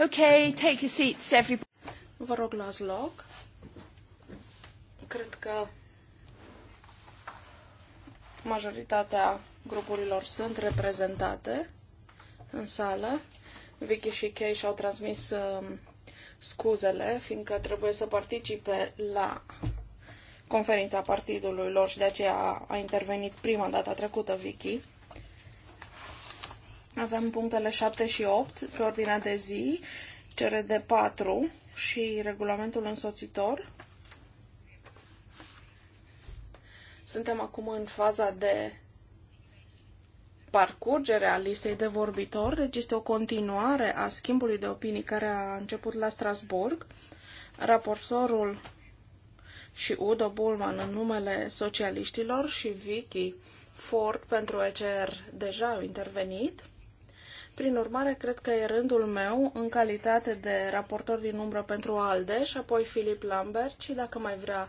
Okay, take your seats, everybody. Vă rog, luați loc. Cred că majoritatea grupurilor sunt reprezentate în sală. Vicky și Kay și-au transmis uh, scuzele, fiindcă trebuie să participe la conferința partidului lor și de aceea a intervenit prima data trecută Vicky. Avem punctele 7 și 8 pe ordinea de zi, de 4 și regulamentul însoțitor. Suntem acum în faza de parcurgere a listei de vorbitori. Deci este o continuare a schimbului de opinii care a început la Strasburg. Raportorul și Udo Bulman în numele socialiștilor și Vicky Ford pentru ECR deja au intervenit. Prin urmare, cred că e rândul meu, în calitate de raportor din umbră pentru ALDE și apoi Filip Lambert și dacă mai vrea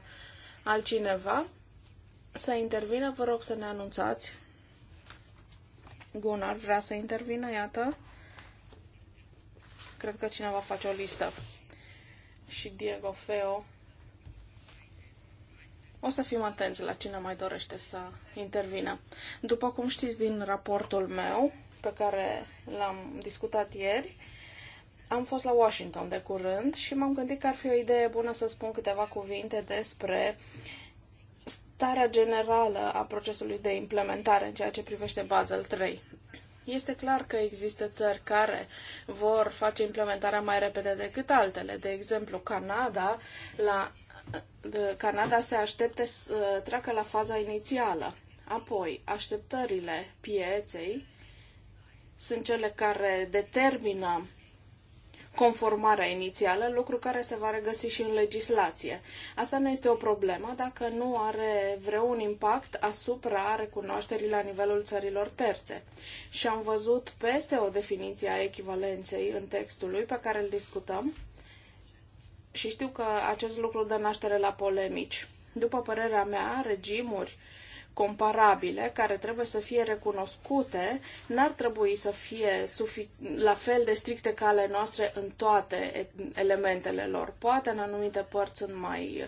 altcineva să intervină, vă rog să ne anunțați. Gunnar vrea să intervină, iată. Cred că cineva face o listă. Și Diego Feo. O să fim atenți la cine mai dorește să intervină. După cum știți din raportul meu, pe care l-am discutat ieri. Am fost la Washington de curând și m-am gândit că ar fi o idee bună să spun câteva cuvinte despre starea generală a procesului de implementare în ceea ce privește Basel 3. Este clar că există țări care vor face implementarea mai repede decât altele. De exemplu, Canada, la, Canada se aștepte să treacă la faza inițială. Apoi, așteptările pieței sunt cele care determină conformarea inițială, lucru care se va regăsi și în legislație. Asta nu este o problemă dacă nu are vreun impact asupra recunoașterii la nivelul țărilor terțe. Și am văzut peste o definiție a echivalenței în textul lui pe care îl discutăm și știu că acest lucru dă naștere la polemici. După părerea mea, regimuri comparabile, care trebuie să fie recunoscute, n-ar trebui să fie la fel de stricte ca ale noastre în toate elementele lor. Poate în anumite părți sunt mai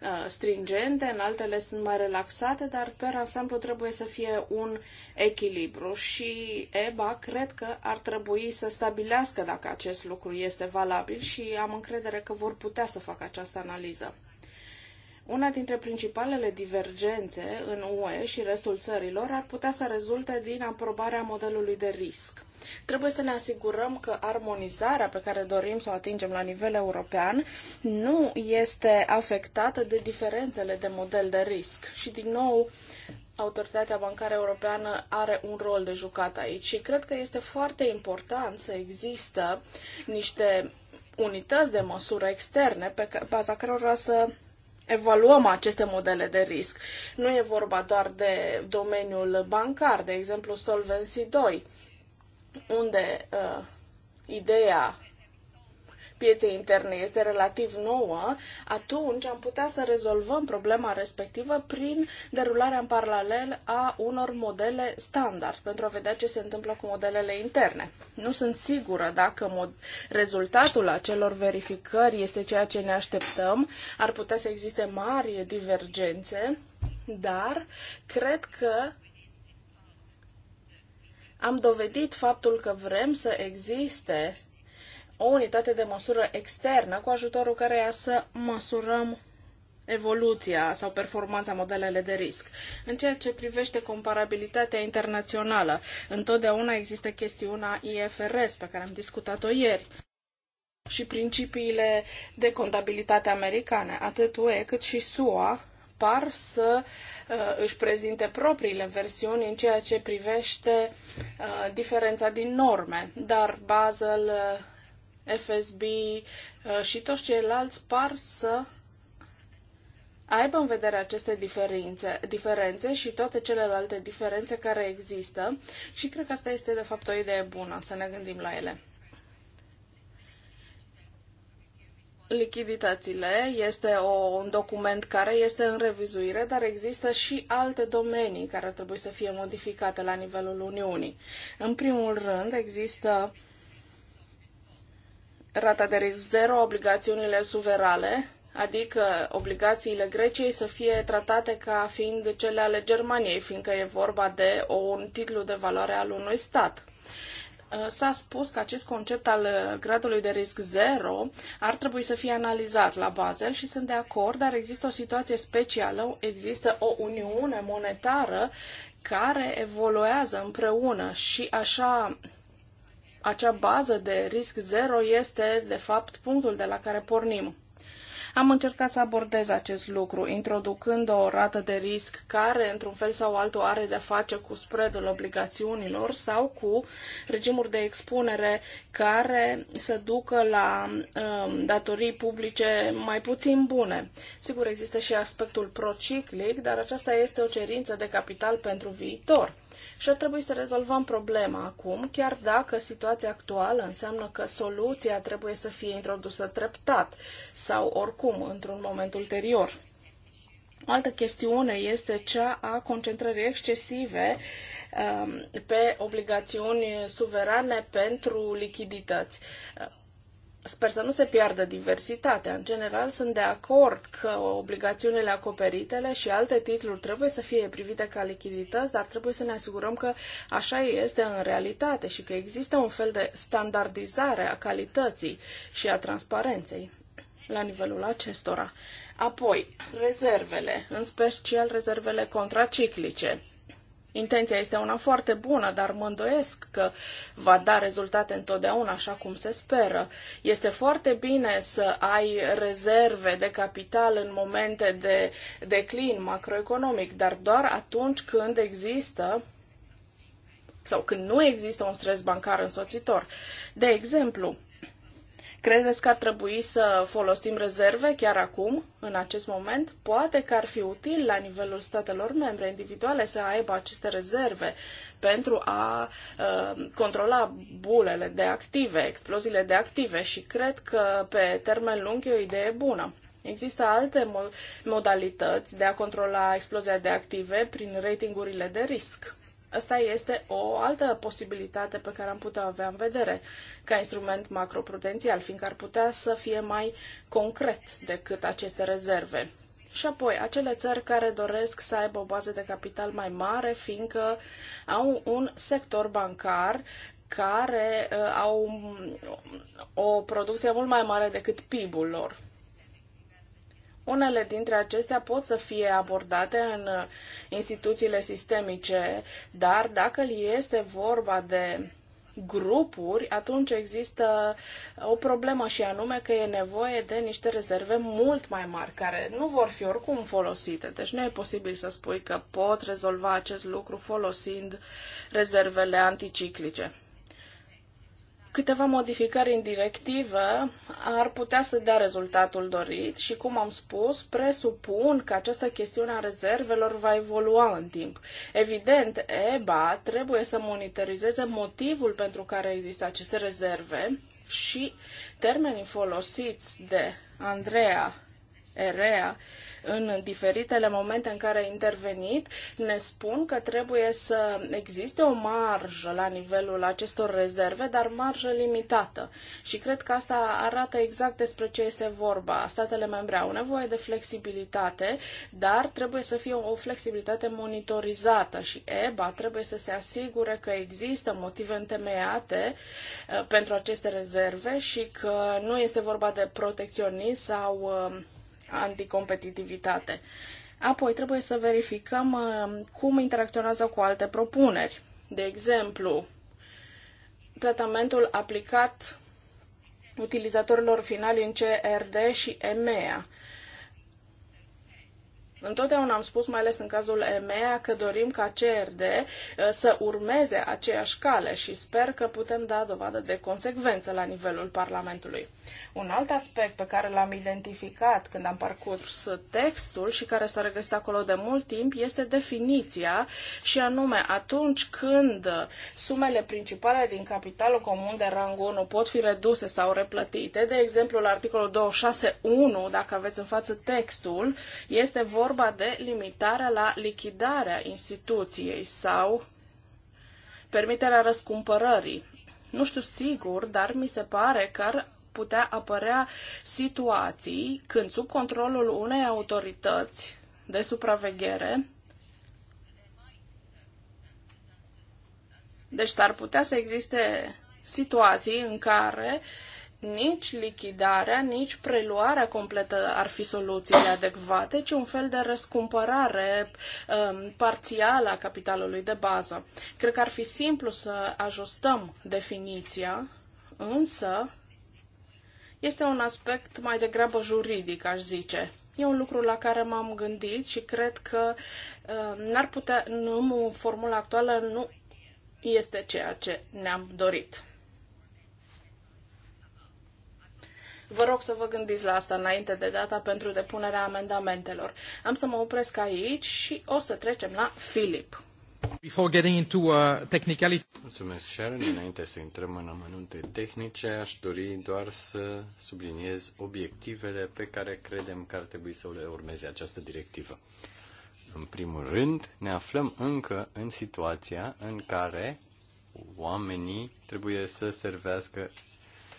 uh, stringente, în altele sunt mai relaxate, dar pe ansamblu trebuie să fie un echilibru și EBA cred că ar trebui să stabilească dacă acest lucru este valabil și am încredere că vor putea să facă această analiză. Una dintre principalele divergențe în UE și restul țărilor ar putea să rezulte din aprobarea modelului de risc. Trebuie să ne asigurăm că armonizarea pe care dorim să o atingem la nivel european nu este afectată de diferențele de model de risc. Și, din nou, Autoritatea Bancară Europeană are un rol de jucat aici și cred că este foarte important să există niște unități de măsură externe pe baza cărora să evaluăm aceste modele de risc. Nu e vorba doar de domeniul bancar, de exemplu Solvency 2, unde uh, ideea pieței interne este relativ nouă, atunci am putea să rezolvăm problema respectivă prin derularea în paralel a unor modele standard pentru a vedea ce se întâmplă cu modelele interne. Nu sunt sigură dacă mod- rezultatul acelor verificări este ceea ce ne așteptăm. Ar putea să existe mari divergențe, dar cred că am dovedit faptul că vrem să existe o unitate de măsură externă cu ajutorul căreia să măsurăm evoluția sau performanța modelele de risc. În ceea ce privește comparabilitatea internațională, întotdeauna există chestiunea IFRS pe care am discutat-o ieri și principiile de contabilitate americane, atât UE cât și SUA, par să uh, își prezinte propriile versiuni în ceea ce privește uh, diferența din norme, dar Basel, uh, FSB uh, și toți ceilalți par să aibă în vedere aceste diferențe, diferențe și toate celelalte diferențe care există și cred că asta este de fapt o idee bună, să ne gândim la ele. lichiditățile este o, un document care este în revizuire, dar există și alte domenii care trebuie să fie modificate la nivelul Uniunii. În primul rând, există uh, rata de risc zero, obligațiunile suverale, adică obligațiile Greciei să fie tratate ca fiind cele ale Germaniei, fiindcă e vorba de un titlu de valoare al unui stat. Uh, s-a spus că acest concept al uh, gradului de risc zero ar trebui să fie analizat la Basel și sunt de acord, dar există o situație specială, există o uniune monetară care evoluează împreună și așa acea bază de risc zero este, de fapt, punctul de la care pornim. Am încercat să abordez acest lucru, introducând o rată de risc care, într-un fel sau altul, are de-a face cu spreadul obligațiunilor sau cu regimuri de expunere care să ducă la um, datorii publice mai puțin bune. Sigur, există și aspectul prociclic, dar aceasta este o cerință de capital pentru viitor. Și ar trebui să rezolvăm problema acum, chiar dacă situația actuală înseamnă că soluția trebuie să fie introdusă treptat sau oricum într-un moment ulterior. O altă chestiune este cea a concentrării excesive um, pe obligațiuni suverane pentru lichidități. Sper să nu se piardă diversitatea. În general, sunt de acord că obligațiunile acoperitele și alte titluri trebuie să fie privite ca lichidități, dar trebuie să ne asigurăm că așa este în realitate și că există un fel de standardizare a calității și a transparenței la nivelul acestora. Apoi, rezervele, în special rezervele contraciclice. Intenția este una foarte bună, dar mă îndoiesc că va da rezultate întotdeauna așa cum se speră. Este foarte bine să ai rezerve de capital în momente de declin macroeconomic, dar doar atunci când există sau când nu există un stres bancar însoțitor. De exemplu, Credeți că ar trebui să folosim rezerve chiar acum, în acest moment? Poate că ar fi util la nivelul statelor membre individuale să aibă aceste rezerve pentru a uh, controla bulele de active, exploziile de active și cred că pe termen lung e o idee bună. Există alte mo modalități de a controla explozia de active prin ratingurile de risc. Asta este o altă posibilitate pe care am putea avea în vedere ca instrument macroprudențial, fiindcă ar putea să fie mai concret decât aceste rezerve. Și apoi, acele țări care doresc să aibă o bază de capital mai mare, fiindcă au un sector bancar care uh, au um, o producție mult mai mare decât PIB-ul lor. Unele dintre acestea pot să fie abordate în uh, instituțiile sistemice, dar dacă este vorba de grupuri, atunci există o problemă și anume că e nevoie de niște rezerve mult mai mari, care nu vor fi oricum folosite. Deci nu e posibil să spui că pot rezolva acest lucru folosind rezervele anticiclice câteva modificări în directivă ar putea să dea rezultatul dorit și, cum am spus, presupun că această chestiune a rezervelor va evolua în timp. Evident, EBA trebuie să monitorizeze motivul pentru care există aceste rezerve și termenii folosiți de Andreea Erea în diferitele momente în care a intervenit, ne spun că trebuie să existe o marjă la nivelul acestor rezerve, dar marjă limitată. Și cred că asta arată exact despre ce este vorba. Statele membre au nevoie de flexibilitate, dar trebuie să fie o flexibilitate monitorizată și EBA trebuie să se asigure că există motive întemeiate uh, pentru aceste rezerve și că nu este vorba de protecționism sau uh, anticompetitivitate. Apoi trebuie să verificăm uh, cum interacționează cu alte propuneri. De exemplu, tratamentul aplicat utilizatorilor finali în CRD și EMEA Întotdeauna am spus, mai ales în cazul EMEA, că dorim ca CRD uh, să urmeze aceeași cale și sper că putem da dovadă de consecvență la nivelul Parlamentului. Un alt aspect pe care l-am identificat când am parcurs textul și care s-a regăsit acolo de mult timp este definiția și anume atunci când sumele principale din capitalul comun de rang 1 pot fi reduse sau replătite, de exemplu la articolul 26.1, dacă aveți în față textul, este vorba vorba de limitarea la lichidarea instituției sau permiterea răscumpărării. Nu știu sigur, dar mi se pare că ar putea apărea situații când sub controlul unei autorități de supraveghere Deci s-ar putea să existe situații în care nici lichidarea, nici preluarea completă ar fi soluțiile adecvate, ci un fel de răscumpărare um, parțială a capitalului de bază. Cred că ar fi simplu să ajustăm definiția, însă este un aspect mai degrabă juridic, aș zice. E un lucru la care m-am gândit și cred că uh, n-ar putea, nu, formula actuală nu este ceea ce ne-am dorit. Vă rog să vă gândiți la asta înainte de data pentru depunerea amendamentelor. Am să mă opresc aici și o să trecem la Filip. Before getting into uh, technicality... Mulțumesc, Sharon. Înainte să intrăm în amănunte tehnice, aș dori doar să subliniez obiectivele pe care credem că ar trebui să le urmeze această directivă. În primul rând, ne aflăm încă în situația în care oamenii trebuie să servească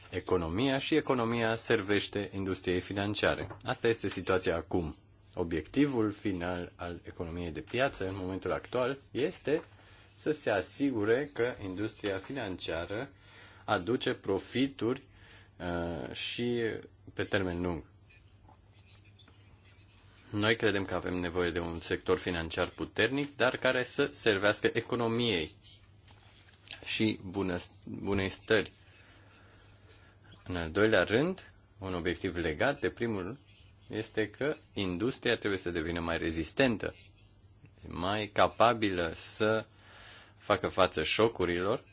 economia și economia servește industriei financiare. Asta este situația acum. Obiectivul final al economiei de piață în momentul actual este să se asigure că industria financiară aduce profituri uh, și pe termen lung. Noi credem că avem nevoie de un sector financiar puternic, dar care să servească economiei și bunăstării. bunei stări în al doilea rând, un obiectiv legat de primul este că industria trebuie să devină mai rezistentă, mai capabilă să facă față șocurilor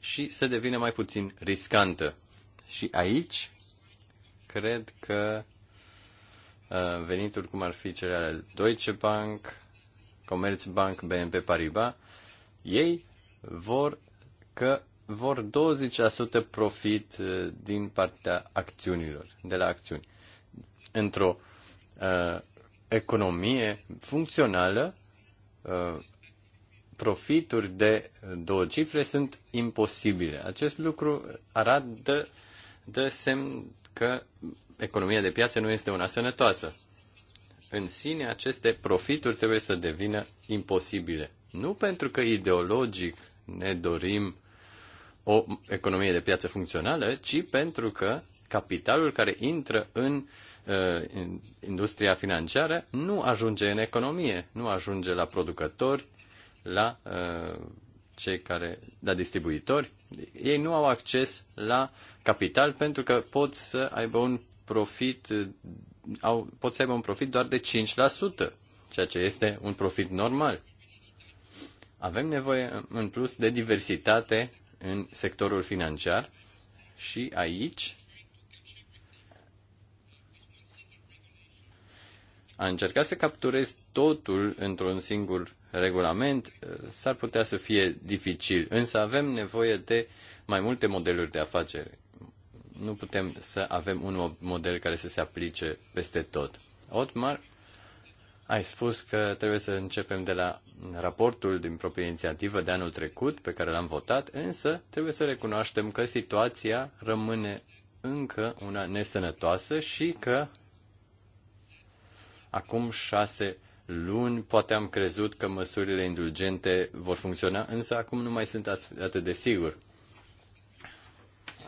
și să devină mai puțin riscantă. Și aici cred că uh, venituri cum ar fi cele ale Deutsche Bank, Commerzbank, BNP Paribas, ei vor că vor 20% profit uh, din partea acțiunilor, de la acțiuni. Într-o uh, economie funcțională, uh, profituri de două cifre sunt imposibile. Acest lucru arată de semn că economia de piață nu este una sănătoasă. În sine, aceste profituri trebuie să devină imposibile. Nu pentru că ideologic ne dorim o economie de piață funcțională, ci pentru că capitalul care intră în uh, industria financiară nu ajunge în economie, nu ajunge la producători, la uh, cei care, la distribuitori. Ei nu au acces la capital pentru că pot să aibă un profit, uh, au, pot să aibă un profit doar de 5%, ceea ce este un profit normal. Avem nevoie în plus de diversitate în sectorul financiar și aici a încercat să capturez totul într-un singur regulament eh, s-ar putea să fie dificil, însă avem nevoie de mai multe modeluri de afaceri. Nu putem să avem un model care să se aplice peste tot. Otmar ai spus că trebuie să începem de la raportul din proprie inițiativă de anul trecut, pe care l-am votat, însă trebuie să recunoaștem că situația rămâne încă una nesănătoasă și că acum șase luni poate am crezut că măsurile indulgente vor funcționa, însă acum nu mai sunt atât de sigur.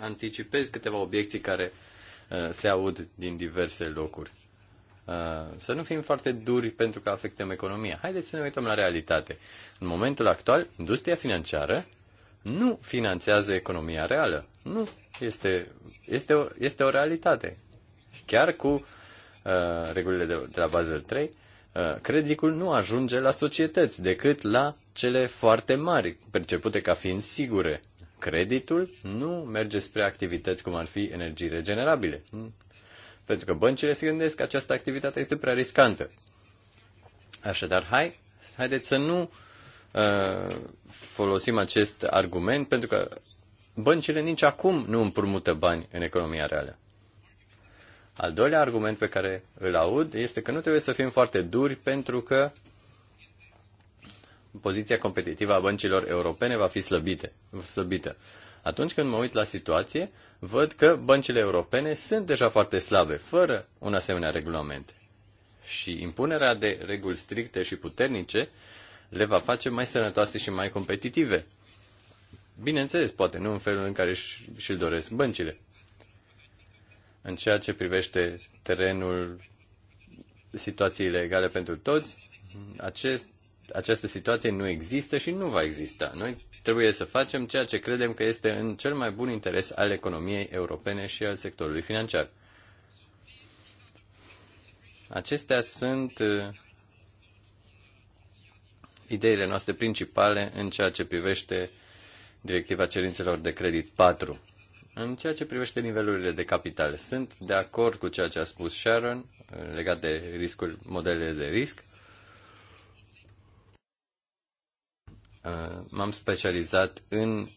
Anticipez câteva obiecții care uh, se aud din diverse locuri. Uh, să nu fim foarte duri pentru că afectăm economia. Haideți să ne uităm la realitate. În momentul actual, industria financiară nu finanțează economia reală. Nu. Este, este, o, este o realitate. Chiar cu uh, regulile de, de la Basel 3, uh, creditul nu ajunge la societăți decât la cele foarte mari, percepute ca fiind sigure. Creditul nu merge spre activități cum ar fi energii regenerabile. Pentru că băncile se gândesc că această activitate este prea riscantă. Așadar, hai, haideți să nu uh, folosim acest argument, pentru că băncile nici acum nu împrumută bani în economia reală. Al doilea argument pe care îl aud este că nu trebuie să fim foarte duri pentru că poziția competitivă a băncilor europene va fi slăbite, slăbită. Atunci când mă uit la situație, văd că băncile europene sunt deja foarte slabe, fără un asemenea regulament. Și impunerea de reguli stricte și puternice le va face mai sănătoase și mai competitive. Bineînțeles, poate nu în felul în care și-l doresc băncile. În ceea ce privește terenul situației legale pentru toți, acest, această situație nu există și nu va exista. Noi Trebuie să facem ceea ce credem că este în cel mai bun interes al economiei europene și al sectorului financiar. Acestea sunt uh, ideile noastre principale în ceea ce privește Directiva Cerințelor de Credit 4. În ceea ce privește nivelurile de capital, sunt de acord cu ceea ce a spus Sharon uh, legat de riscul, modelele de risc. Uh, m-am specializat în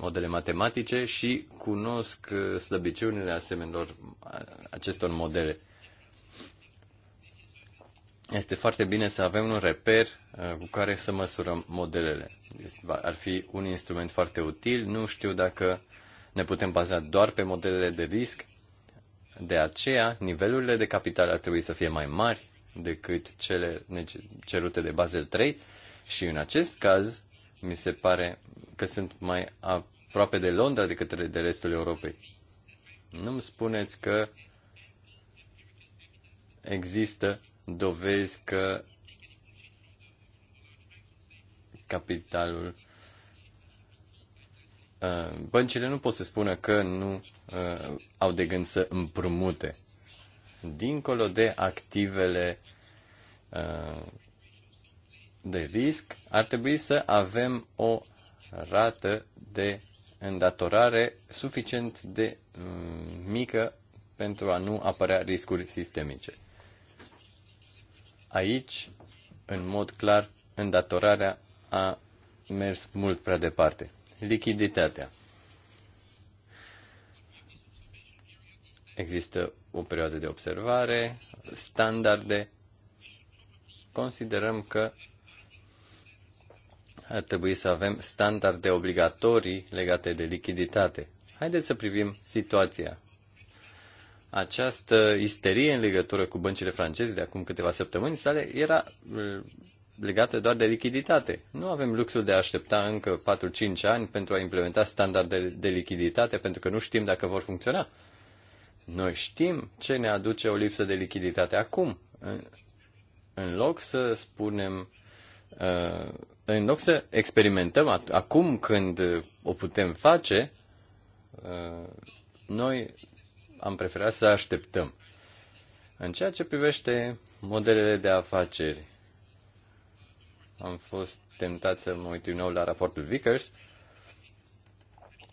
modele matematice și cunosc uh, slăbiciunile asemenilor uh, acestor modele. Este foarte bine să avem un reper cu care să măsurăm modelele. Ar fi un instrument foarte util. Nu știu dacă ne putem baza doar pe modelele de risc. De aceea, nivelurile de capital ar trebui să fie mai mari decât cele cerute de Basel 3 și în acest caz, mi se pare că sunt mai aproape de Londra decât de restul Europei. Nu mi spuneți că există dovezi că capitalul uh, băncile nu pot să spună că nu uh, au de gând să împrumute. Dincolo de activele uh, de risc, ar trebui să avem o rată de îndatorare suficient de mm, mică pentru a nu apărea riscuri sistemice. Aici, în mod clar, îndatorarea a mers mult prea departe. Lichiditatea. Există o perioadă de observare, standarde. Considerăm că ar trebui să avem standarde obligatorii legate de lichiditate. Haideți să privim situația. Această isterie în legătură cu băncile franceze de acum câteva săptămâni sale era uh, legată doar de lichiditate. Nu avem luxul de a aștepta încă 4-5 ani pentru a implementa standarde de lichiditate, pentru că nu știm dacă vor funcționa. Noi știm ce ne aduce o lipsă de lichiditate acum. În, loc să spunem uh, în loc să experimentăm acum când o putem face, uh, noi am preferat să așteptăm. În ceea ce privește modelele de afaceri, am fost tentat să mă uit din nou la raportul Vickers.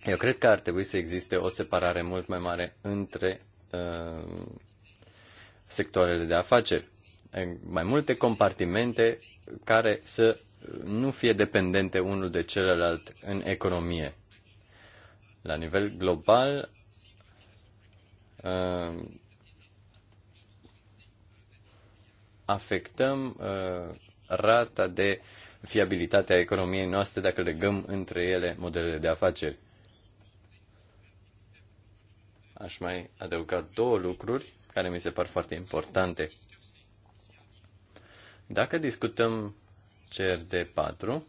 Eu cred că ar trebui să existe o separare mult mai mare între uh, sectoarele de afaceri. Mai multe compartimente care să nu fie dependente unul de celălalt în economie. La nivel global, uh, afectăm uh, rata de fiabilitate a economiei noastre dacă legăm între ele modelele de afaceri. Aș mai adăuga două lucruri care mi se par foarte importante. Dacă discutăm CRD4 uh,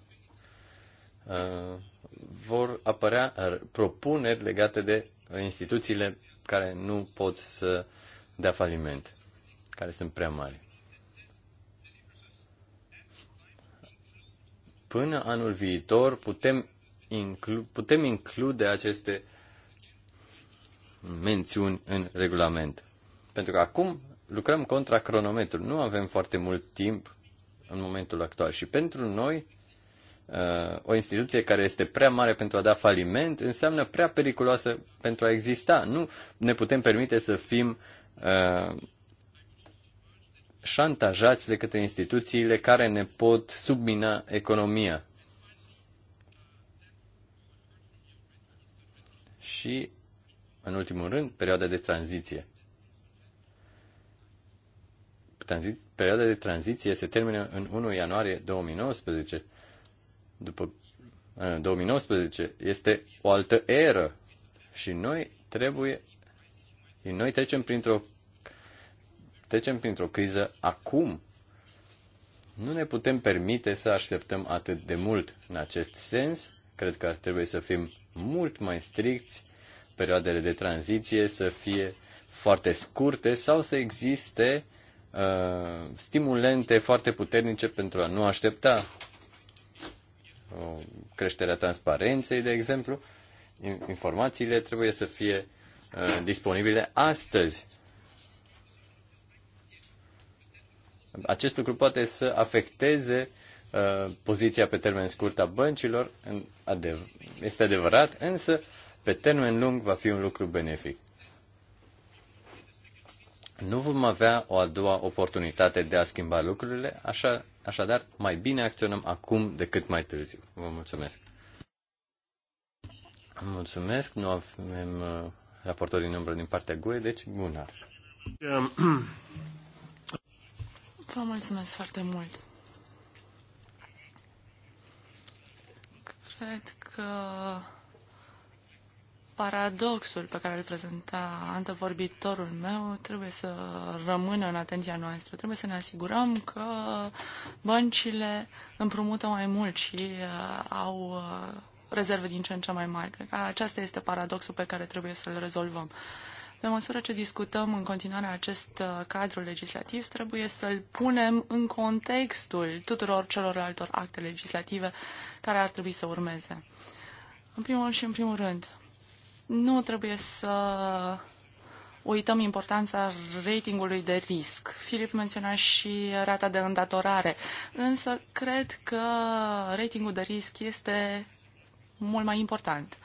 vor apărea propuneri legate de instituțiile care nu pot să dea faliment, care sunt prea mari. Până anul viitor putem, inclu- putem include aceste mențiuni în regulament. Pentru că acum lucrăm contra cronometru. Nu avem foarte mult timp în momentul actual. Și pentru noi, uh, o instituție care este prea mare pentru a da faliment înseamnă prea periculoasă pentru a exista. Nu ne putem permite să fim uh, șantajați de către instituțiile care ne pot submina economia. Și, în ultimul rând, perioada de tranziție perioada de tranziție se termină în 1 ianuarie 2019. După 2019 este o altă eră și noi trebuie noi trecem printr-o trecem printr-o criză acum. Nu ne putem permite să așteptăm atât de mult în acest sens. Cred că ar trebui să fim mult mai stricți, perioadele de tranziție să fie foarte scurte sau să existe Uh, stimulente foarte puternice pentru a nu aștepta o uh, creșterea transparenței, de exemplu. Informațiile trebuie să fie uh, disponibile astăzi. Acest lucru poate să afecteze uh, poziția pe termen scurt a băncilor, este adevărat, însă pe termen lung va fi un lucru benefic nu vom avea o a doua oportunitate de a schimba lucrurile, așa, așadar mai bine acționăm acum decât mai târziu. Vă mulțumesc. Mulțumesc, nu avem uh, raportor din umbră din partea GUE, deci Gunnar. Vă mulțumesc foarte mult. Cred că paradoxul pe care îl prezenta antevorbitorul meu trebuie să rămână în atenția noastră. Trebuie să ne asigurăm că băncile împrumută mai mult și uh, au uh, rezerve din ce în ce mai mari. Cred că aceasta este paradoxul pe care trebuie să-l rezolvăm. Pe măsură ce discutăm în continuare acest uh, cadru legislativ, trebuie să-l punem în contextul tuturor celorlalte acte legislative care ar trebui să urmeze. În primul și în primul rând, nu trebuie să uităm importanța ratingului de risc. Filip menționa și rata de îndatorare, însă cred că ratingul de risc este mult mai important.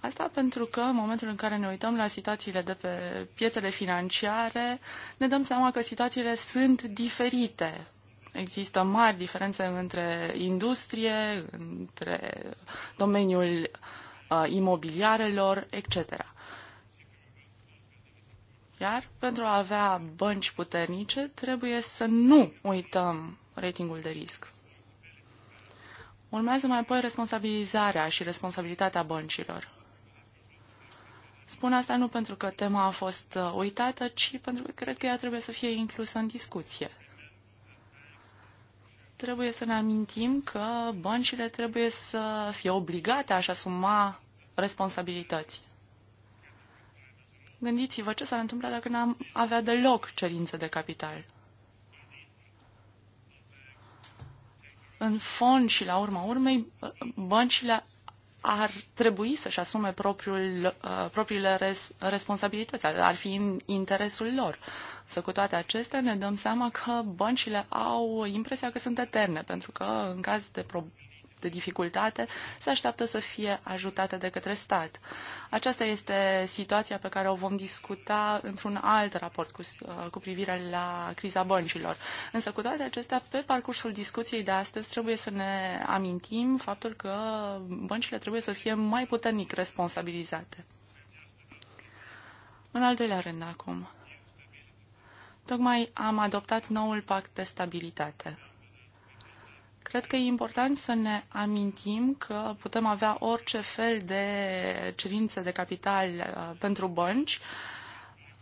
Asta pentru că în momentul în care ne uităm la situațiile de pe piețele financiare, ne dăm seama că situațiile sunt diferite. Există mari diferențe între industrie, între domeniul uh, imobiliarelor, etc. Iar pentru a avea bănci puternice, trebuie să nu uităm ratingul de risc. Urmează mai apoi responsabilizarea și responsabilitatea băncilor. Spun asta nu pentru că tema a fost uh, uitată, ci pentru că cred că ea trebuie să fie inclusă în discuție. Trebuie să ne amintim că băncile trebuie să fie obligate a-și asuma responsabilități. Gândiți-vă ce s-ar întâmpla dacă n-am avea deloc cerințe de capital. În fond și la urma urmei, băncile ar trebui să-și asume propriul, uh, propriile res, responsabilități, ar fi în interesul lor. Să cu toate acestea ne dăm seama că băncile au impresia că sunt eterne, pentru că în caz de pro- de dificultate, se așteaptă să fie ajutate de către stat. Aceasta este situația pe care o vom discuta într-un alt raport cu, uh, cu privire la criza băncilor. Însă, cu toate acestea, pe parcursul discuției de astăzi trebuie să ne amintim faptul că băncile trebuie să fie mai puternic responsabilizate. În al doilea rând acum. Tocmai am adoptat noul pact de stabilitate. Cred că e important să ne amintim că putem avea orice fel de cerințe de capital uh, pentru bănci,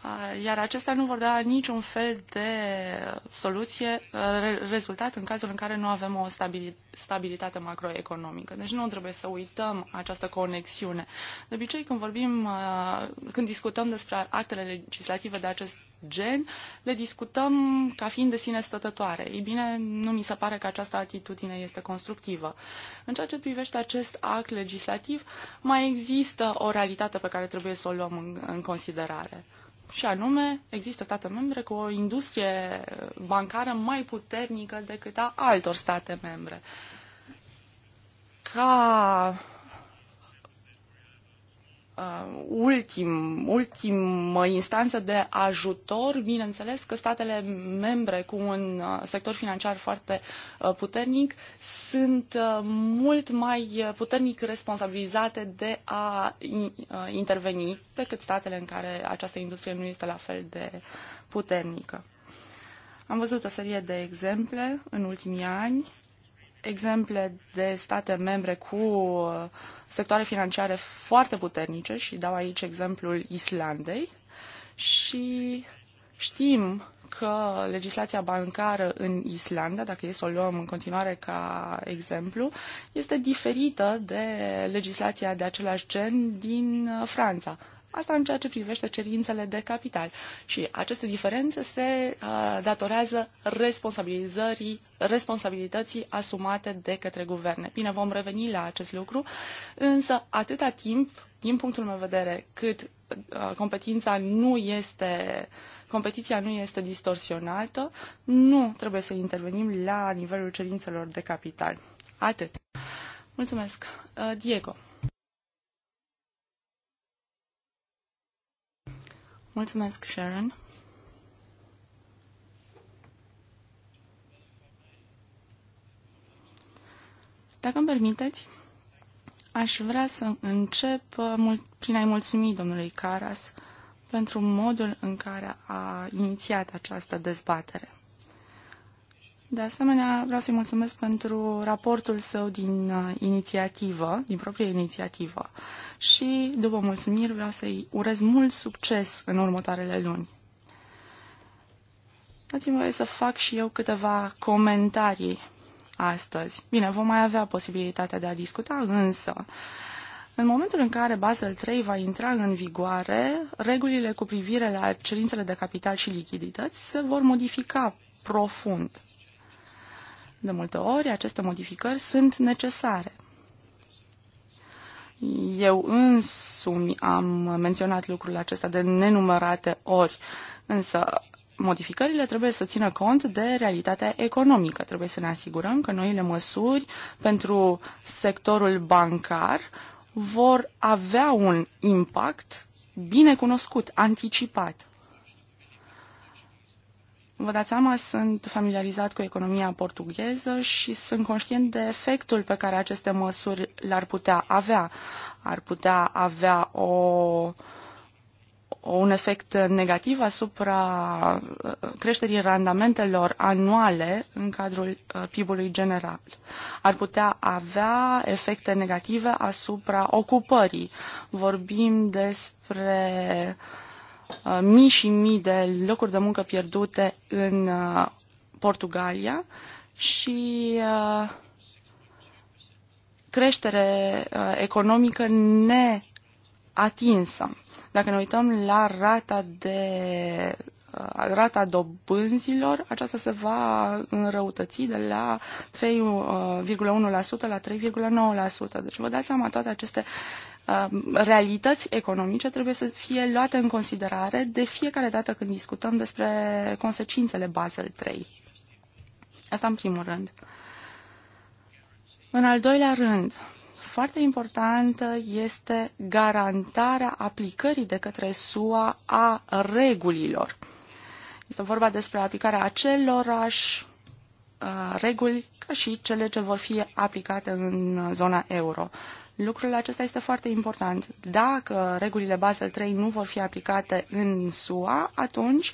Ah, iar acestea nu vor da niciun fel de uh, soluție, uh, rezultat în cazul în care nu avem o stabilitate macroeconomică. Deci nu trebuie să uităm această conexiune. De obicei, când vorbim, uh, când discutăm despre actele legislative de acest gen, le discutăm ca fiind de sine stătătoare. Ei bine, nu mi se pare că această atitudine este constructivă. În ceea ce privește acest act legislativ, mai există o realitate pe care trebuie să o luăm în, în considerare. Și anume, există state membre cu o industrie bancară mai puternică decât a altor state membre. Ca Uh, ultim, ultimă instanță de ajutor, bineînțeles că statele membre cu un uh, sector financiar foarte uh, puternic sunt mult mai puternic responsabilizate de a interveni decât statele în care această industrie nu este la fel de puternică. Am văzut o serie de exemple în ultimii ani exemple de state membre cu uh, sectoare financiare foarte puternice și dau aici exemplul Islandei și știm că legislația bancară în Islanda, dacă e să o luăm în continuare ca exemplu, este diferită de legislația de același gen din uh, Franța. Asta în ceea ce privește cerințele de capital. Și aceste diferențe se uh, datorează responsabilizării, responsabilității asumate de către guverne. Bine, vom reveni la acest lucru, însă atâta timp, din punctul meu vedere, cât uh, competința nu este competiția nu este distorsionată, nu trebuie să intervenim la nivelul cerințelor de capital. Atât. Mulțumesc. Uh, Diego. Mulțumesc, Sharon. Dacă îmi permiteți, aș vrea să încep uh, prin a-i mulțumi domnului Caras pentru modul în care a inițiat această dezbatere. De asemenea, vreau să-i mulțumesc pentru raportul său din uh, inițiativă, din proprie inițiativă. Și, după mulțumiri, vreau să-i urez mult succes în următoarele luni. Dați-mi voie să fac și eu câteva comentarii astăzi. Bine, vom mai avea posibilitatea de a discuta, însă, în momentul în care Basel III va intra în vigoare, regulile cu privire la cerințele de capital și lichidități se vor modifica profund. De multe ori, aceste modificări sunt necesare. Eu însumi am menționat lucrul acesta de nenumărate ori, însă modificările trebuie să țină cont de realitatea economică. Trebuie să ne asigurăm că noile măsuri pentru sectorul bancar vor avea un impact bine cunoscut, anticipat. Vă dați seama, sunt familiarizat cu economia portugheză și sunt conștient de efectul pe care aceste măsuri l-ar putea avea. Ar putea avea o, un efect negativ asupra uh, creșterii randamentelor anuale în cadrul uh, PIB-ului general. Ar putea avea efecte negative asupra ocupării. Vorbim despre uh, Uh, mii și mii de locuri de muncă pierdute în uh, Portugalia și uh, creștere economică neatinsă. Dacă ne uităm la rata de rata dobânzilor, aceasta se va înrăutăți de la 3,1% la 3,9%. Deci vă dați seama, toate aceste uh, Um, realități economice trebuie să fie luate în considerare de fiecare dată când discutăm despre consecințele Basel III. Asta în primul rând. În al doilea rând, foarte importantă este garantarea aplicării de către SUA a regulilor. Este vorba despre aplicarea acelorași uh, reguli ca și cele ce vor fi aplicate în zona euro. Lucrul acesta este foarte important. Dacă regulile Basel III nu vor fi aplicate în SUA, atunci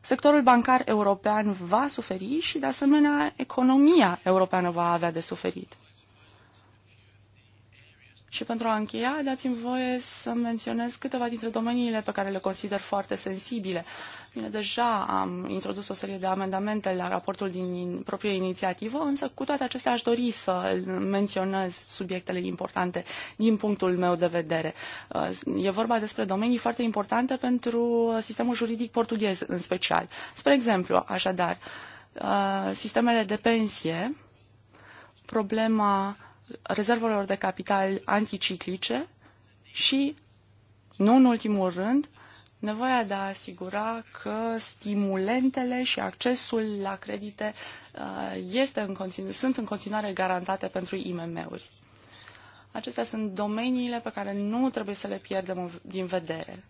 sectorul bancar european va suferi și, de asemenea, economia europeană va avea de suferit. Și pentru a încheia, dați-mi voie să menționez câteva dintre domeniile pe care le consider foarte sensibile. Bine, deja am introdus o serie de amendamente la raportul din proprie inițiativă, însă cu toate acestea aș dori să menționez subiectele importante din punctul meu de vedere. Uh, e vorba despre domenii foarte importante pentru sistemul juridic portughez în special. Spre exemplu, așadar, uh, sistemele de pensie, problema rezervelor de capital anticiclice și, nu în ultimul rând, nevoia de a asigura că stimulentele și accesul la credite uh, este în continu- sunt în continuare garantate pentru IMM-uri. Acestea sunt domeniile pe care nu trebuie să le pierdem din vedere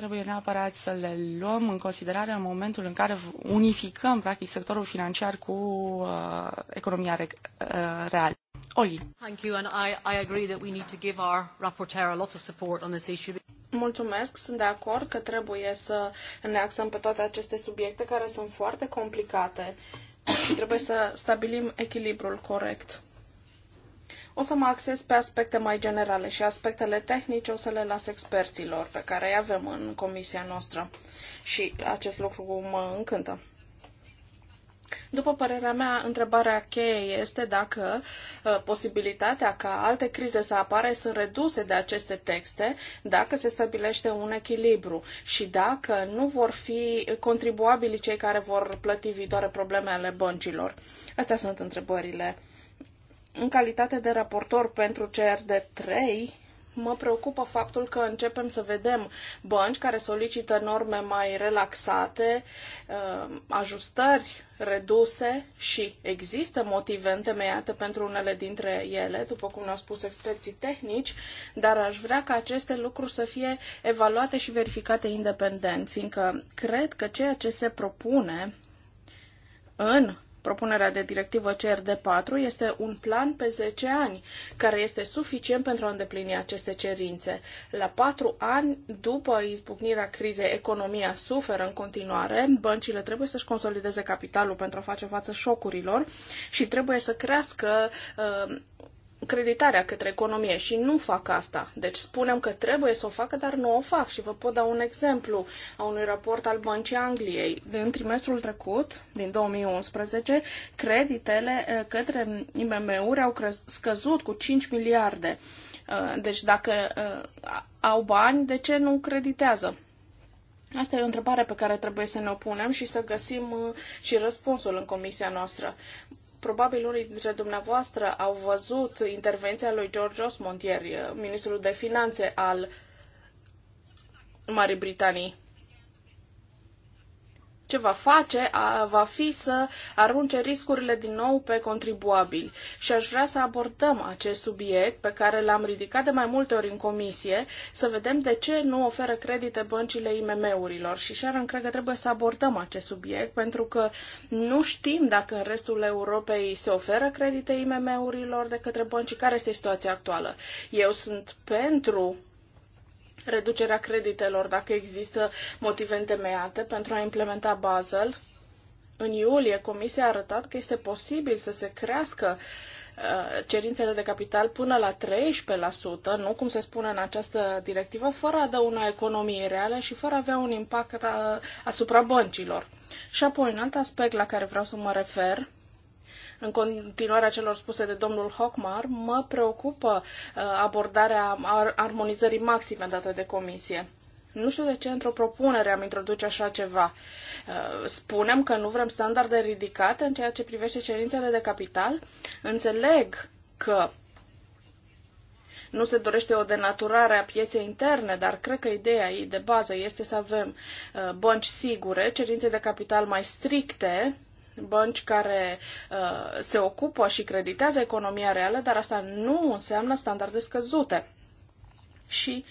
trebuie neapărat să le luăm în considerare în momentul în care unificăm, practic, sectorul financiar cu uh, economia re- uh, reală. Oli. Thank you, and I, I agree that we need to give our rapporteur a lot of support on this issue. Mulțumesc, sunt de acord că trebuie să ne axăm pe toate aceste subiecte care sunt foarte complicate și trebuie să stabilim echilibrul corect. O să mă axez pe aspecte mai generale și aspectele tehnice o să le las experților pe care îi avem în comisia noastră și acest lucru mă încântă. După părerea mea, întrebarea cheie este dacă uh, posibilitatea ca alte crize să apare sunt reduse de aceste texte, dacă se stabilește un echilibru și dacă nu vor fi contribuabili cei care vor plăti viitoare probleme ale băncilor. Astea sunt întrebările în calitate de raportor pentru CRD3, mă preocupă faptul că începem să vedem bănci care solicită norme mai relaxate, uh, ajustări reduse și există motive întemeiate pentru unele dintre ele, după cum ne-au spus experții tehnici, dar aș vrea ca aceste lucruri să fie evaluate și verificate independent, fiindcă cred că ceea ce se propune în propunerea de directivă CRD4 este un plan pe 10 ani, care este suficient pentru a îndeplini aceste cerințe. La 4 ani după izbucnirea crizei, economia suferă în continuare, băncile trebuie să-și consolideze capitalul pentru a face față șocurilor și trebuie să crească uh, creditarea către economie și nu fac asta. Deci spunem că trebuie să o facă, dar nu o fac. Și vă pot da un exemplu a unui raport al Băncii Angliei. În trimestrul trecut, din 2011, creditele eh, către IMM-uri au scăzut cu 5 miliarde. Eh, deci dacă eh, au bani, de ce nu creditează? Asta e o întrebare pe care trebuie să ne o punem și să găsim și răspunsul în comisia noastră. Probabil unii dintre dumneavoastră au văzut intervenția lui George Osmond ministrul de finanțe al Marii Britanii ce va face a, va fi să arunce riscurile din nou pe contribuabili. Și aș vrea să abordăm acest subiect pe care l-am ridicat de mai multe ori în comisie, să vedem de ce nu oferă credite băncile IMM-urilor. Și Sharon, cred că trebuie să abordăm acest subiect, pentru că nu știm dacă în restul Europei se oferă credite IMM-urilor de către bănci. Care este situația actuală? Eu sunt pentru reducerea creditelor dacă există motive întemeiate pentru a implementa Basel. În iulie, Comisia a arătat că este posibil să se crească uh, cerințele de capital până la 13%, nu cum se spune în această directivă, fără a dăuna economiei reale și fără a avea un impact uh, asupra băncilor. Și apoi, un alt aspect la care vreau să mă refer, în continuarea celor spuse de domnul Hockmar, mă preocupă uh, abordarea armonizării maxime dată de comisie. Nu știu de ce într-o propunere am introduce așa ceva. Uh, spunem că nu vrem standarde ridicate în ceea ce privește cerințele de capital. Înțeleg că nu se dorește o denaturare a pieței interne, dar cred că ideea ei de bază este să avem uh, bănci sigure, cerințe de capital mai stricte, bănci care uh, se ocupă și creditează economia reală, dar asta nu înseamnă standarde scăzute. Și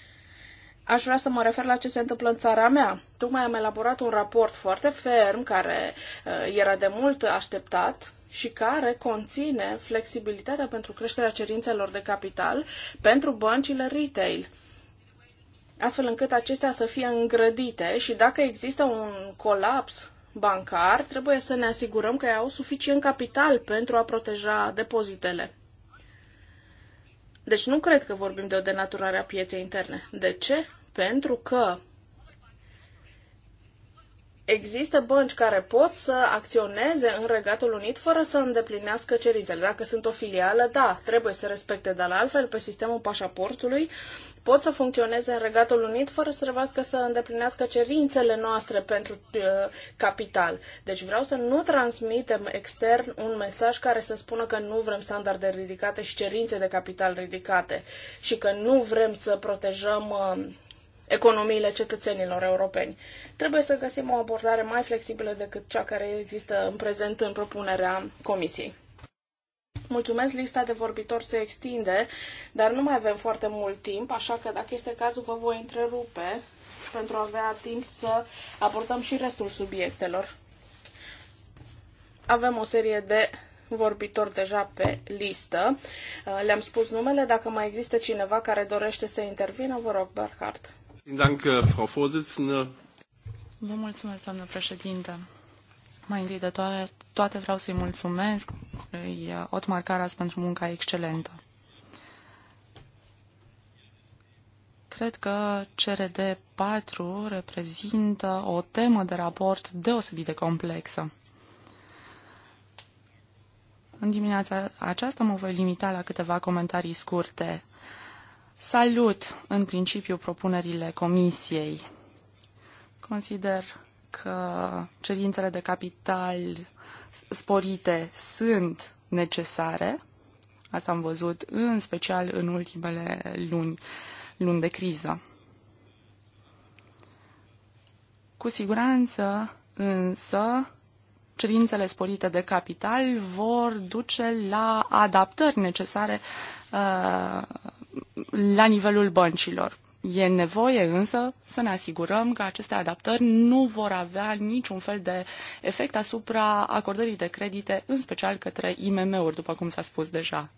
aș vrea să mă refer la ce se întâmplă în țara mea. Tocmai am elaborat un raport foarte ferm, care uh, era de mult așteptat, și care conține flexibilitatea pentru creșterea cerințelor de capital pentru băncile retail astfel încât acestea să fie îngrădite și dacă există un colaps bancar, trebuie să ne asigurăm că au suficient capital pentru a proteja depozitele. Deci nu cred că vorbim de o denaturare a pieței interne. De ce? Pentru că Există bănci care pot să acționeze în Regatul Unit fără să îndeplinească cerințele. Dacă sunt o filială, da, trebuie să respecte, dar altfel pe sistemul pașaportului pot să funcționeze în Regatul Unit fără să trebuiască să îndeplinească cerințele noastre pentru uh, capital. Deci vreau să nu transmitem extern un mesaj care să spună că nu vrem standarde ridicate și cerințe de capital ridicate și că nu vrem să protejăm uh, economiile cetățenilor europeni. Trebuie să găsim o abordare mai flexibilă decât cea care există în prezent în propunerea Comisiei. Mulțumesc, lista de vorbitori se extinde, dar nu mai avem foarte mult timp, așa că dacă este cazul vă voi întrerupe pentru a avea timp să abordăm și restul subiectelor. Avem o serie de vorbitori deja pe listă. Uh, le-am spus numele. Dacă mai există cineva care dorește să intervină, vă rog, Berhard. Äh, Vă mulțumesc, doamnă președinte. Mai întâi de toate, toate vreau să-i mulțumesc lui uh, Otmar Caras pentru munca excelentă. Cred că CRD 4 reprezintă o temă de raport deosebit de complexă. În dimineața aceasta mă voi limita la câteva comentarii scurte Salut în principiu propunerile Comisiei. Consider că cerințele de capital sporite sunt necesare. Asta am văzut în special în ultimele luni, luni de criză. Cu siguranță, însă, cerințele sporite de capital vor duce la adaptări necesare uh, la nivelul băncilor. E nevoie însă să ne asigurăm că aceste adaptări nu vor avea niciun fel de efect asupra acordării de credite, în special către IMM-uri, după cum s-a spus deja.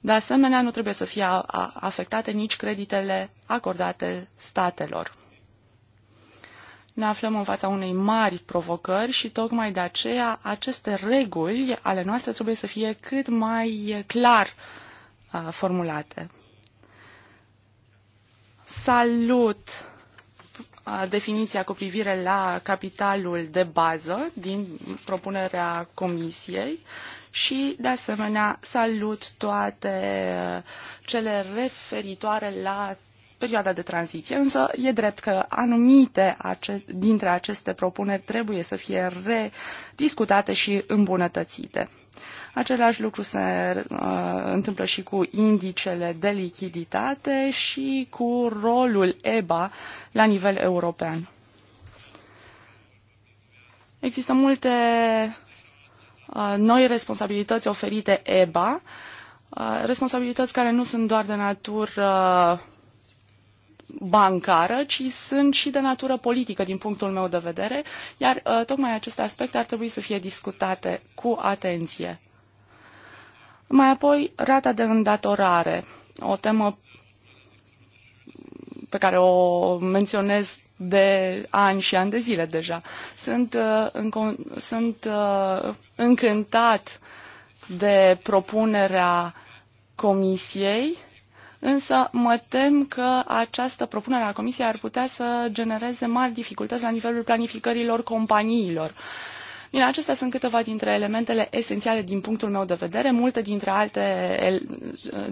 De asemenea, nu trebuie să fie afectate nici creditele acordate statelor. Ne aflăm în fața unei mari provocări și tocmai de aceea aceste reguli ale noastre trebuie să fie cât mai clar uh, formulate. Salut definiția cu privire la capitalul de bază din propunerea comisiei și, de asemenea, salut toate cele referitoare la perioada de tranziție, însă e drept că anumite ace- dintre aceste propuneri trebuie să fie rediscutate și îmbunătățite. Același lucru se uh, întâmplă și cu indicele de lichiditate și cu rolul EBA la nivel european. Există multe uh, noi responsabilități oferite EBA, uh, responsabilități care nu sunt doar de natură bancară, ci sunt și de natură politică din punctul meu de vedere, iar uh, tocmai aceste aspecte ar trebui să fie discutate cu atenție. Mai apoi, rata de îndatorare, o temă pe care o menționez de ani și ani de zile deja. Sunt, uh, în, sunt uh, încântat de propunerea Comisiei, însă mă tem că această propunere a Comisiei ar putea să genereze mari dificultăți la nivelul planificărilor companiilor. Uh, Bine, acestea sunt câteva dintre elementele esențiale din punctul meu de vedere. Multe dintre, alte,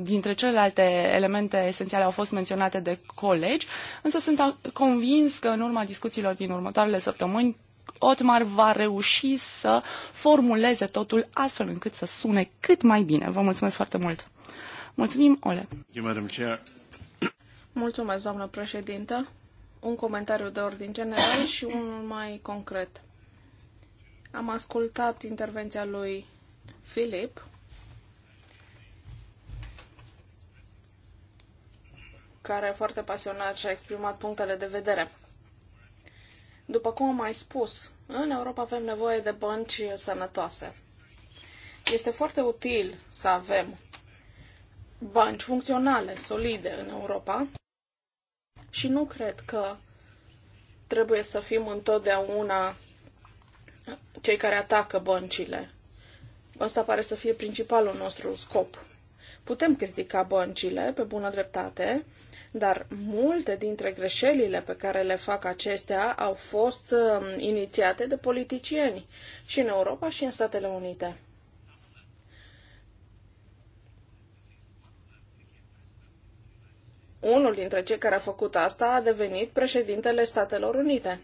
dintre celelalte elemente esențiale au fost menționate de colegi, însă sunt convins că în urma discuțiilor din următoarele săptămâni Otmar va reuși să formuleze totul astfel încât să sune cât mai bine. Vă mulțumesc foarte mult! Mulțumim, Ole! Mulțumesc, doamnă președintă! Un comentariu de ordin general și unul mai concret. Am ascultat intervenția lui Filip. care foarte pasionat și-a exprimat punctele de vedere. După cum am mai spus, în Europa avem nevoie de bănci sănătoase. Este foarte util să avem bănci funcționale, solide în Europa și nu cred că trebuie să fim întotdeauna cei care atacă băncile. Ăsta pare să fie principalul nostru scop. Putem critica băncile pe bună dreptate, dar multe dintre greșelile pe care le fac acestea au fost uh, inițiate de politicieni și în Europa și în Statele Unite. Unul dintre cei care a făcut asta a devenit președintele Statelor Unite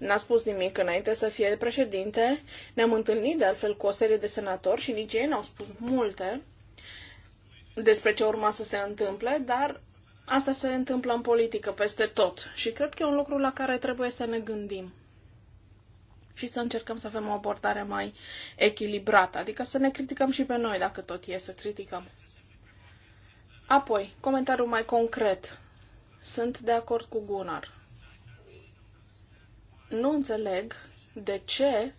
n-a spus nimic înainte să fie președinte. Ne-am întâlnit de altfel cu o serie de senatori și nici ei n-au spus multe despre ce urma să se întâmple, dar asta se întâmplă în politică peste tot și cred că e un lucru la care trebuie să ne gândim și să încercăm să avem o abordare mai echilibrată, adică să ne criticăm și pe noi dacă tot e să criticăm. Apoi, comentariu mai concret. Sunt de acord cu Gunnar. Nu înțeleg de ce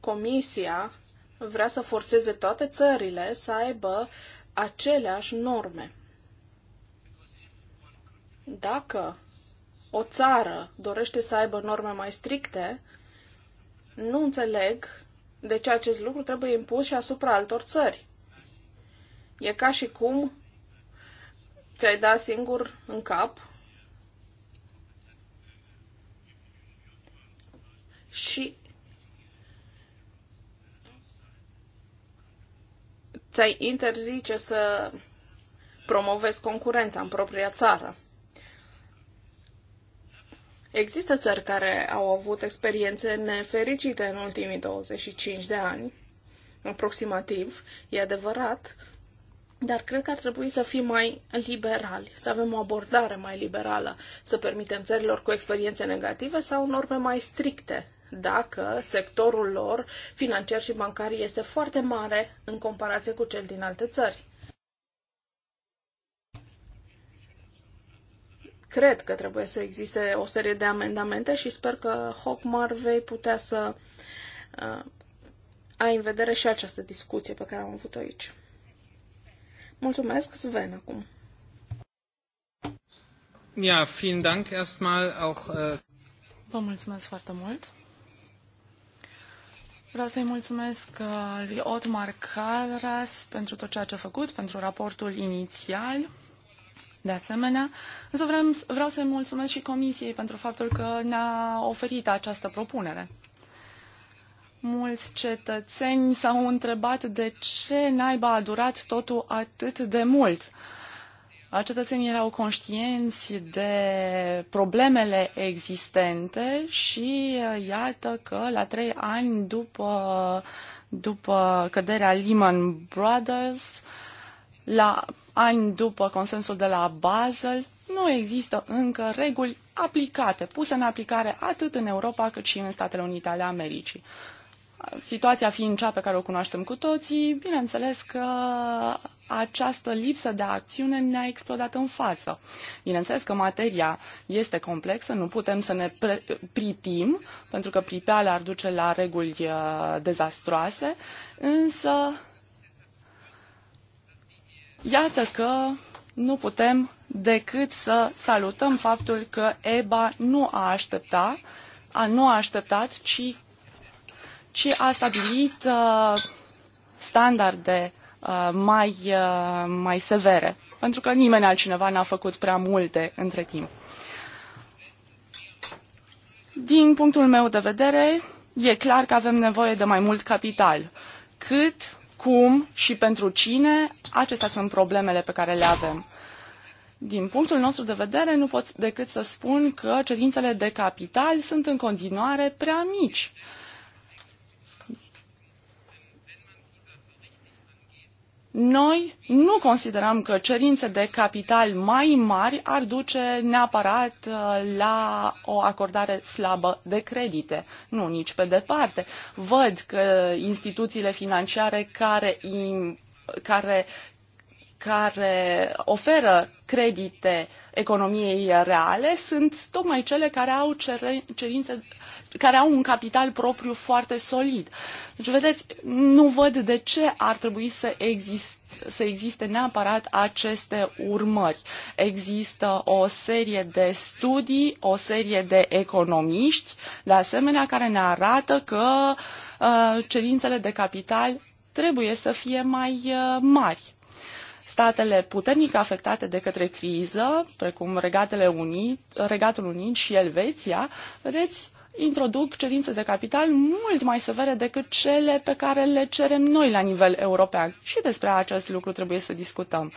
Comisia vrea să forțeze toate țările să aibă aceleași norme. Dacă o țară dorește să aibă norme mai stricte, nu înțeleg de ce acest lucru trebuie impus și asupra altor țări. E ca și cum ți-ai da singur în cap și ți-ai interzice să promovezi concurența în propria țară. Există țări care au avut experiențe nefericite în ultimii 25 de ani, aproximativ, e adevărat, dar cred că ar trebui să fim mai liberali, să avem o abordare mai liberală, să permitem țărilor cu experiențe negative sau norme mai stricte dacă sectorul lor financiar și bancar este foarte mare în comparație cu cel din alte țări. Cred că trebuie să existe o serie de amendamente și sper că Hockmar vei putea să uh, ai în vedere și această discuție pe care am avut-o aici. Mulțumesc, Sven, acum. Ja, vielen Dank erstmal auch. Äh... Vă mulțumesc foarte mult. Vreau să-i mulțumesc uh, lui Otmar Calras pentru tot ceea ce a făcut, pentru raportul inițial. De asemenea, însă vreau, vreau să-i mulțumesc și Comisiei pentru faptul că ne-a oferit această propunere. Mulți cetățeni s-au întrebat de ce naiba a durat totul atât de mult. Uh, cetățenii erau conștienți de problemele existente și uh, iată că la trei ani după, după căderea Lehman Brothers, la ani după consensul de la Basel, nu există încă reguli aplicate, puse în aplicare atât în Europa cât și în Statele Unite ale Americii. Situația fiind cea pe care o cunoaștem cu toții, bineînțeles că această lipsă de acțiune ne-a explodat în față. Bineînțeles că materia este complexă, nu putem să ne pripim, pentru că pripeala ar duce la reguli uh, dezastroase, însă iată că nu putem decât să salutăm faptul că EBA nu a așteptat, a nu a așteptat, ci, ci a stabilit uh, standarde Uh, mai, uh, mai severe, pentru că nimeni altcineva n-a făcut prea multe între timp. Din punctul meu de vedere, e clar că avem nevoie de mai mult capital. Cât, cum și pentru cine, acestea sunt problemele pe care le avem. Din punctul nostru de vedere, nu pot decât să spun că cerințele de capital sunt în continuare prea mici. Uh, Noi nu considerăm că cerințe de capital mai mari ar duce neapărat uh, la o acordare slabă de credite. Nu, nici pe departe. Văd că instituțiile financiare care, care, care oferă credite economiei reale sunt tocmai cele care au cerințe care au un capital propriu foarte solid. Deci, vedeți, nu văd de ce ar trebui să existe să existe neapărat aceste urmări. Există o serie de studii, o serie de economiști, de asemenea, care ne arată că uh, cerințele de capital trebuie să fie mai uh, mari. Statele puternic afectate de către criză, precum Regatele Unii, Regatul Unit și Elveția, vedeți, introduc cerințe de capital mult mai severe decât cele pe care le cerem noi la nivel european. Și despre acest lucru trebuie să discutăm.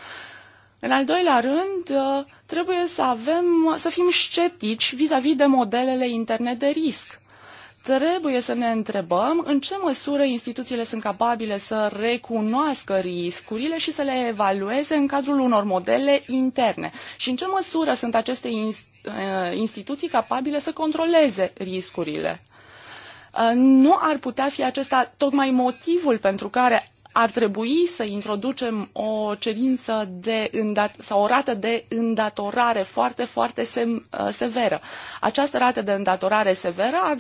În al doilea rând, uh, trebuie să avem, să fim sceptici vis-a-vis -vis de modelele internet de risc trebuie să ne întrebăm în ce măsură instituțiile sunt capabile să recunoască riscurile și să le evalueze în cadrul unor modele interne și în ce măsură sunt aceste eh, instituții capabile să controleze riscurile. Eh, nu ar putea fi acesta tocmai motivul pentru care ar trebui să introducem o cerință de îndat- sau o rată de îndatorare foarte, foarte sem- eh, severă. Această rată de îndatorare severă ar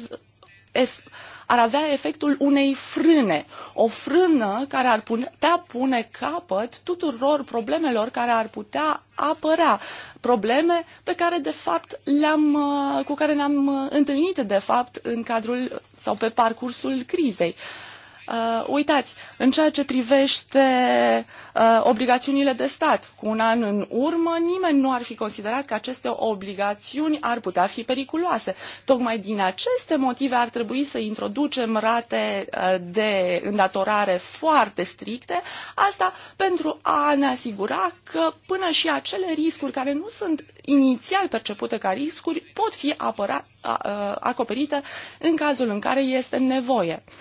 ar avea efectul unei frâne. O frână care ar putea pune capăt tuturor problemelor care ar putea apărea. Probleme pe care, de fapt, le-am, uh, cu care ne-am uh, întâlnit, de fapt, în cadrul sau pe parcursul crizei. Uh, Uh, uitați, în ceea ce privește uh, obligațiunile de stat, cu un an în urmă, nimeni nu ar fi considerat că aceste obligațiuni ar putea fi periculoase. Tocmai din aceste motive ar trebui să introducem rate uh, de îndatorare foarte stricte, asta pentru a ne asigura că până și acele riscuri care nu sunt inițial percepute ca riscuri pot fi uh, acoperite în cazul în care este nevoie. Uh,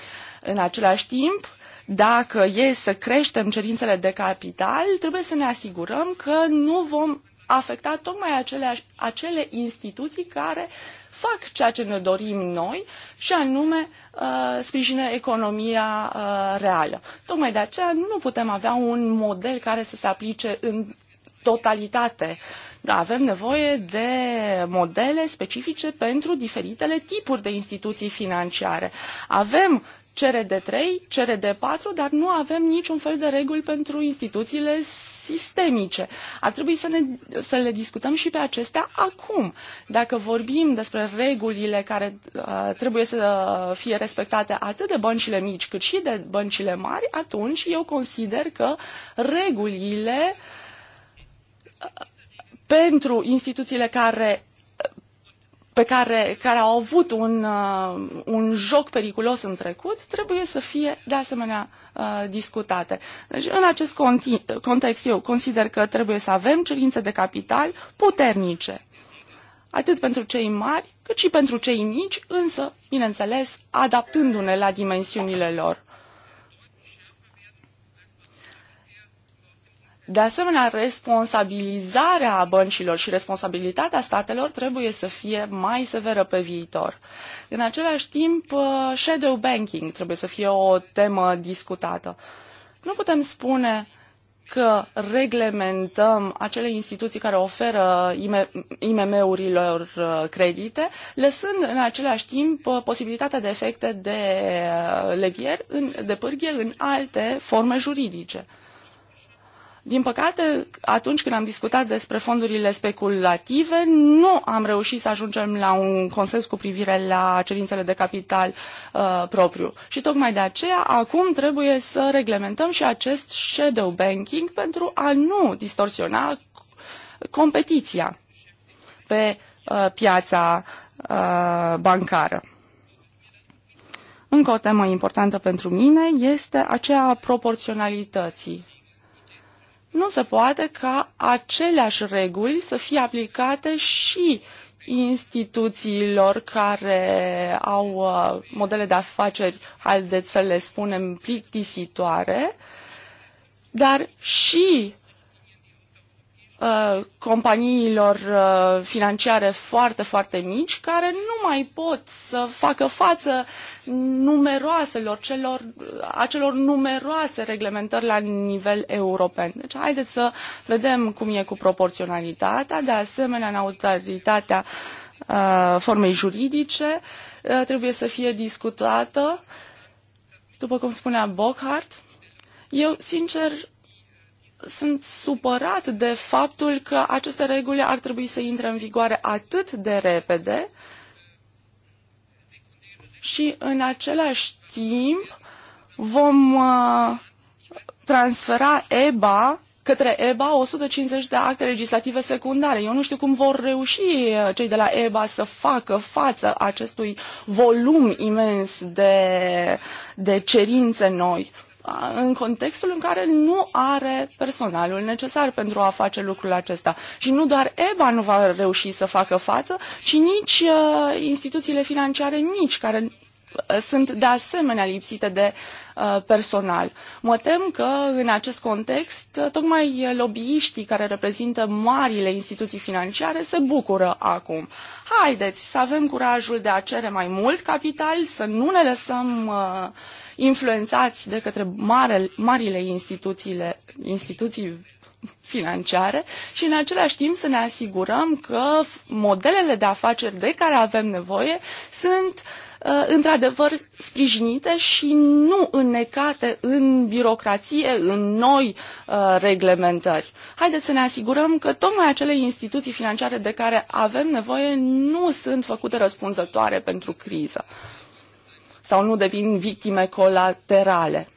în același timp, dacă e să creștem cerințele de capital, trebuie să ne asigurăm că nu vom afecta tocmai acele, acele instituții care fac ceea ce ne dorim noi și anume uh, sprijină economia uh, reală. Tocmai de aceea nu putem avea un model care să se aplice în totalitate. Avem nevoie de modele specifice pentru diferitele tipuri de instituții financiare. Avem CRD3, CRD4, dar nu avem niciun fel de reguli pentru instituțiile sistemice. Ar trebui să, ne, să le discutăm și pe acestea acum. Dacă vorbim despre regulile care uh, trebuie să fie respectate atât de băncile mici cât și de băncile mari, atunci eu consider că regulile uh, pentru instituțiile care pe care, care au avut un, uh, un joc periculos în trecut, trebuie să fie de asemenea uh, discutate. Deci, în acest context, eu consider că trebuie să avem cerințe de capital puternice, atât pentru cei mari, cât și pentru cei mici, însă, bineînțeles, adaptându-ne la dimensiunile lor. De asemenea, responsabilizarea băncilor și responsabilitatea statelor trebuie să fie mai severă pe viitor. În același timp, uh, shadow banking trebuie să fie o temă discutată. Nu putem spune că reglementăm acele instituții care oferă IMM-urilor uh, credite, lăsând în același timp uh, posibilitatea de efecte de levier, de pârghie în alte forme juridice. Din păcate, atunci când am discutat despre fondurile speculative, nu am reușit să ajungem la un consens cu privire la cerințele de capital uh, propriu. Și tocmai de aceea, acum trebuie să reglementăm și acest shadow banking pentru a nu distorsiona competiția pe uh, piața uh, bancară. Încă o temă importantă pentru mine este aceea a proporționalității nu se poate ca aceleași reguli să fie aplicate și instituțiilor care au uh, modele de afaceri, haideți să le spunem, plictisitoare, dar și Uh, companiilor uh, financiare foarte, foarte mici, care nu mai pot să facă față numeroaselor, celor, acelor numeroase reglementări la nivel european. Deci haideți să vedem cum e cu proporționalitatea, de asemenea în autoritatea uh, formei juridice trebuie să fie discutată, după cum spunea Bockhart. Eu, sincer, sunt supărat de faptul că aceste reguli ar trebui să intre în vigoare atât de repede și în același timp vom uh, transfera EBA către EBA 150 de acte legislative secundare. Eu nu știu cum vor reuși uh, cei de la EBA să facă față acestui volum imens de, de cerințe noi în contextul în care nu are personalul necesar pentru a face lucrul acesta. Și nu doar EBA nu va reuși să facă față, ci nici uh, instituțiile financiare mici, care sunt de asemenea lipsite de uh, personal. Mă tem că în acest context tocmai lobbyiștii care reprezintă marile instituții financiare se bucură acum. Haideți să avem curajul de a cere mai mult capital, să nu ne lăsăm uh, influențați de către mare, marile instituțiile, instituții financiare și în același timp să ne asigurăm că modelele de afaceri de care avem nevoie sunt uh, Uh, într-adevăr sprijinite și nu înnecate în birocrație, în noi uh, reglementări. Haideți să ne asigurăm că tocmai acele instituții financiare de care avem nevoie nu sunt făcute răspunzătoare pentru criză sau nu devin victime colaterale.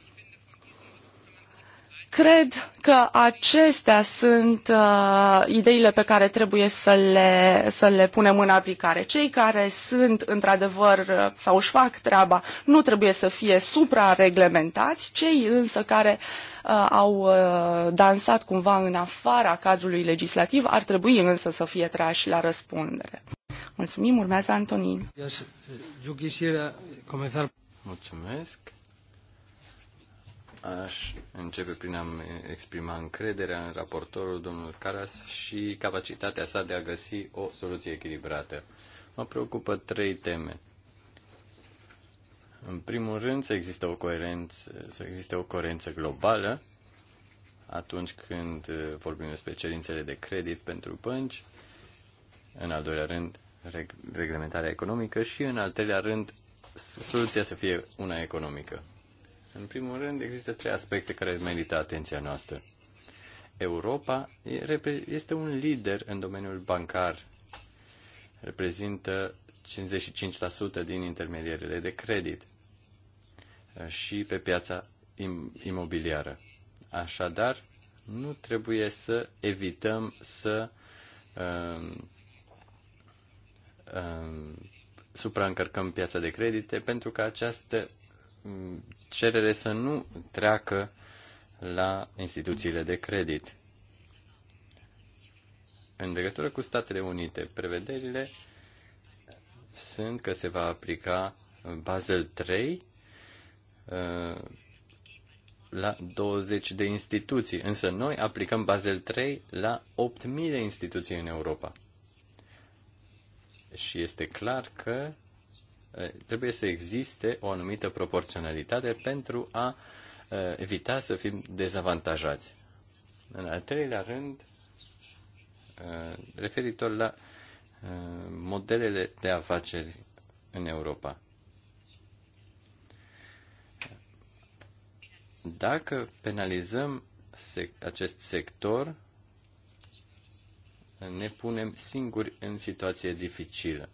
Cred că acestea sunt uh, ideile pe care trebuie să le, să le punem în aplicare. Cei care sunt într-adevăr uh, sau își fac treaba nu trebuie să fie suprareglementați, cei însă care uh, au uh, dansat cumva în afara cadrului legislativ ar trebui însă să fie trași la răspundere. Mulțumim, urmează Antonin. Eu Mulțumesc. Aș începe prin a-mi exprima încrederea în raportorul domnul Caras și capacitatea sa de a găsi o soluție echilibrată. Mă preocupă trei teme. În primul rând, să există o coerență, să existe o coerență globală atunci când uh, vorbim despre cerințele de credit pentru bănci, în al doilea rând, reglementarea economică și, în al treilea rând, soluția să fie una economică. În primul rând, există trei aspecte care merită atenția noastră. Europa este un lider în domeniul bancar. Reprezintă 55% din intermedierele de credit uh, și pe piața imobiliară. Așadar, nu trebuie să evităm să um, um, supraîncărcăm piața de credite pentru că această cerere să nu treacă la instituțiile de credit. În legătură cu Statele Unite, prevederile sunt că se va aplica Basel 3 uh, la 20 de instituții, însă noi aplicăm Basel 3 la 8.000 de instituții în Europa. Și este clar că trebuie să existe o anumită proporționalitate pentru a evita să fim dezavantajați. În al treilea rând, referitor la modelele de afaceri în Europa. Dacă penalizăm acest sector, ne punem singuri în situație dificilă.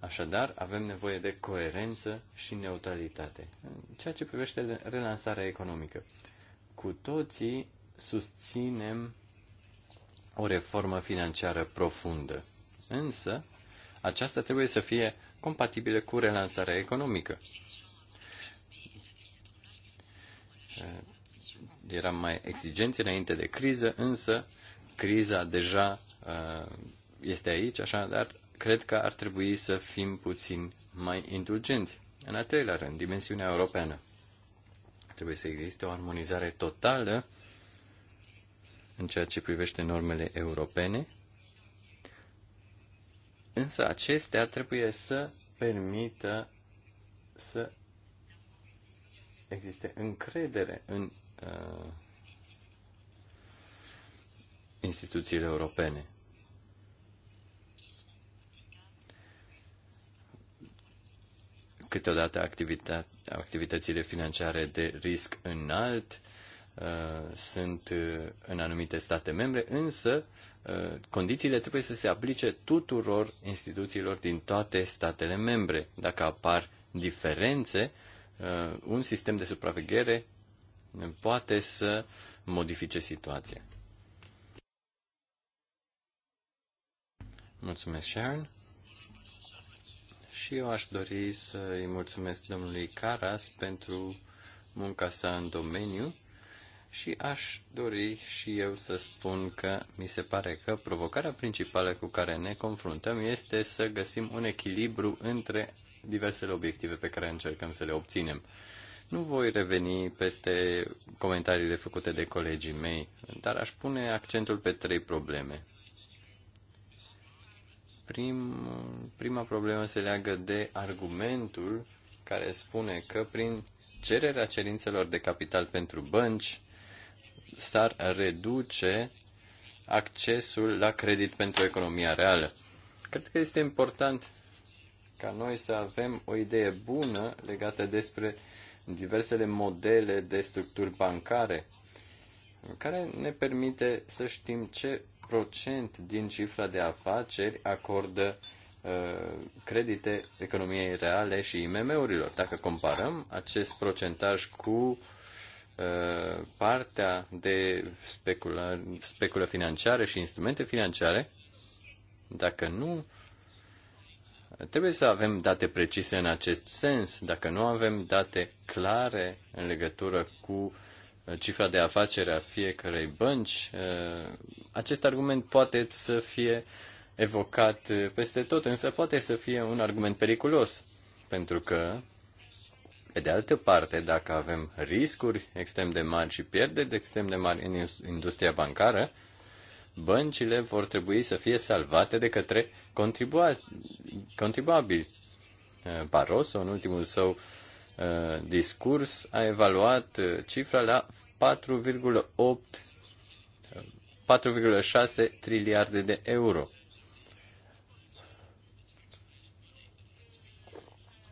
Așadar, avem nevoie de coerență și neutralitate în ceea ce privește relansarea economică. Cu toții susținem o reformă financiară profundă, însă aceasta trebuie să fie compatibilă cu relansarea economică. Eh, eram mai exigenți înainte de criză, însă criza deja eh, este aici, așadar cred că ar trebui să fim puțin mai indulgenți. În al treilea rând, dimensiunea europeană. Trebuie să existe o armonizare totală în ceea ce privește normele europene, însă acestea trebuie să permită să existe încredere în uh, instituțiile europene. câteodată activita- activitățile financiare de risc înalt uh, sunt uh, în anumite state membre, însă uh, condițiile trebuie să se aplice tuturor instituțiilor din toate statele membre. Dacă apar diferențe, uh, un sistem de supraveghere poate să modifice situația. Mulțumesc, Sharon și eu aș dori să îi mulțumesc domnului Caras pentru munca sa în domeniu și aș dori și eu să spun că mi se pare că provocarea principală cu care ne confruntăm este să găsim un echilibru între diversele obiective pe care încercăm să le obținem. Nu voi reveni peste comentariile făcute de colegii mei, dar aș pune accentul pe trei probleme. Prim, prima problemă se leagă de argumentul care spune că prin cererea cerințelor de capital pentru bănci s-ar reduce accesul la credit pentru economia reală. Cred că este important ca noi să avem o idee bună legată despre diversele modele de structuri bancare, care ne permite să știm ce procent din cifra de afaceri acordă uh, credite economiei reale și IMM-urilor. Dacă comparăm acest procentaj cu uh, partea de specula speculă financiară și instrumente financiare, dacă nu, trebuie să avem date precise în acest sens. Dacă nu avem date clare în legătură cu cifra de afacere a fiecărei bănci, uh, acest argument poate să fie evocat uh, peste tot, însă poate să fie un argument periculos, pentru că, pe de altă parte, dacă avem riscuri extrem de mari și pierderi extrem de mari în industria bancară, băncile vor trebui să fie salvate de către contribuabili. Uh, Barroso, în ultimul său uh, Uh, discurs a evaluat uh, cifra la 4,8 4,6 triliarde de euro.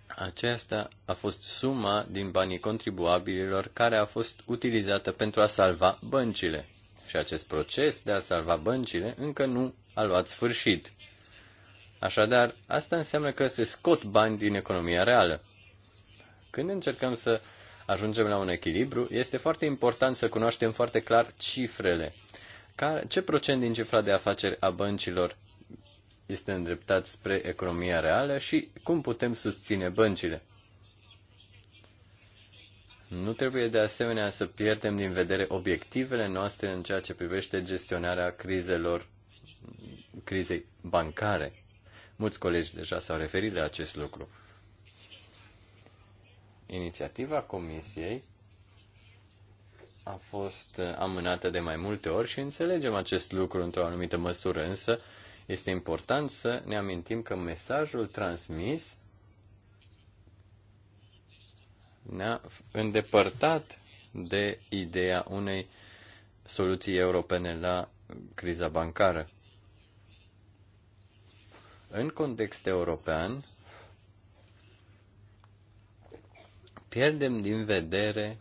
Aceasta a fost suma din banii contribuabililor care a fost utilizată pentru a salva băncile. Și acest proces de a salva băncile încă nu a luat sfârșit. Așadar, asta înseamnă că se scot bani din economia reală. Când încercăm să ajungem la un echilibru, este foarte important să cunoaștem foarte clar cifrele. Ce procent din cifra de afaceri a băncilor este îndreptat spre economia reală și cum putem susține băncile? Nu trebuie de asemenea să pierdem din vedere obiectivele noastre în ceea ce privește gestionarea crizelor, crizei bancare. Mulți colegi deja s-au referit la acest lucru. Inițiativa Comisiei a fost amânată de mai multe ori și înțelegem acest lucru într-o anumită măsură, însă este important să ne amintim că mesajul transmis ne-a îndepărtat de ideea unei soluții europene la criza bancară. În context european, pierdem din vedere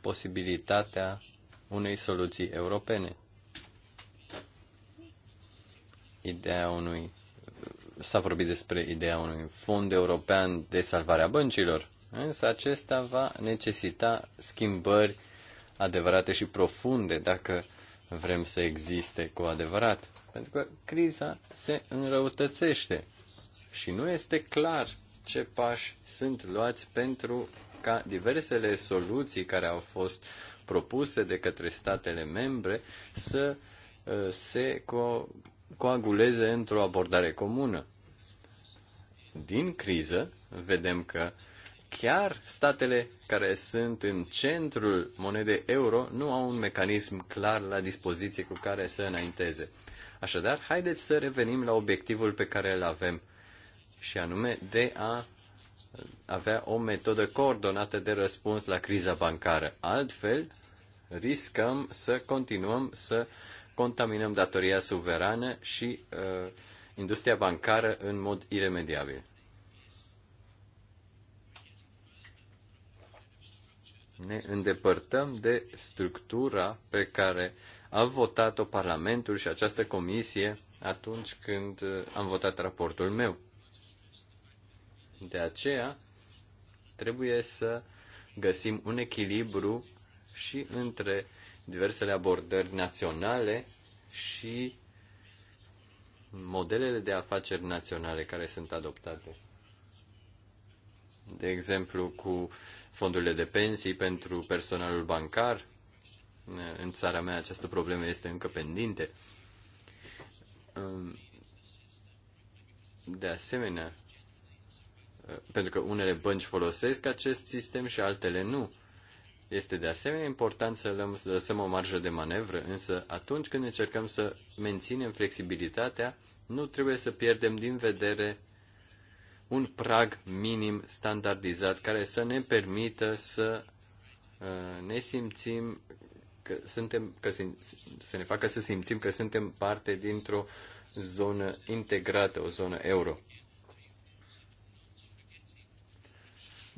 posibilitatea unei soluții europene. Ideea unui s-a vorbit despre ideea unui fond european de salvare a băncilor, însă acesta va necesita schimbări adevărate și profunde dacă vrem să existe cu adevărat, pentru că criza se înrăutățește și nu este clar ce pași sunt luați pentru ca diversele soluții care au fost propuse de către statele membre să uh, se co- coaguleze într-o abordare comună. Din criză, vedem că chiar statele care sunt în centrul monedei euro nu au un mecanism clar la dispoziție cu care să înainteze. Așadar, haideți să revenim la obiectivul pe care îl avem – și anume de a avea o metodă coordonată de răspuns la criza bancară. Altfel, riscăm să continuăm să contaminăm datoria suverană și uh, industria bancară în mod iremediabil. Ne îndepărtăm de structura pe care a votat-o Parlamentul și această comisie atunci când uh, am votat raportul meu. De aceea, trebuie să găsim un echilibru și între diversele abordări naționale și modelele de afaceri naționale care sunt adoptate. De exemplu, cu fondurile de pensii pentru personalul bancar. În țara mea această problemă este încă pendinte. De asemenea, pentru că unele bănci folosesc acest sistem și altele nu. Este de asemenea important să lăsăm o marjă de manevră, însă atunci când încercăm să menținem flexibilitatea, nu trebuie să pierdem din vedere un prag minim standardizat care să ne permită să uh, ne simțim că suntem, că sim, să ne facă să simțim că suntem parte dintr-o zonă integrată, o zonă euro.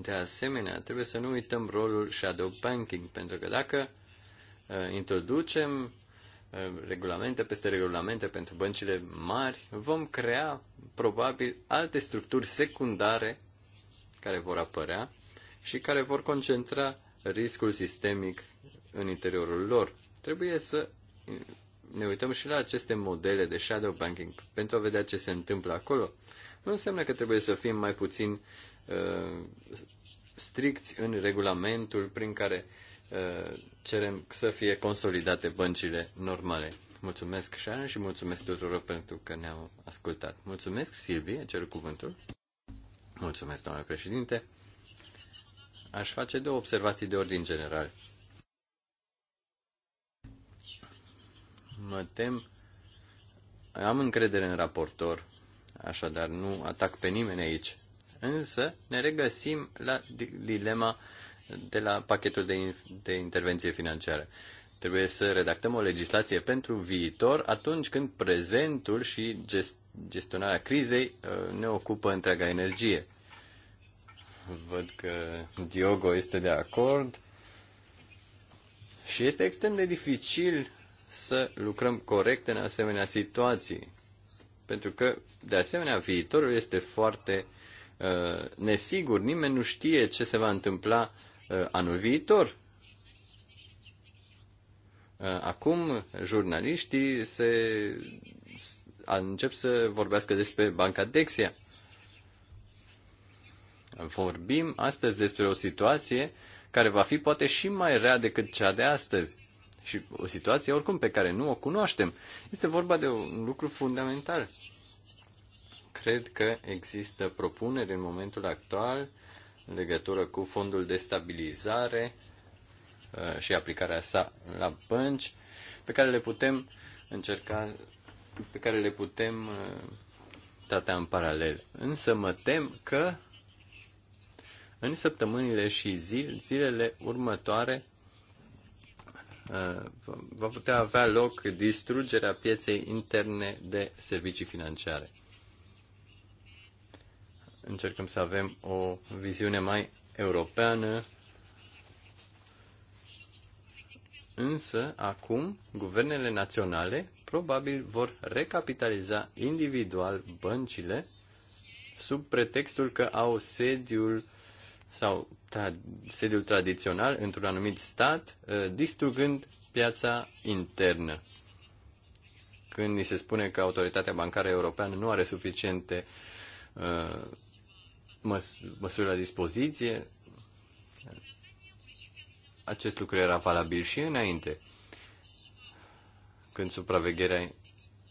De asemenea, trebuie să nu uităm rolul shadow banking, pentru că dacă uh, introducem uh, regulamente peste regulamente pentru băncile mari, vom crea probabil alte structuri secundare care vor apărea și care vor concentra riscul sistemic în interiorul lor. Trebuie să uh, ne uităm și la aceste modele de shadow banking pentru a vedea ce se întâmplă acolo. Nu înseamnă că trebuie să fim mai puțin Uh, stricți în regulamentul prin care uh, cerem să fie consolidate băncile normale. Mulțumesc, Sean, și mulțumesc tuturor pentru că ne-au ascultat. Mulțumesc, Silvie, cer cuvântul. Mulțumesc, domnule președinte. Aș face două observații de ordin general. Mă tem. Am încredere în raportor, așadar nu atac pe nimeni aici. Însă ne regăsim la dilema de la pachetul de, de intervenție financiară. Trebuie să redactăm o legislație pentru viitor atunci când prezentul și gest, gestionarea crizei uh, ne ocupă întreaga energie. Văd că Diogo este de acord și este extrem de dificil să lucrăm corect în asemenea situații. Pentru că, de asemenea, viitorul este foarte Uh, nesigur, nimeni nu știe ce se va întâmpla uh, anul viitor. Uh, acum jurnaliștii se încep să vorbească despre Banca Dexia. Vorbim astăzi despre o situație care va fi poate și mai rea decât cea de astăzi. Și o situație oricum pe care nu o cunoaștem. Este vorba de un lucru fundamental. Cred că există propuneri în momentul actual în legătură cu fondul de stabilizare uh, și aplicarea sa la bănci, pe care le putem încerca, pe care le putem uh, trata în paralel. Însă mă tem că în săptămânile și zile, zilele următoare uh, va putea avea loc distrugerea pieței interne de servicii financiare încercăm să avem o viziune mai europeană. Însă, acum, guvernele naționale probabil vor recapitaliza individual băncile sub pretextul că au sediul sau tra- sediul tradițional într-un anumit stat, ă, distrugând piața internă. Când ni se spune că autoritatea bancară europeană nu are suficiente uh, măs- măsuri la dispoziție. Acest lucru era valabil și înainte, când supravegherea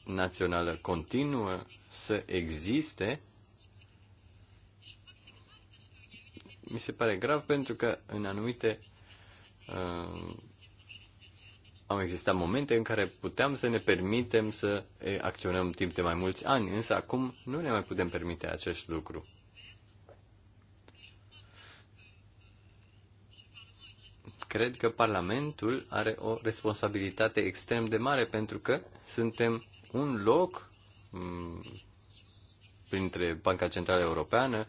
națională continuă să existe. Mi se pare grav pentru că în anumite uh, au existat momente în care puteam să ne permitem să eh, acționăm timp de mai mulți ani, însă acum nu ne mai putem permite acest lucru. cred că Parlamentul are o responsabilitate extrem de mare pentru că suntem un loc mm, printre Banca Centrală Europeană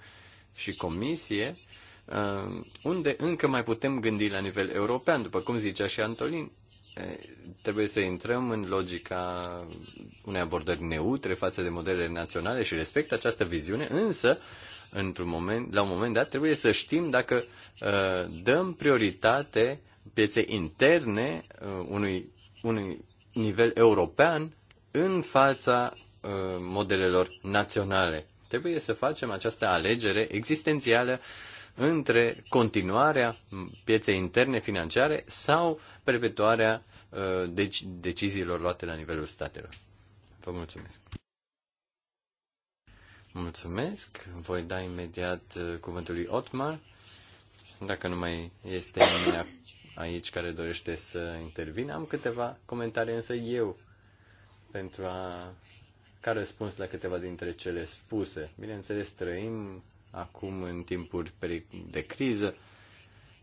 și Comisie mm, unde încă mai putem gândi la nivel european, după cum zicea și Antolin. Trebuie să intrăm în logica unei abordări neutre față de modelele naționale și respect această viziune, însă într-un moment, la un moment dat, trebuie să știm dacă uh, dăm prioritate piețe interne uh, unui, unui nivel european în fața uh, modelelor naționale. Trebuie să facem această alegere existențială între continuarea pieței interne financiare sau perpetuarea uh, deci, deciziilor luate la nivelul statelor. Vă mulțumesc. Mulțumesc. Voi da imediat uh, cuvântul lui Otmar. Dacă nu mai este nimeni aici care dorește să intervină, am câteva comentarii însă eu pentru a ca răspuns la câteva dintre cele spuse. Bineînțeles, trăim acum în timpuri de criză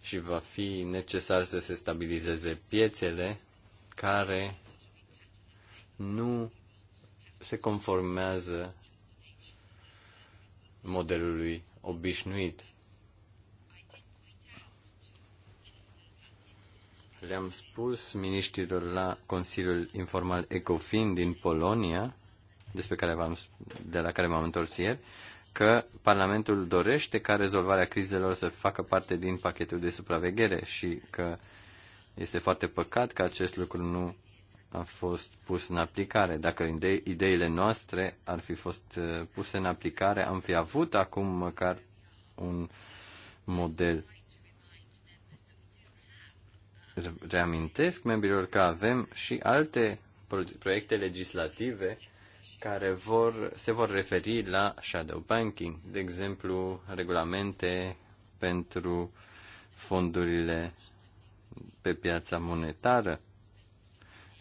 și va fi necesar să se stabilizeze piețele care nu se conformează modelului obișnuit. Le-am spus miniștrilor la Consiliul Informal ECOFIN din Polonia, despre care am de la care m-am întors ieri, că Parlamentul dorește ca rezolvarea crizelor să facă parte din pachetul de supraveghere și că este foarte păcat că acest lucru nu a fost pus în aplicare. Dacă ide- ideile noastre ar fi fost uh, puse în aplicare, am fi avut acum măcar un model. Reamintesc membrilor că avem și alte proiecte legislative care vor, se vor referi la shadow banking, de exemplu, regulamente pentru fondurile pe piața monetară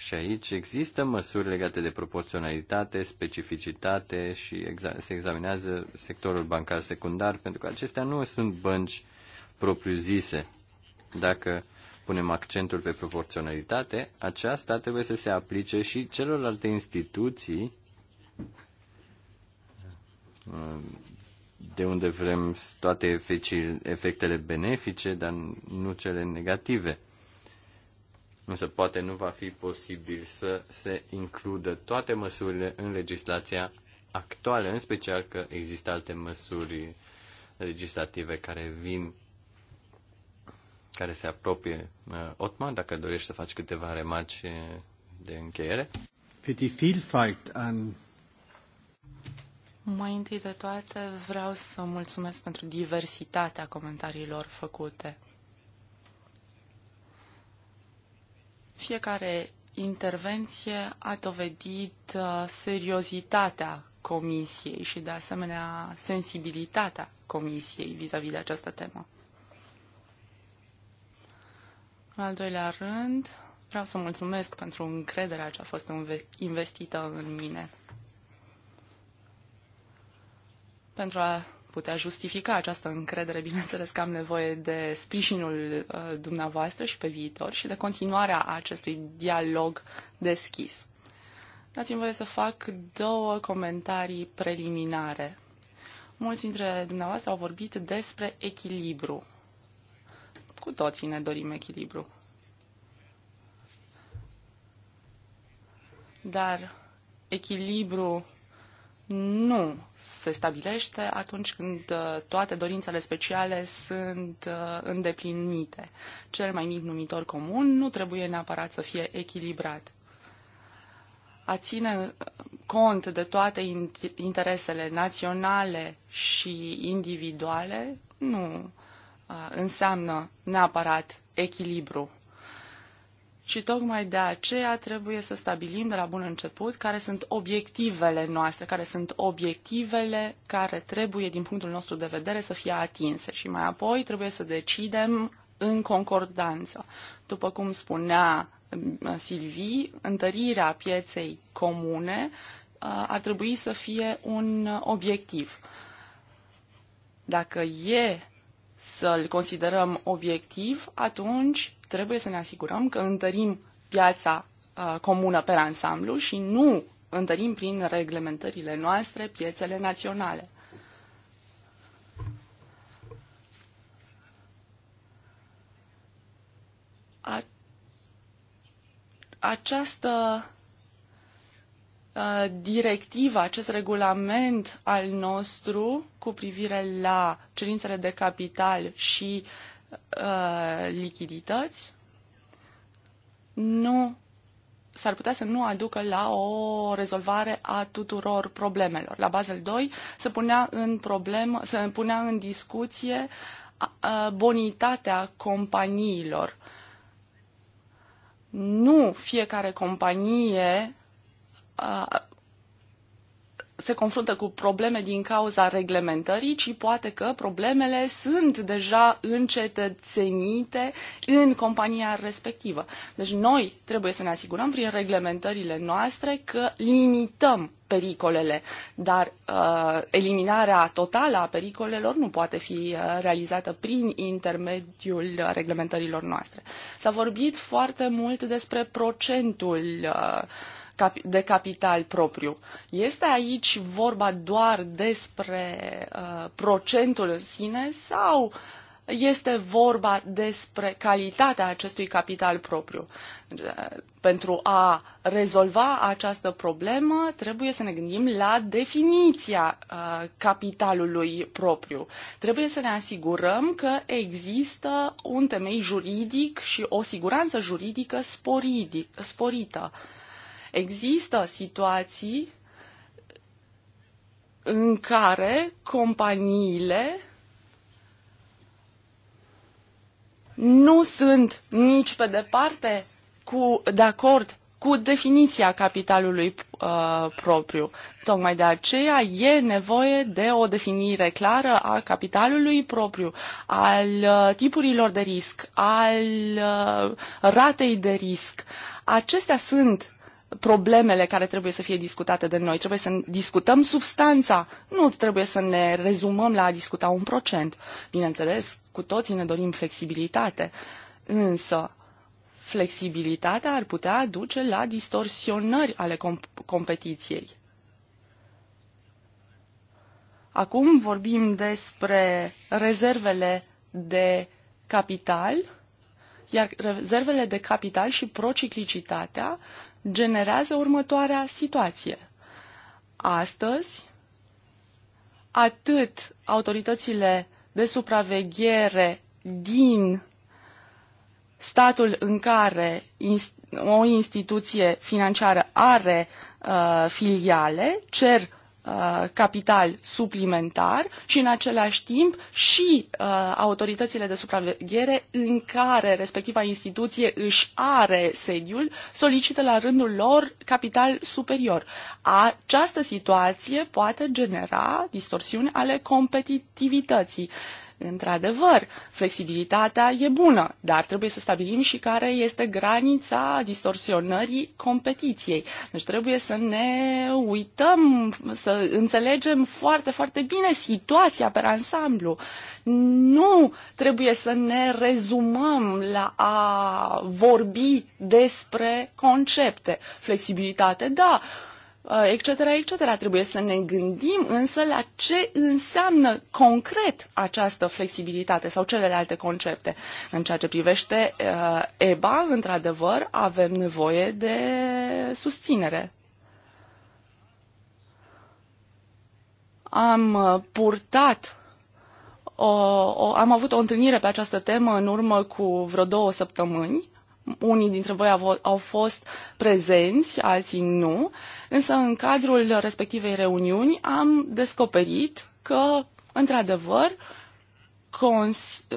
și aici există măsuri legate de proporționalitate, specificitate și exa- se examinează sectorul bancar secundar, pentru că acestea nu sunt bănci propriu-zise. Dacă punem accentul pe proporționalitate, aceasta trebuie să se aplice și celorlalte instituții uh, de unde vrem toate efectele benefice, dar nu cele negative însă poate nu va fi posibil să se includă toate măsurile în legislația actuală, în special că există alte măsuri legislative care vin, care se apropie. Uh, Otman, dacă dorești să faci câteva remarci de încheiere. Mai întâi de toate vreau să mulțumesc pentru diversitatea comentariilor făcute. Fiecare intervenție a dovedit uh, seriozitatea Comisiei și, de asemenea, sensibilitatea Comisiei vis-a-vis -vis de această temă. În al doilea rând, vreau să mulțumesc pentru încrederea ce a fost investită în mine. Pentru a putea justifica această încredere, bineînțeles că am nevoie de sprijinul uh, dumneavoastră și pe viitor și de continuarea acestui dialog deschis. Dați-mi voie să fac două comentarii preliminare. Mulți dintre dumneavoastră au vorbit despre echilibru. Cu toții ne dorim echilibru. Dar echilibru nu se stabilește atunci când uh, toate dorințele speciale sunt uh, îndeplinite. Cel mai mic numitor comun nu trebuie neapărat să fie echilibrat. A ține uh, cont de toate interesele naționale și individuale nu înseamnă neapărat echilibru. Și tocmai de aceea trebuie să stabilim de la bun început care sunt obiectivele noastre, care sunt obiectivele care trebuie, din punctul nostru de vedere, să fie atinse. Și mai apoi trebuie să decidem în concordanță. După cum spunea uh, Silvii, întărirea pieței comune uh, ar trebui să fie un obiectiv. Dacă e să-l considerăm obiectiv, atunci trebuie să ne asigurăm că întărim piața uh, comună pe ansamblu și nu întărim prin reglementările noastre piețele naționale. A, această uh, directivă, acest regulament al nostru cu privire la cerințele de capital și Uh, lichidități nu s-ar putea să nu aducă la o rezolvare a tuturor problemelor. La Basel 2 se punea în problemă, se punea în discuție uh, bonitatea companiilor. Nu fiecare companie uh, se confruntă cu probleme din cauza reglementării, ci poate că problemele sunt deja încetățenite în compania respectivă. Deci noi trebuie să ne asigurăm prin reglementările noastre că limităm pericolele, dar uh, eliminarea totală a pericolelor nu poate fi uh, realizată prin intermediul reglementărilor noastre. S-a vorbit foarte mult despre procentul uh, de capital propriu. Este aici vorba doar despre uh, procentul în sine sau este vorba despre calitatea acestui capital propriu? Uh, pentru a rezolva această problemă, trebuie să ne gândim la definiția uh, capitalului propriu. Trebuie să ne asigurăm că există un temei juridic și o siguranță juridică sporidic, sporită. Uh, Există situații în care companiile nu sunt nici pe departe cu, de acord cu definiția capitalului uh, propriu. Tocmai de aceea e nevoie de o definire clară a capitalului propriu, al uh, tipurilor de risc, al uh, ratei de risc. Acestea sunt problemele care trebuie să fie discutate de noi. Trebuie să discutăm substanța, nu trebuie să ne rezumăm la a discuta un procent. Bineînțeles, cu toții ne dorim flexibilitate, însă flexibilitatea ar putea duce la distorsionări ale comp- competiției. Acum vorbim despre rezervele de capital, iar rezervele de capital și prociclicitatea generează următoarea situație. Astăzi, atât autoritățile de supraveghere din statul în care o instituție financiară are uh, filiale cer Uh, capital suplimentar și în același timp și uh, autoritățile de supraveghere în care respectiva instituție își are sediul solicită la rândul lor capital superior. Această situație poate genera distorsiuni ale competitivității. Uh, Într-adevăr, flexibilitatea e bună, dar trebuie să stabilim și care este granița distorsionării competiției. Deci trebuie să ne uităm, să înțelegem foarte, foarte bine situația pe ansamblu. Nu trebuie să ne rezumăm la a vorbi despre concepte. Flexibilitate, da, etc., uh, etc. Trebuie să ne gândim însă la ce înseamnă concret această flexibilitate sau celelalte concepte. În ceea ce privește uh, EBA, într-adevăr, avem nevoie de susținere. Am uh, purtat o, o, am avut o întâlnire pe această temă în urmă cu vreo două săptămâni unii dintre voi au fost prezenți, alții nu, însă în cadrul respectivei reuniuni am descoperit că, într-adevăr,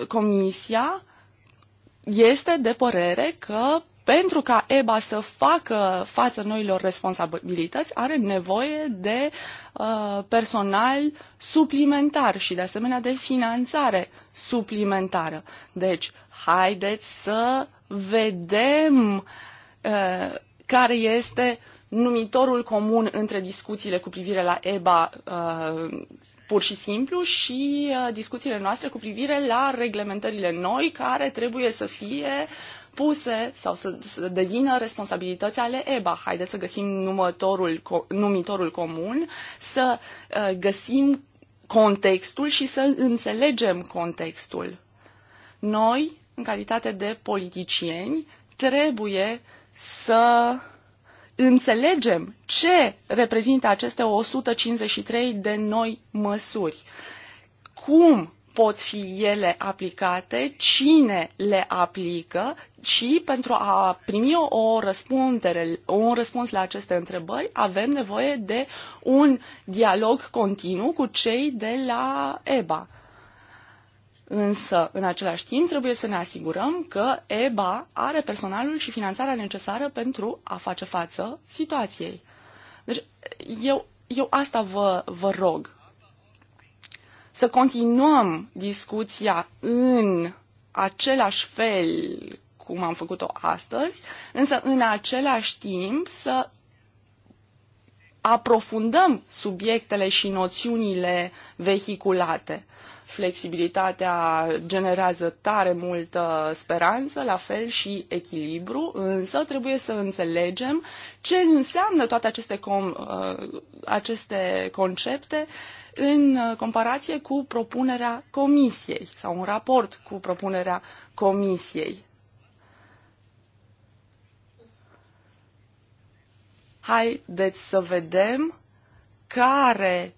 Comisia este de părere că pentru ca EBA să facă față noilor responsabilități, are nevoie de uh, personal suplimentar și de asemenea de finanțare suplimentară. Deci, haideți să vedem uh, care este numitorul comun între discuțiile cu privire la EBA uh, pur și simplu și uh, discuțiile noastre cu privire la reglementările noi care trebuie să fie puse sau să, să devină responsabilități ale EBA. Haideți să găsim numitorul numitorul comun, să uh, găsim contextul și să înțelegem contextul. Noi în calitate de politicieni, trebuie să înțelegem ce reprezintă aceste 153 de noi măsuri. Cum pot fi ele aplicate, cine le aplică și pentru a primi o răspundere, un răspuns la aceste întrebări avem nevoie de un dialog continuu cu cei de la EBA. Însă, în același timp, trebuie să ne asigurăm că EBA are personalul și finanțarea necesară pentru a face față situației. Deci, eu, eu asta vă, vă rog. Să continuăm discuția în același fel cum am făcut-o astăzi, însă în același timp să aprofundăm subiectele și noțiunile vehiculate Flexibilitatea generează tare multă speranță, la fel și echilibru, însă trebuie să înțelegem ce înseamnă toate aceste, com- uh, aceste concepte în comparație cu propunerea comisiei sau un raport cu propunerea comisiei. Haideți să vedem care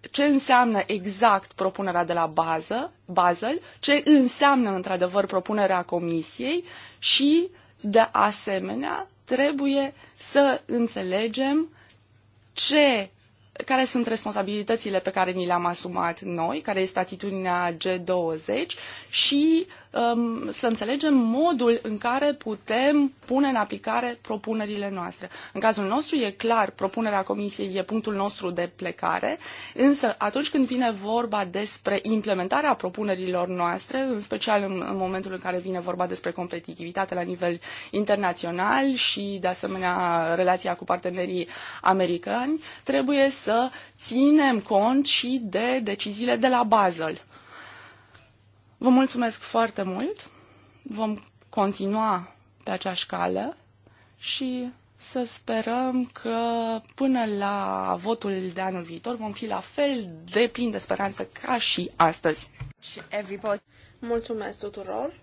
ce înseamnă exact propunerea de la bază, Basel, ce înseamnă într-adevăr propunerea comisiei și, de asemenea, trebuie să înțelegem ce, care sunt responsabilitățile pe care ni le-am asumat noi, care este atitudinea G20 și Um, să înțelegem modul în care putem pune în aplicare propunerile noastre. În cazul nostru e clar, propunerea Comisiei e punctul nostru de plecare, însă atunci când vine vorba despre implementarea propunerilor noastre, în special în, în momentul în care vine vorba despre competitivitate la nivel internațional și, de asemenea, relația cu partenerii americani, trebuie să ținem cont și de deciziile de la Basel. Vă mulțumesc foarte mult. Vom continua pe aceeași cale și să sperăm că până la votul de anul viitor vom fi la fel de plin de speranță ca și astăzi. Everybody, Mulțumesc tuturor!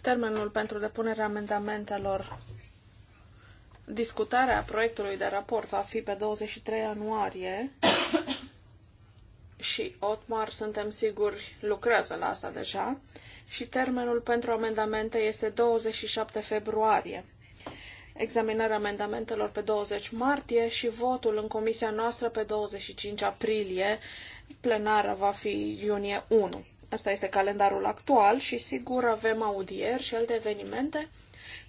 Termenul pentru depunerea amendamentelor Discutarea proiectului de raport va fi pe 23 ianuarie și Otmar, suntem siguri, lucrează la asta deja și termenul pentru amendamente este 27 februarie. Examinarea amendamentelor pe 20 martie și votul în comisia noastră pe 25 aprilie. Plenara va fi iunie 1. Asta este calendarul actual și sigur avem audieri și alte evenimente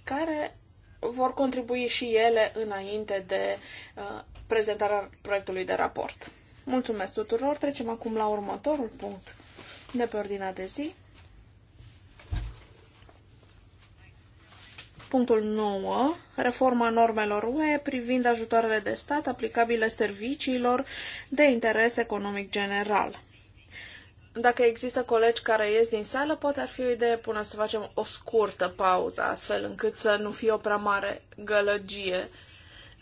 care vor contribui și ele înainte de uh, prezentarea proiectului de raport. Mulțumesc tuturor. Trecem acum la următorul punct de pe ordinea de zi. Punctul 9. Reforma normelor UE privind ajutoarele de stat aplicabile serviciilor de interes economic general. Dacă există colegi care ies din sală, poate ar fi o idee până să facem o scurtă pauză, astfel încât să nu fie o prea mare gălăgie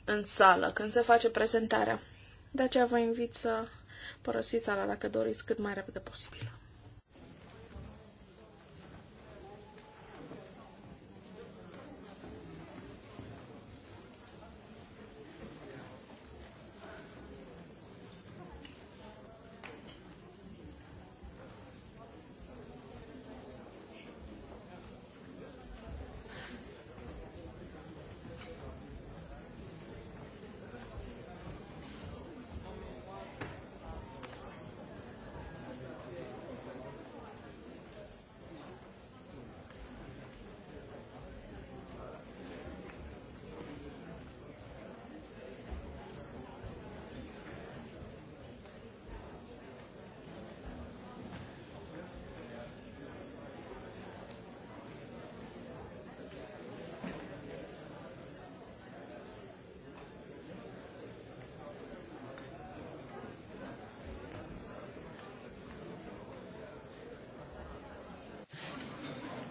în sală când se face prezentarea. De aceea vă invit să părăsiți sala dacă doriți cât mai repede posibil.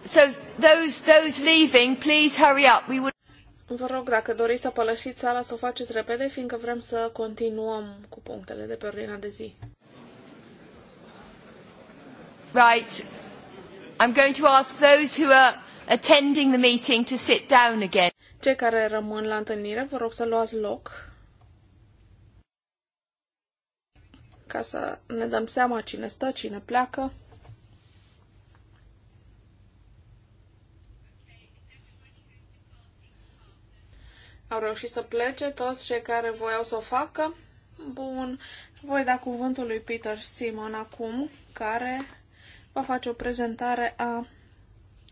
So those, those leaving, please hurry up. We would... Vă rog, dacă doriți să pălășiți sala, să o faceți repede, fiindcă vrem să continuăm cu punctele de pe ordinea de zi. Right. I'm going to ask those who are attending the meeting to sit down again. Cei care rămân la întâlnire, vă rog să luați loc ca să ne dăm seama cine stă, cine pleacă. au reușit să plece toți cei care voiau să o facă. Bun, voi da cuvântul lui Peter Simon acum, care va face o prezentare a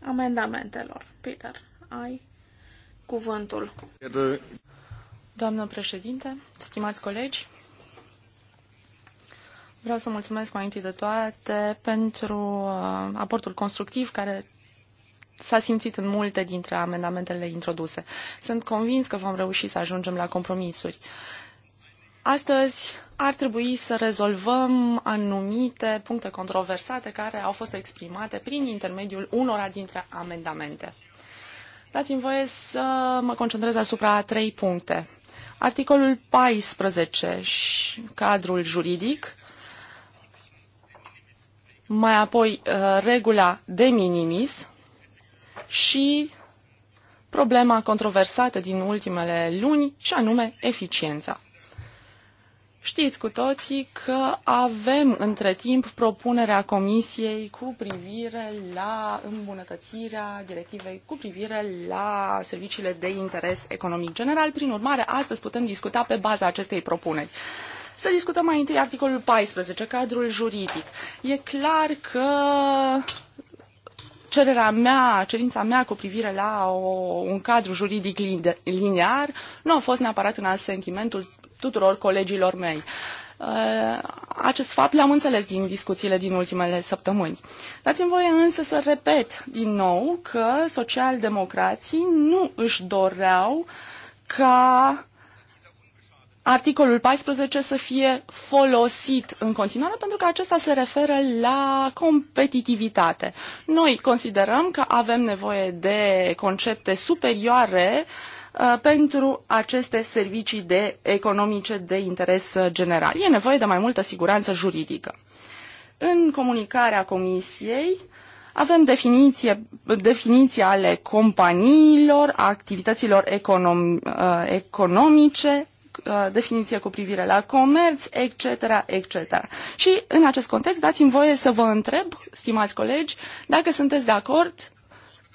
amendamentelor. Peter, ai cuvântul. Doamnă președinte, stimați colegi, Vreau să mulțumesc mai întâi de toate pentru uh, aportul constructiv care s-a simțit în multe dintre amendamentele introduse. Sunt convins că vom reuși să ajungem la compromisuri. Astăzi ar trebui să rezolvăm anumite puncte controversate care au fost exprimate prin intermediul unora dintre amendamente. Dați-mi voie să mă concentrez asupra a trei puncte. Articolul 14 și cadrul juridic, mai apoi uh, regula de minimis, și problema controversată din ultimele luni, și anume eficiența. Știți cu toții că avem între timp propunerea Comisiei cu privire la îmbunătățirea directivei cu privire la serviciile de interes economic general. Prin urmare, astăzi putem discuta pe baza acestei propuneri. Să discutăm mai întâi articolul 14, cadrul juridic. E clar că cererea mea, cerința mea cu privire la o, un cadru juridic linear, nu a fost neapărat în asentimentul tuturor colegilor mei. Uh, acest fapt l-am înțeles din discuțiile din ultimele săptămâni. Dați-mi voie însă să repet din nou că socialdemocrații nu își doreau ca articolul 14 să fie folosit în continuare pentru că acesta se referă la competitivitate. Noi considerăm că avem nevoie de concepte superioare uh, pentru aceste servicii de economice de interes general. E nevoie de mai multă siguranță juridică. În comunicarea Comisiei avem definiție, definiții ale companiilor, activităților econom, uh, economice, Uh, definiție cu privire la comerț, etc., etc. Și în acest context dați-mi voie să vă întreb, stimați colegi, dacă sunteți de acord,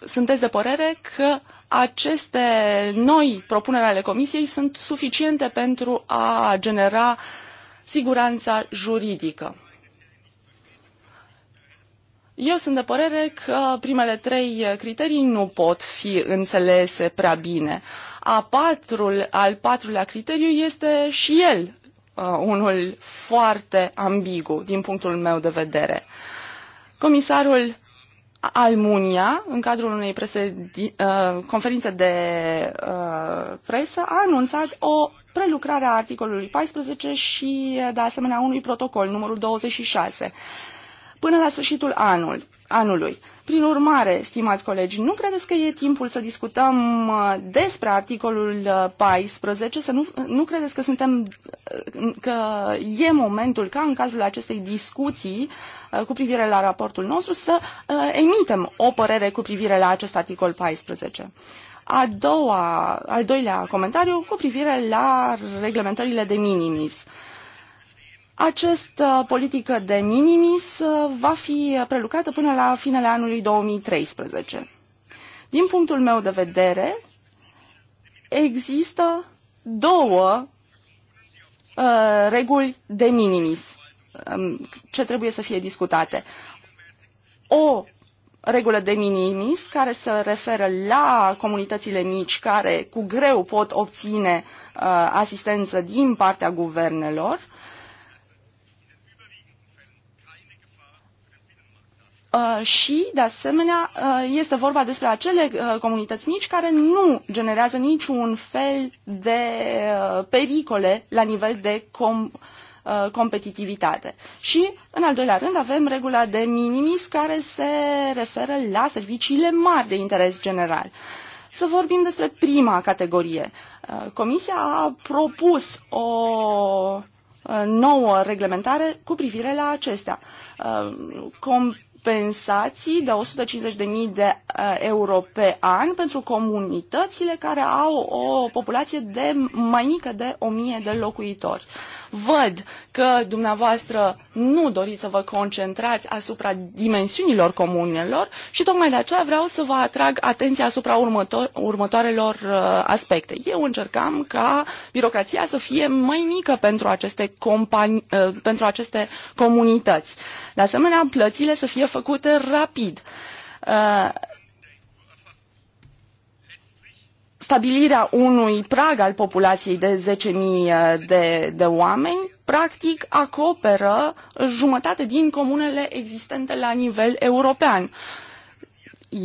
sunteți de părere că aceste noi propuneri ale Comisiei sunt suficiente pentru a genera siguranța juridică. Eu sunt de părere că primele trei criterii nu pot fi înțelese prea bine. A patrul, al patrulea criteriu este și el uh, unul foarte ambigu din punctul meu de vedere. Comisarul Almunia, în cadrul unei prese, uh, conferințe de uh, presă, a anunțat o prelucrare a articolului 14 și, de asemenea, unui protocol, numărul 26 până la sfârșitul anul, anului. Prin urmare, stimați colegi, nu credeți că e timpul să discutăm uh, despre articolul 14, uh, să nu, uh, nu credeți că suntem că e momentul ca în cazul acestei discuții cu privire la raportul nostru să emitem o părere cu privire la acest articol 14. A doua, al doilea comentariu cu privire la reglementările de minimis. Uh, această politică de minimis uh, va fi prelucrată până la finele anului 2013. Din punctul meu de vedere, există două uh, reguli de minimis um, ce trebuie să fie discutate. O regulă de minimis care se referă la comunitățile mici care cu greu pot obține uh, asistență din partea guvernelor Uh, și, de asemenea, uh, este vorba despre acele uh, comunități mici care nu generează niciun fel de pericole la nivel de com competitivitate. Și, în al doilea rând, avem regula de minimis care se referă la serviciile mari de interes general. Să vorbim despre prima categorie. Comisia a propus o nouă reglementare cu privire la acestea. Com compensații de 150.000 de uh, euro pe an pentru comunitățile care au o populație de mai mică de 1000 de locuitori. Văd că dumneavoastră nu doriți să vă concentrați asupra dimensiunilor comunelor și tocmai de aceea vreau să vă atrag atenția asupra următor, următoarelor uh, aspecte. Eu încercam ca birocrația să fie mai mică pentru aceste, companii, uh, pentru aceste comunități. De asemenea, plățile să fie făcute rapid. Uh, stabilirea unui prag al populației de 10.000 uh, de, de oameni, practic acoperă jumătate din comunele existente la nivel european.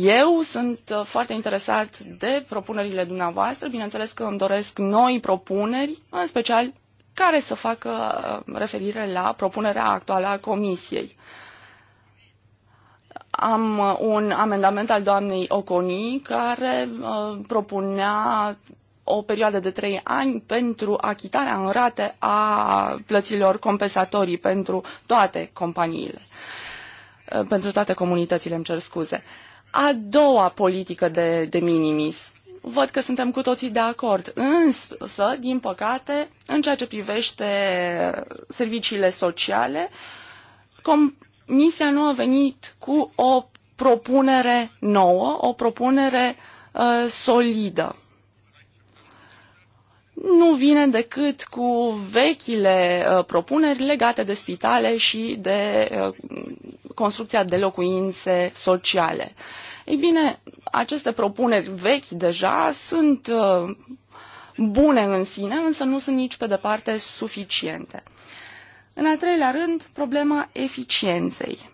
Eu sunt uh, foarte interesat de propunerile dumneavoastră, bineînțeles că îmi doresc noi propuneri, în special care să facă uh, referire la propunerea actuală a Comisiei. Am uh, un amendament al doamnei Oconi care uh, propunea o perioadă de trei ani pentru achitarea în rate a plăților compensatorii pentru toate companiile, uh, pentru toate comunitățile, îmi cer scuze. A doua politică de, de minimis. Văd că suntem cu toții de acord, însă, din păcate, în ceea ce privește serviciile sociale, misia nu a venit cu o propunere nouă, o propunere uh, solidă. Nu vine decât cu vechile uh, propuneri legate de spitale și de uh, construcția de locuințe sociale. Ei bine, aceste propuneri vechi deja sunt uh, bune în sine, însă nu sunt nici pe departe suficiente. În al treilea rând, problema eficienței.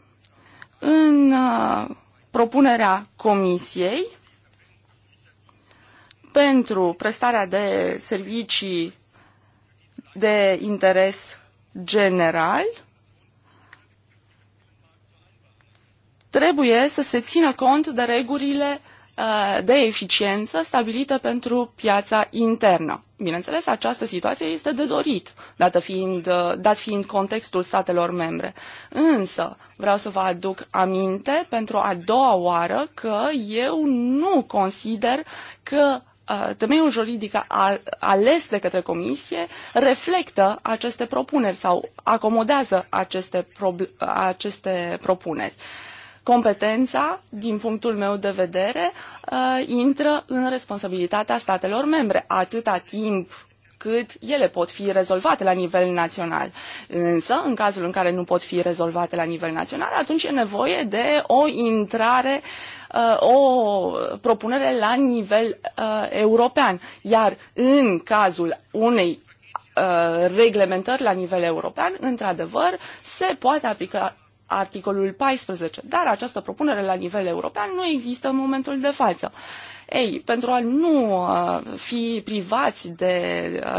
În uh, propunerea comisiei pentru prestarea de servicii de interes general, trebuie să se țină cont de regulile Uh, de eficiență stabilită pentru piața internă. Bineînțeles, această situație este de dorit, dată fiind, uh, dat fiind contextul statelor membre. Însă, vreau să vă aduc aminte pentru a doua oară că eu nu consider că uh, temeiul juridic ales de către Comisie reflectă aceste propuneri sau acomodează aceste, aceste propuneri. Uh, Competența, din punctul meu de vedere, uh, intră în responsabilitatea statelor membre, atâta timp cât ele pot fi rezolvate la nivel național. Însă, în cazul în care nu pot fi rezolvate la nivel național, atunci e nevoie de o intrare uh, o propunere la nivel uh, european. Iar în cazul unei reglementări la nivel european, într-adevăr, se poate aplica articolul 14, dar această propunere la nivel european nu există în momentul de față. Ei, pentru a nu uh, fi privați de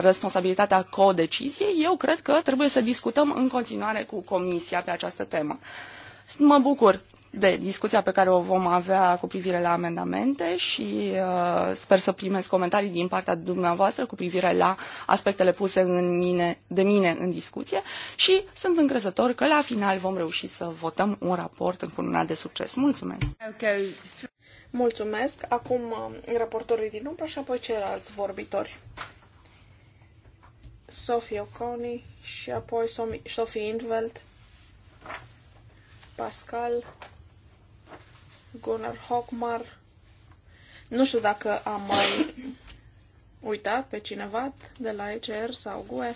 responsabilitatea codeciziei, eu cred că trebuie să discutăm în continuare cu Comisia pe această temă. Mă bucur de discuția pe care o vom avea cu privire la amendamente și uh, sper să primesc comentarii din partea dumneavoastră cu privire la aspectele puse în mine, de mine în discuție și sunt încrezător că la final vom reuși să votăm un raport încununat de succes. Mulțumesc! Okay. Mulțumesc! Acum uh, raportorii din umbră și apoi ceilalți vorbitori. Sophie O'Coney și apoi Sophie Indveld, Pascal Gunnar Hockmar. Nu știu dacă am mai uitat pe cineva de la ECR sau GUE.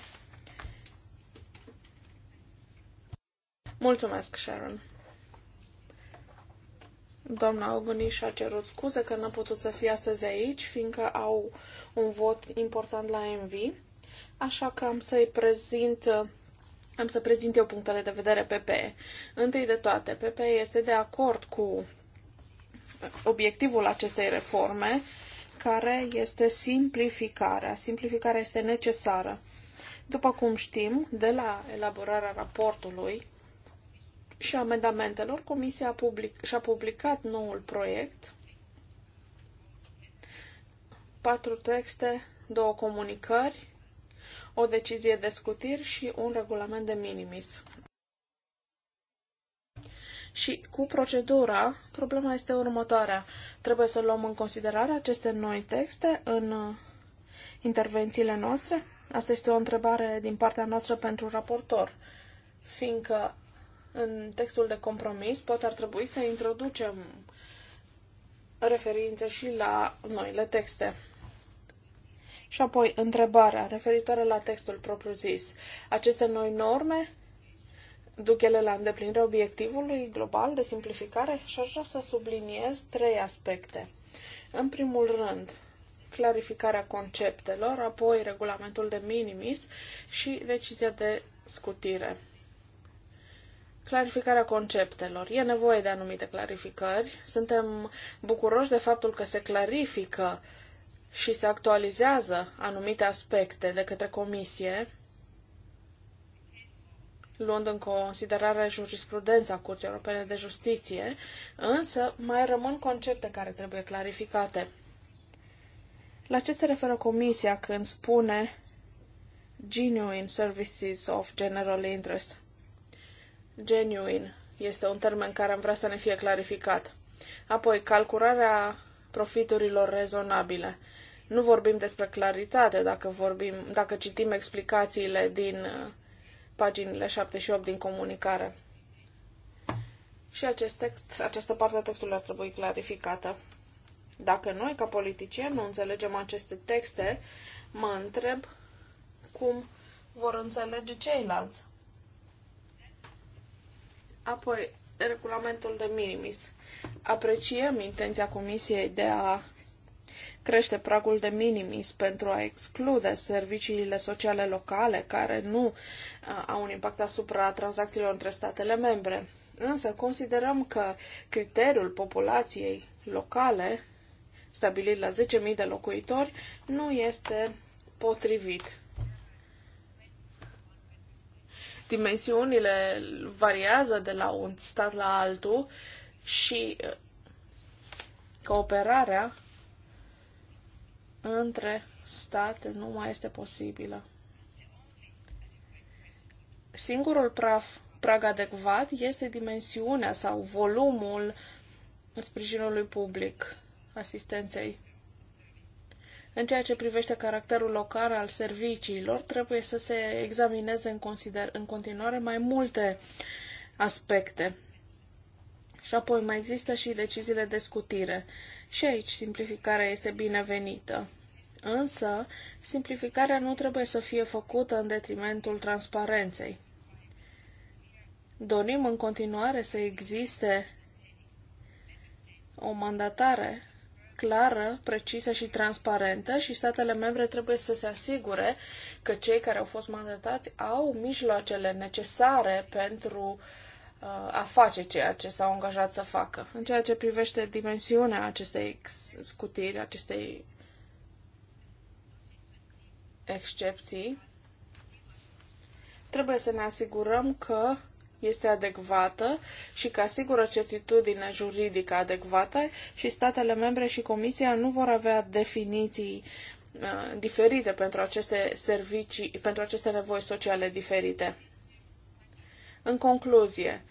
Mulțumesc, Sharon. Doamna Ogoni și-a cerut scuze că n-a putut să fie astăzi aici, fiindcă au un vot important la MV, așa că am să-i prezint am să prezint eu punctele de vedere PP. Întâi de toate, PP este de acord cu obiectivul acestei reforme, care este simplificarea. Simplificarea este necesară. După cum știm, de la elaborarea raportului și amendamentelor, Comisia public- și-a publicat noul proiect, patru texte, două comunicări, o decizie de scutiri și un regulament de minimis. Și cu procedura, problema este următoarea. Trebuie să luăm în considerare aceste noi texte în uh, intervențiile noastre? Asta este o întrebare din partea noastră pentru raportor, fiindcă în textul de compromis poate ar trebui să introducem referințe și la noile texte. Și apoi, întrebarea referitoare la textul propriu-zis. Aceste noi norme duc ele la îndeplinirea obiectivului global de simplificare și aș vrea să subliniez trei aspecte. În primul rând, clarificarea conceptelor, apoi regulamentul de minimis și decizia de scutire. Clarificarea conceptelor. E nevoie de anumite clarificări. Suntem bucuroși de faptul că se clarifică și se actualizează anumite aspecte de către comisie luând în considerare jurisprudența Curții Europene de Justiție, însă mai rămân concepte care trebuie clarificate. La ce se referă Comisia când spune genuine services of general interest? Genuine este un termen care am vrea să ne fie clarificat. Apoi, calcularea profiturilor rezonabile. Nu vorbim despre claritate dacă, vorbim, dacă citim explicațiile din paginile 7 și 8 din comunicare. Și acest text, această parte a textului ar trebui clarificată. Dacă noi, ca politicieni, nu înțelegem aceste texte, mă întreb cum vor înțelege ceilalți. Apoi, regulamentul de minimis. Apreciem intenția Comisiei de a crește pragul de minimis pentru a exclude serviciile sociale locale care nu au un impact asupra tranzacțiilor între statele membre. Însă considerăm că criteriul populației locale, stabilit la 10.000 de locuitori, nu este potrivit. Dimensiunile variază de la un stat la altul și uh, cooperarea între state nu mai este posibilă. Singurul praf, prag adecvat este dimensiunea sau volumul sprijinului public, asistenței. În ceea ce privește caracterul local al serviciilor, trebuie să se examineze în, consider- în continuare mai multe aspecte. Și apoi mai există și deciziile de scutire. Și aici simplificarea este binevenită. Însă, simplificarea nu trebuie să fie făcută în detrimentul transparenței. Dorim în continuare să existe o mandatare clară, precisă și transparentă și statele membre trebuie să se asigure că cei care au fost mandatați au mijloacele necesare pentru uh, a face ceea ce s-au angajat să facă. În ceea ce privește dimensiunea acestei scutiri, acestei excepții, trebuie să ne asigurăm că este adecvată și că asigură certitudine juridică adecvată și statele membre și Comisia nu vor avea definiții uh, diferite pentru aceste servicii, pentru aceste nevoi sociale diferite. În concluzie,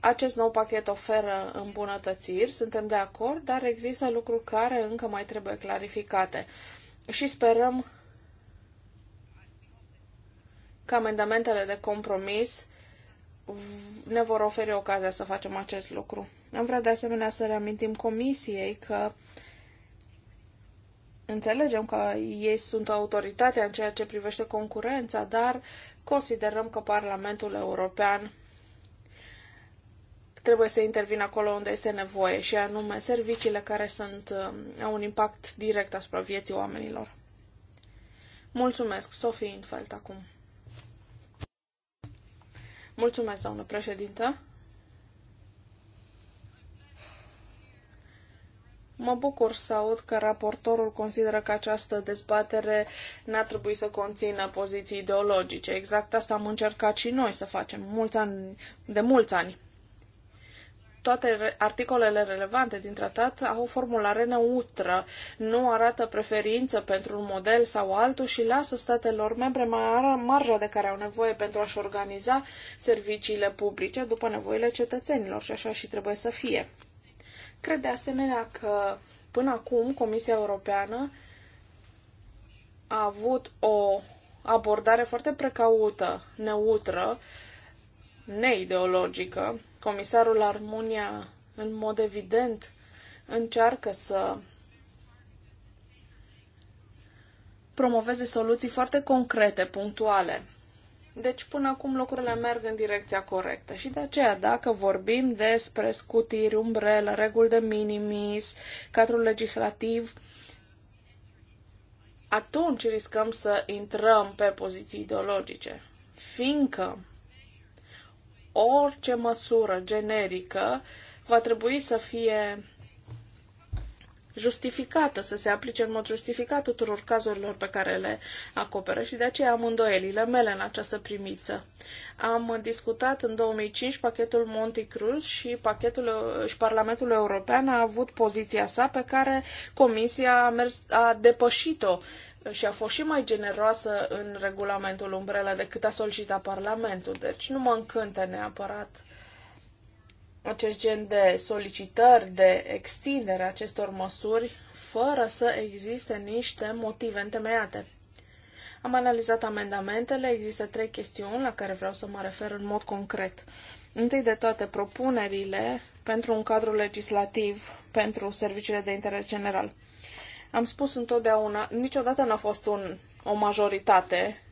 acest nou pachet oferă îmbunătățiri, suntem de acord, dar există lucruri care încă mai trebuie clarificate și sperăm că amendamentele de compromis ne vor oferi ocazia să facem acest lucru. Am vrea de asemenea să reamintim comisiei că înțelegem că ei sunt autoritatea în ceea ce privește concurența, dar considerăm că Parlamentul European trebuie să intervină acolo unde este nevoie, și anume serviciile care sunt, um, au un impact direct asupra vieții oamenilor. Mulțumesc, Sofie Infelt, acum. Mulțumesc, doamnă președintă. Mă bucur să aud că raportorul consideră că această dezbatere n-ar trebui să conțină poziții ideologice. Exact asta am încercat și noi să facem mulți ani, de mulți ani toate articolele relevante din tratat au o formulare neutră, nu arată preferință pentru un model sau altul și lasă statelor membre mai marja de care au nevoie pentru a-și organiza serviciile publice după nevoile cetățenilor și așa și trebuie să fie. Cred de asemenea că până acum Comisia Europeană a avut o abordare foarte precaută, neutră, neideologică Comisarul Armonia, în mod evident, încearcă să promoveze soluții foarte concrete, punctuale. Deci, până acum, lucrurile merg în direcția corectă. Și de aceea, dacă vorbim despre scutiri, umbrelă, reguli de minimis, cadrul legislativ, atunci riscăm să intrăm pe poziții ideologice. Fiindcă orice măsură generică va trebui să fie justificată, să se aplice în mod justificat tuturor cazurilor pe care le acoperă și de aceea am îndoielile mele în această primiță. Am discutat în 2005 pachetul Monte Cruz și, pachetul, și Parlamentul European a avut poziția sa pe care Comisia a, mers, a depășit-o și a fost și mai generoasă în regulamentul umbrelă decât a solicitat Parlamentul. Deci nu mă încântă neapărat acest gen de solicitări de extindere a acestor măsuri fără să existe niște motive întemeiate. Am analizat amendamentele, există trei chestiuni la care vreau să mă refer în mod concret. Întâi de toate, propunerile pentru un cadru legislativ pentru serviciile de interes general. Am spus întotdeauna, niciodată n-a fost un, o majoritate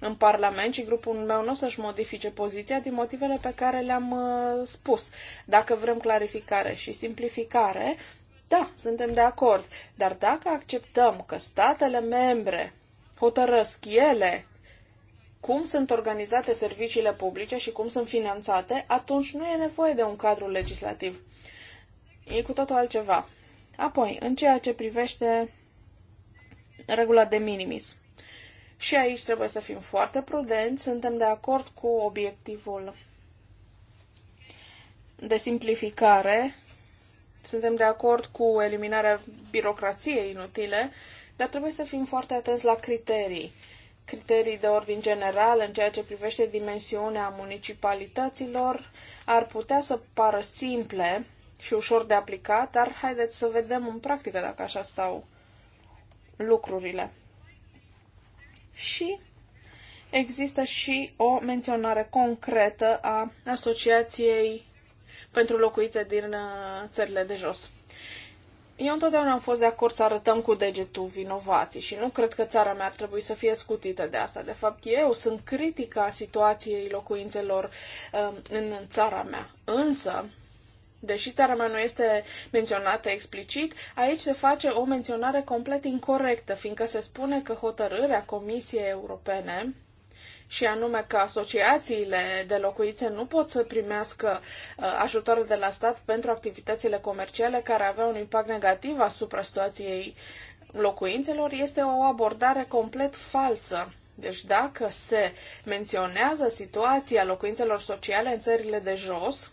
în Parlament și grupul meu nu o să-și modifice poziția din motivele pe care le-am uh, spus. Dacă vrem clarificare și simplificare, da, suntem de acord. Dar dacă acceptăm că statele membre hotărăsc ele cum sunt organizate serviciile publice și cum sunt finanțate, atunci nu e nevoie de un cadru legislativ. E cu totul altceva. Apoi, în ceea ce privește regula de minimis. Și aici trebuie să fim foarte prudenți, suntem de acord cu obiectivul de simplificare, suntem de acord cu eliminarea birocrației inutile, dar trebuie să fim foarte atenți la criterii. Criterii de ordin general în ceea ce privește dimensiunea municipalităților ar putea să pară simple, și ușor de aplicat, dar haideți să vedem în practică dacă așa stau lucrurile. Și există și o menționare concretă a Asociației pentru Locuițe din uh, țările de jos. Eu întotdeauna am fost de acord să arătăm cu degetul vinovații și nu cred că țara mea ar trebui să fie scutită de asta. De fapt, eu sunt critica situației locuințelor uh, în țara mea. Însă, deși țara mea nu este menționată explicit, aici se face o menționare complet incorrectă, fiindcă se spune că hotărârea Comisiei Europene și anume că asociațiile de locuințe nu pot să primească uh, ajutor de la stat pentru activitățile comerciale care aveau un impact negativ asupra situației locuințelor, este o abordare complet falsă. Deci dacă se menționează situația locuințelor sociale în țările de jos,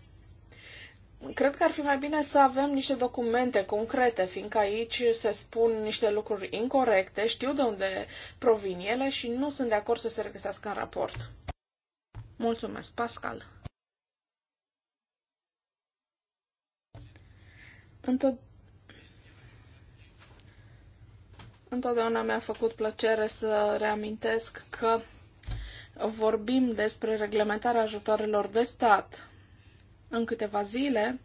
Cred că ar fi mai bine să avem niște documente concrete, fiindcă aici se spun niște lucruri incorrecte, știu de unde provin ele și nu sunt de acord să se regăsească în raport. Mulțumesc, Pascal. Întotdeauna întotdeauna mi-a făcut plăcere să reamintesc că vorbim despre reglementarea ajutoarelor de stat în câteva zile,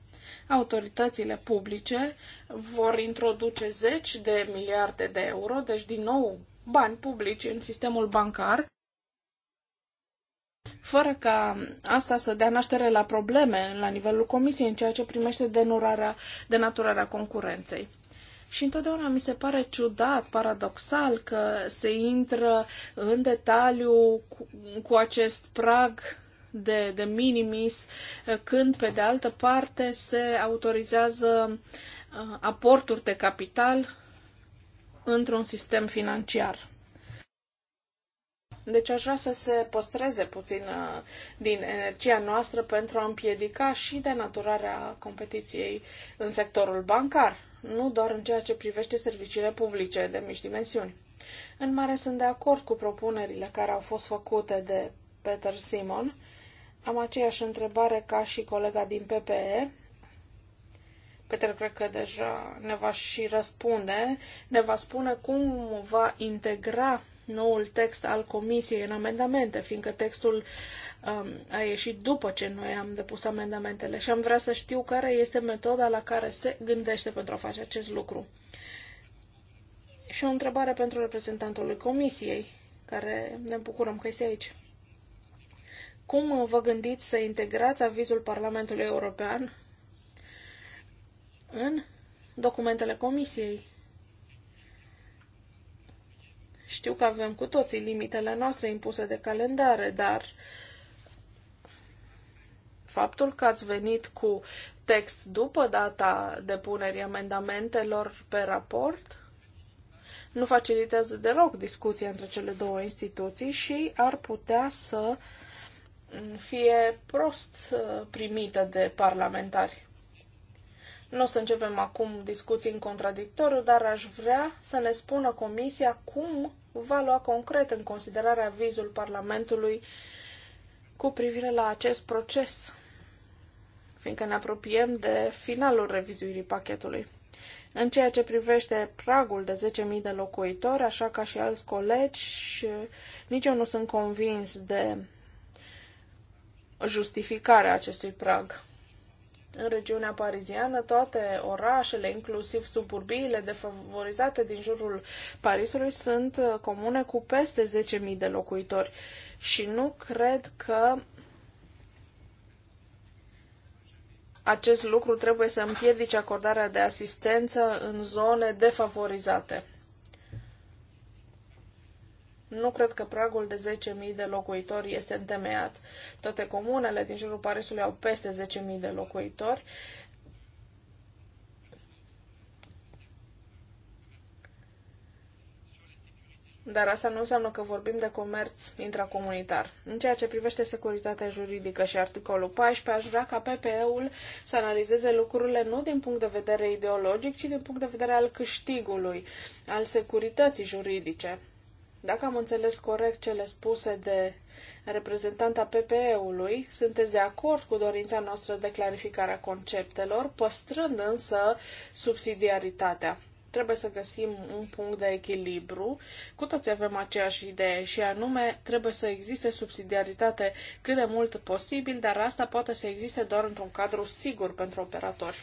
autoritățile publice vor introduce zeci de miliarde de euro, deci din nou bani publici în sistemul bancar, fără ca asta să dea naștere la probleme la nivelul comisiei în ceea ce primește denurarea, denaturarea concurenței. Și întotdeauna mi se pare ciudat, paradoxal, că se intră în detaliu cu, cu acest prag de, de minimis, eh, când, pe de altă parte, se autorizează eh, aporturi de capital într-un sistem financiar. Deci aș vrea să se păstreze puțin eh, din energia noastră pentru a împiedica și denaturarea competiției în sectorul bancar, nu doar în ceea ce privește serviciile publice de mici dimensiuni. În mare sunt de acord cu propunerile care au fost făcute de Peter Simon am aceeași întrebare ca și colega din PPE. Peter cred că deja ne va și răspunde, ne va spune cum va integra noul text al comisiei în amendamente, fiindcă textul um, a ieșit după ce noi am depus amendamentele și am vrea să știu care este metoda la care se gândește pentru a face acest lucru. Și o întrebare pentru reprezentantul comisiei, care ne bucurăm că este aici. Cum vă gândiți să integrați avizul Parlamentului European în documentele Comisiei? Știu că avem cu toții limitele noastre impuse de calendare, dar faptul că ați venit cu text după data depunerii amendamentelor pe raport nu facilitează deloc discuția între cele două instituții și ar putea să fie prost uh, primită de parlamentari. Nu o să începem acum discuții în contradictoriu, dar aș vrea să ne spună Comisia cum va lua concret în considerare avizul Parlamentului cu privire la acest proces, fiindcă ne apropiem de finalul revizuirii pachetului. În ceea ce privește pragul de 10.000 de locuitori, așa ca și alți colegi, nici eu nu sunt convins de justificarea acestui prag. În regiunea pariziană, toate orașele, inclusiv suburbiile defavorizate din jurul Parisului, sunt uh, comune cu peste 10.000 de locuitori și nu cred că acest lucru trebuie să împiedice acordarea de asistență în zone defavorizate. Nu cred că pragul de 10.000 de locuitori este întemeiat. Toate comunele din jurul Parisului au peste 10.000 de locuitori. Dar asta nu înseamnă că vorbim de comerț intracomunitar. În ceea ce privește securitatea juridică și articolul 14, aș vrea ca PPE-ul să analizeze lucrurile nu din punct de vedere ideologic, ci din punct de vedere al câștigului, al securității juridice. Dacă am înțeles corect cele spuse de reprezentanta PPE-ului, sunteți de acord cu dorința noastră de clarificare a conceptelor, păstrând însă subsidiaritatea. Trebuie să găsim un punct de echilibru. Cu toți avem aceeași idee și anume trebuie să existe subsidiaritate cât de mult posibil, dar asta poate să existe doar într-un cadru sigur pentru operatori.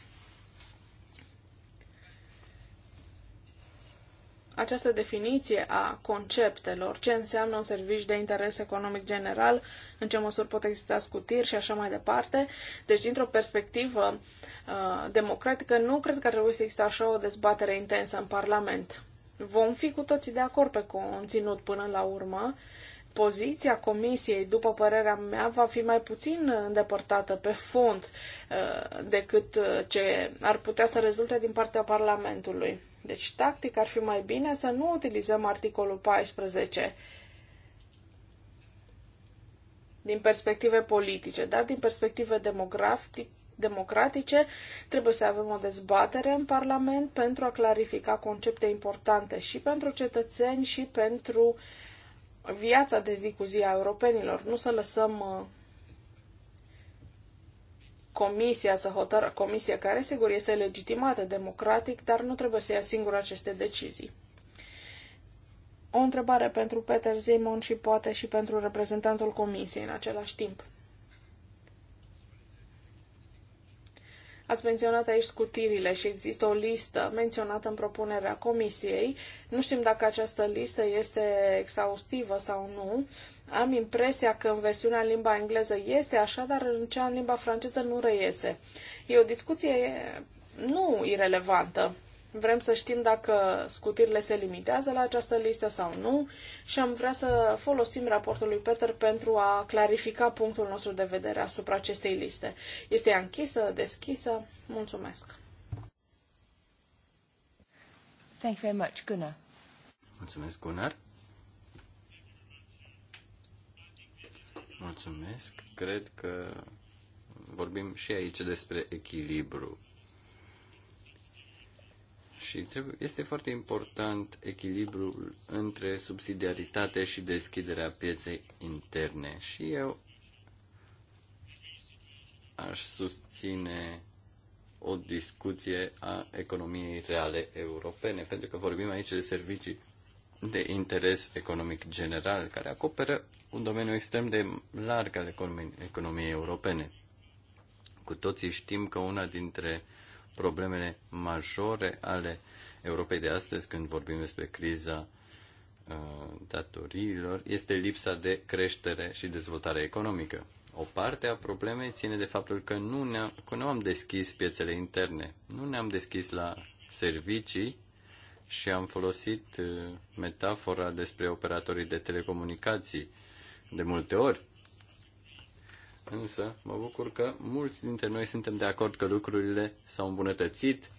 această definiție a conceptelor, ce înseamnă un serviciu de interes economic general, în ce măsuri pot exista scutiri și așa mai departe. Deci, dintr-o perspectivă uh, democratică, nu cred că ar trebui să existe așa o dezbatere intensă în Parlament. Vom fi cu toții de acord pe conținut până la urmă poziția comisiei, după părerea mea, va fi mai puțin îndepărtată pe fond uh, decât uh, ce ar putea să rezulte din partea Parlamentului. Deci, tactic, ar fi mai bine să nu utilizăm articolul 14 din perspective politice, dar din perspective democratice, trebuie să avem o dezbatere în Parlament pentru a clarifica concepte importante și pentru cetățeni și pentru uh, viața de zi cu zi a europenilor. Nu să lăsăm uh, comisia să hotără, comisia care sigur este legitimată democratic, dar nu trebuie să ia singur aceste decizii. O întrebare pentru Peter Zimon și poate și pentru reprezentantul comisiei în același timp. Ați menționat aici scutirile și există o listă menționată în propunerea comisiei. Nu știm dacă această listă este exhaustivă sau nu. Am impresia că în versiunea în limba engleză este așa, dar în cea în limba franceză nu reiese. E o discuție nu irelevantă. Vrem să știm dacă scutirile se limitează la această listă sau nu și am vrea să folosim raportul lui Peter pentru a clarifica punctul nostru de vedere asupra acestei liste. Este ea închisă, deschisă? Mulțumesc! Thank you very much, Gunnar. Mulțumesc, Gunnar. Mulțumesc. Cred că vorbim și aici despre echilibru și trebuie, este foarte important echilibrul între subsidiaritate și deschiderea pieței interne. Și eu aș susține o discuție a economiei reale europene, pentru că vorbim aici de servicii de interes economic general, care acoperă un domeniu extrem de larg al economiei europene. Cu toții știm că una dintre uh, problemele majore ale Europei de astăzi, când vorbim despre criza uh, datoriilor, este lipsa de creștere și dezvoltare economică. O parte a problemei ține de faptul că nu, ne-am, că nu am deschis piețele interne, nu ne-am deschis la servicii și am folosit uh, metafora despre operatorii de telecomunicații. De multe ori, Însă, mă bucur că mulți dintre noi suntem de acord că lucrurile s-au îmbunătățit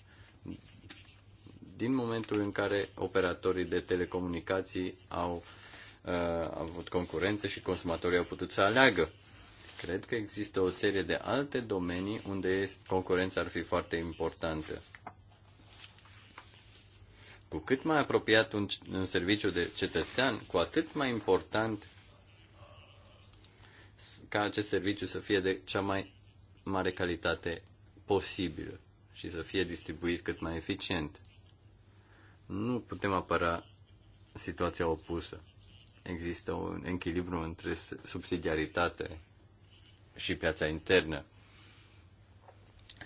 din momentul în care operatorii de telecomunicații au uh, avut concurență și consumatorii au putut să aleagă. Cred că există o serie de alte domenii unde concurența ar fi foarte importantă. Cu cât mai apropiat un, un serviciu de cetățean, cu atât mai important ca acest serviciu să fie de cea mai mare calitate posibilă și să fie distribuit cât mai eficient. Nu putem apăra situația opusă. Există un echilibru între subsidiaritate și piața internă.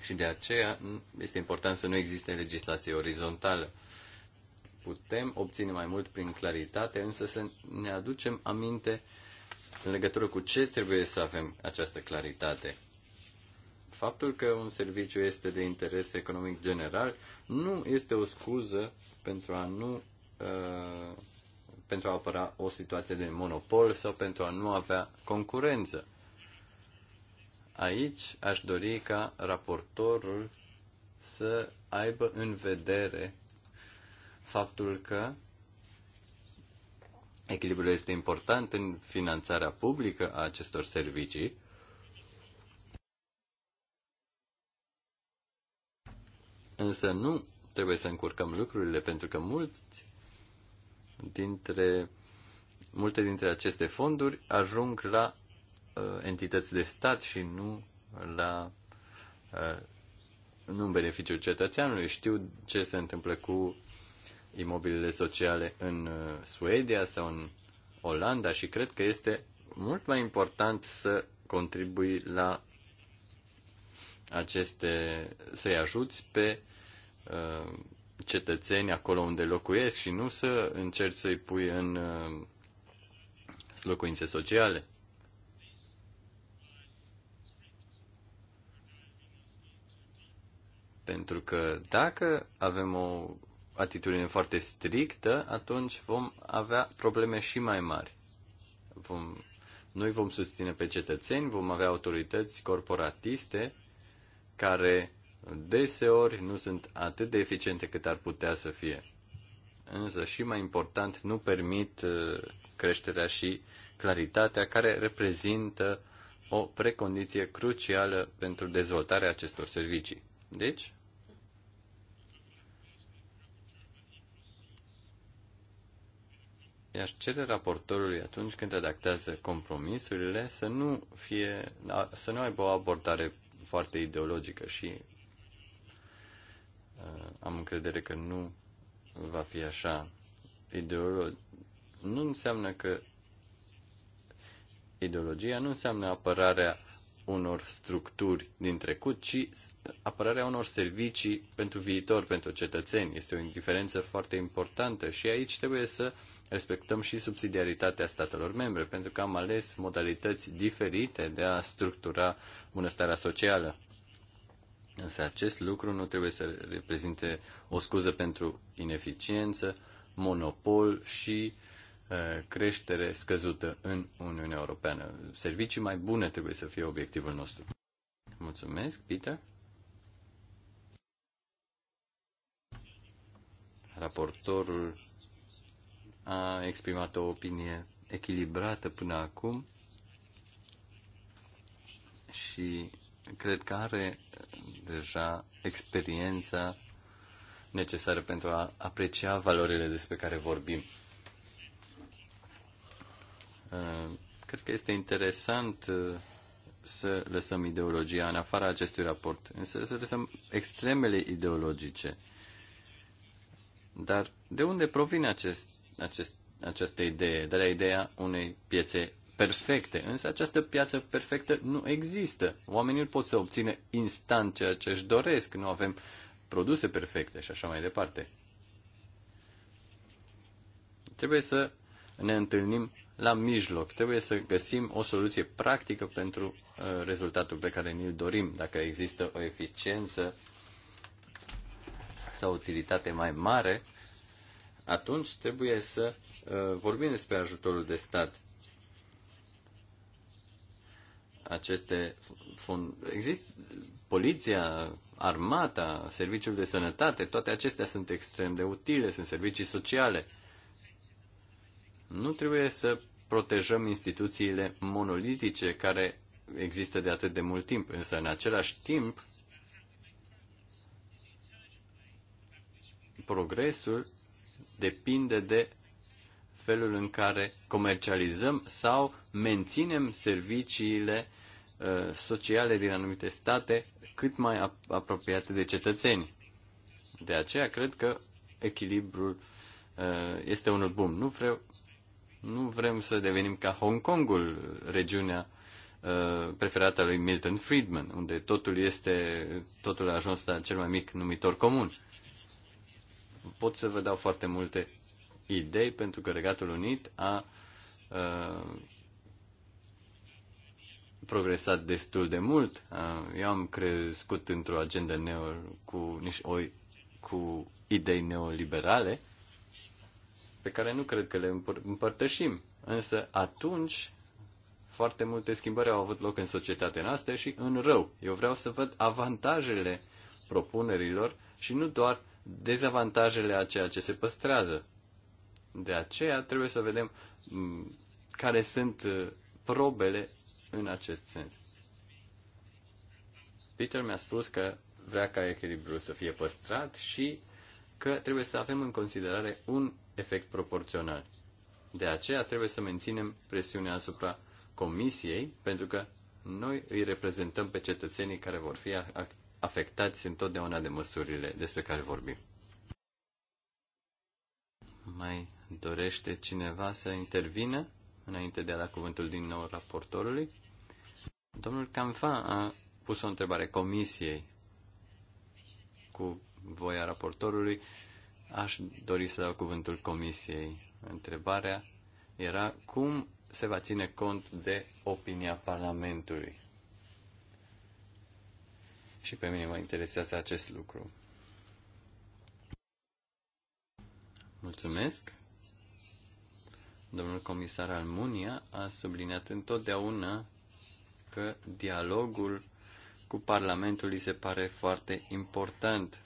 Și de aceea este important să nu existe legislație orizontală. Putem obține mai mult prin claritate, însă să ne aducem aminte uh, în legătură cu ce trebuie să avem această claritate? Faptul că un serviciu este de interes economic general nu este o scuză pentru a nu uh, pentru a apăra o situație de monopol sau pentru a nu avea concurență. Aici aș dori ca raportorul să aibă în vedere faptul că Echilibrul este important în finanțarea publică a acestor servicii. Însă nu trebuie să încurcăm lucrurile, pentru că mulți dintre, multe dintre aceste fonduri ajung la uh, entități de stat și nu la uh, nu în beneficiul cetățeanului. Știu ce se întâmplă cu imobilele sociale în uh, Suedia sau în Olanda și cred că este mult mai important să contribui la aceste, să-i ajuți pe uh, cetățeni acolo unde locuiesc și nu să încerci să-i pui în uh, locuințe sociale. Pentru că dacă avem o atitudine foarte strictă, atunci vom avea probleme și mai mari. Vom, noi vom susține pe cetățeni, vom avea autorități corporatiste care deseori nu sunt atât de eficiente cât ar putea să fie. Însă și mai important, nu permit uh, creșterea și claritatea care reprezintă o precondiție crucială pentru dezvoltarea acestor servicii. Deci, i-aș cere raportorului atunci când redactează compromisurile să nu, fie, să nu aibă o abordare foarte ideologică și uh, am încredere că nu va fi așa ideolog Nu înseamnă că ideologia nu înseamnă apărarea unor structuri din trecut, ci apărarea unor servicii pentru viitor, pentru cetățeni. Este o diferență foarte importantă și aici trebuie să respectăm și subsidiaritatea statelor membre, pentru că am ales modalități diferite de a structura bunăstarea socială. Însă acest lucru nu trebuie să reprezinte o scuză pentru ineficiență, monopol și uh, creștere scăzută în Uniunea Europeană. Servicii mai bune trebuie să fie obiectivul nostru. Mulțumesc, Peter. Raportorul a exprimat o opinie echilibrată până acum și cred că are deja experiența necesară pentru a aprecia valorile despre care vorbim. Cred că este interesant să lăsăm ideologia în afara acestui raport, însă să lăsăm extremele ideologice. Dar de unde provine acest acest, această idee, de la ideea unei piețe perfecte. Însă această piață perfectă nu există. Oamenii nu pot să obțină instant ceea ce își doresc. Nu avem produse perfecte și așa mai departe. Trebuie să ne întâlnim la mijloc. Trebuie să găsim o soluție practică pentru uh, rezultatul pe care ni-l dorim. Dacă există o eficiență sau utilitate mai mare, atunci trebuie să uh, vorbim despre ajutorul de stat. Aceste fond... Există poliția, armata, serviciul de sănătate, toate acestea sunt extrem de utile, sunt servicii sociale. Nu trebuie să protejăm instituțiile monolitice care există de atât de mult timp, însă în același timp progresul depinde de felul în care comercializăm sau menținem serviciile uh, sociale din anumite state cât mai apropiate de cetățeni. De aceea cred că echilibrul uh, este unul bun. Nu vreau nu vrem să devenim ca Hong Kongul, regiunea uh, preferată a lui Milton Friedman, unde totul este, totul a ajuns la cel mai mic numitor comun pot să vă dau foarte multe idei pentru că Regatul Unit a uh, progresat destul de mult. Uh, eu am crescut într-o agendă neo cu, niște, oi, cu idei neoliberale pe care nu cred că le împăr- împărtășim. Însă atunci foarte multe schimbări au avut loc în societatea noastră și în rău. Eu vreau să văd avantajele propunerilor și nu doar dezavantajele a ceea ce se păstrează. De aceea trebuie să vedem care sunt uh, probele în acest sens. Peter mi-a spus că vrea ca echilibru să fie păstrat și că trebuie să avem în considerare un efect proporțional. De aceea trebuie să menținem presiunea asupra Comisiei, pentru că noi îi reprezentăm pe cetățenii care vor fi afectați întotdeauna de măsurile despre care vorbim. Mai dorește cineva să intervină înainte de a da cuvântul din nou raportorului? Domnul Canfa a pus o întrebare comisiei cu voia raportorului. Aș dori să dau cuvântul comisiei. Întrebarea era cum se va ține cont de opinia Parlamentului și pe mine mă interesează acest lucru. Mulțumesc. Domnul comisar Almunia a subliniat întotdeauna că dialogul cu Parlamentul îi se pare foarte important.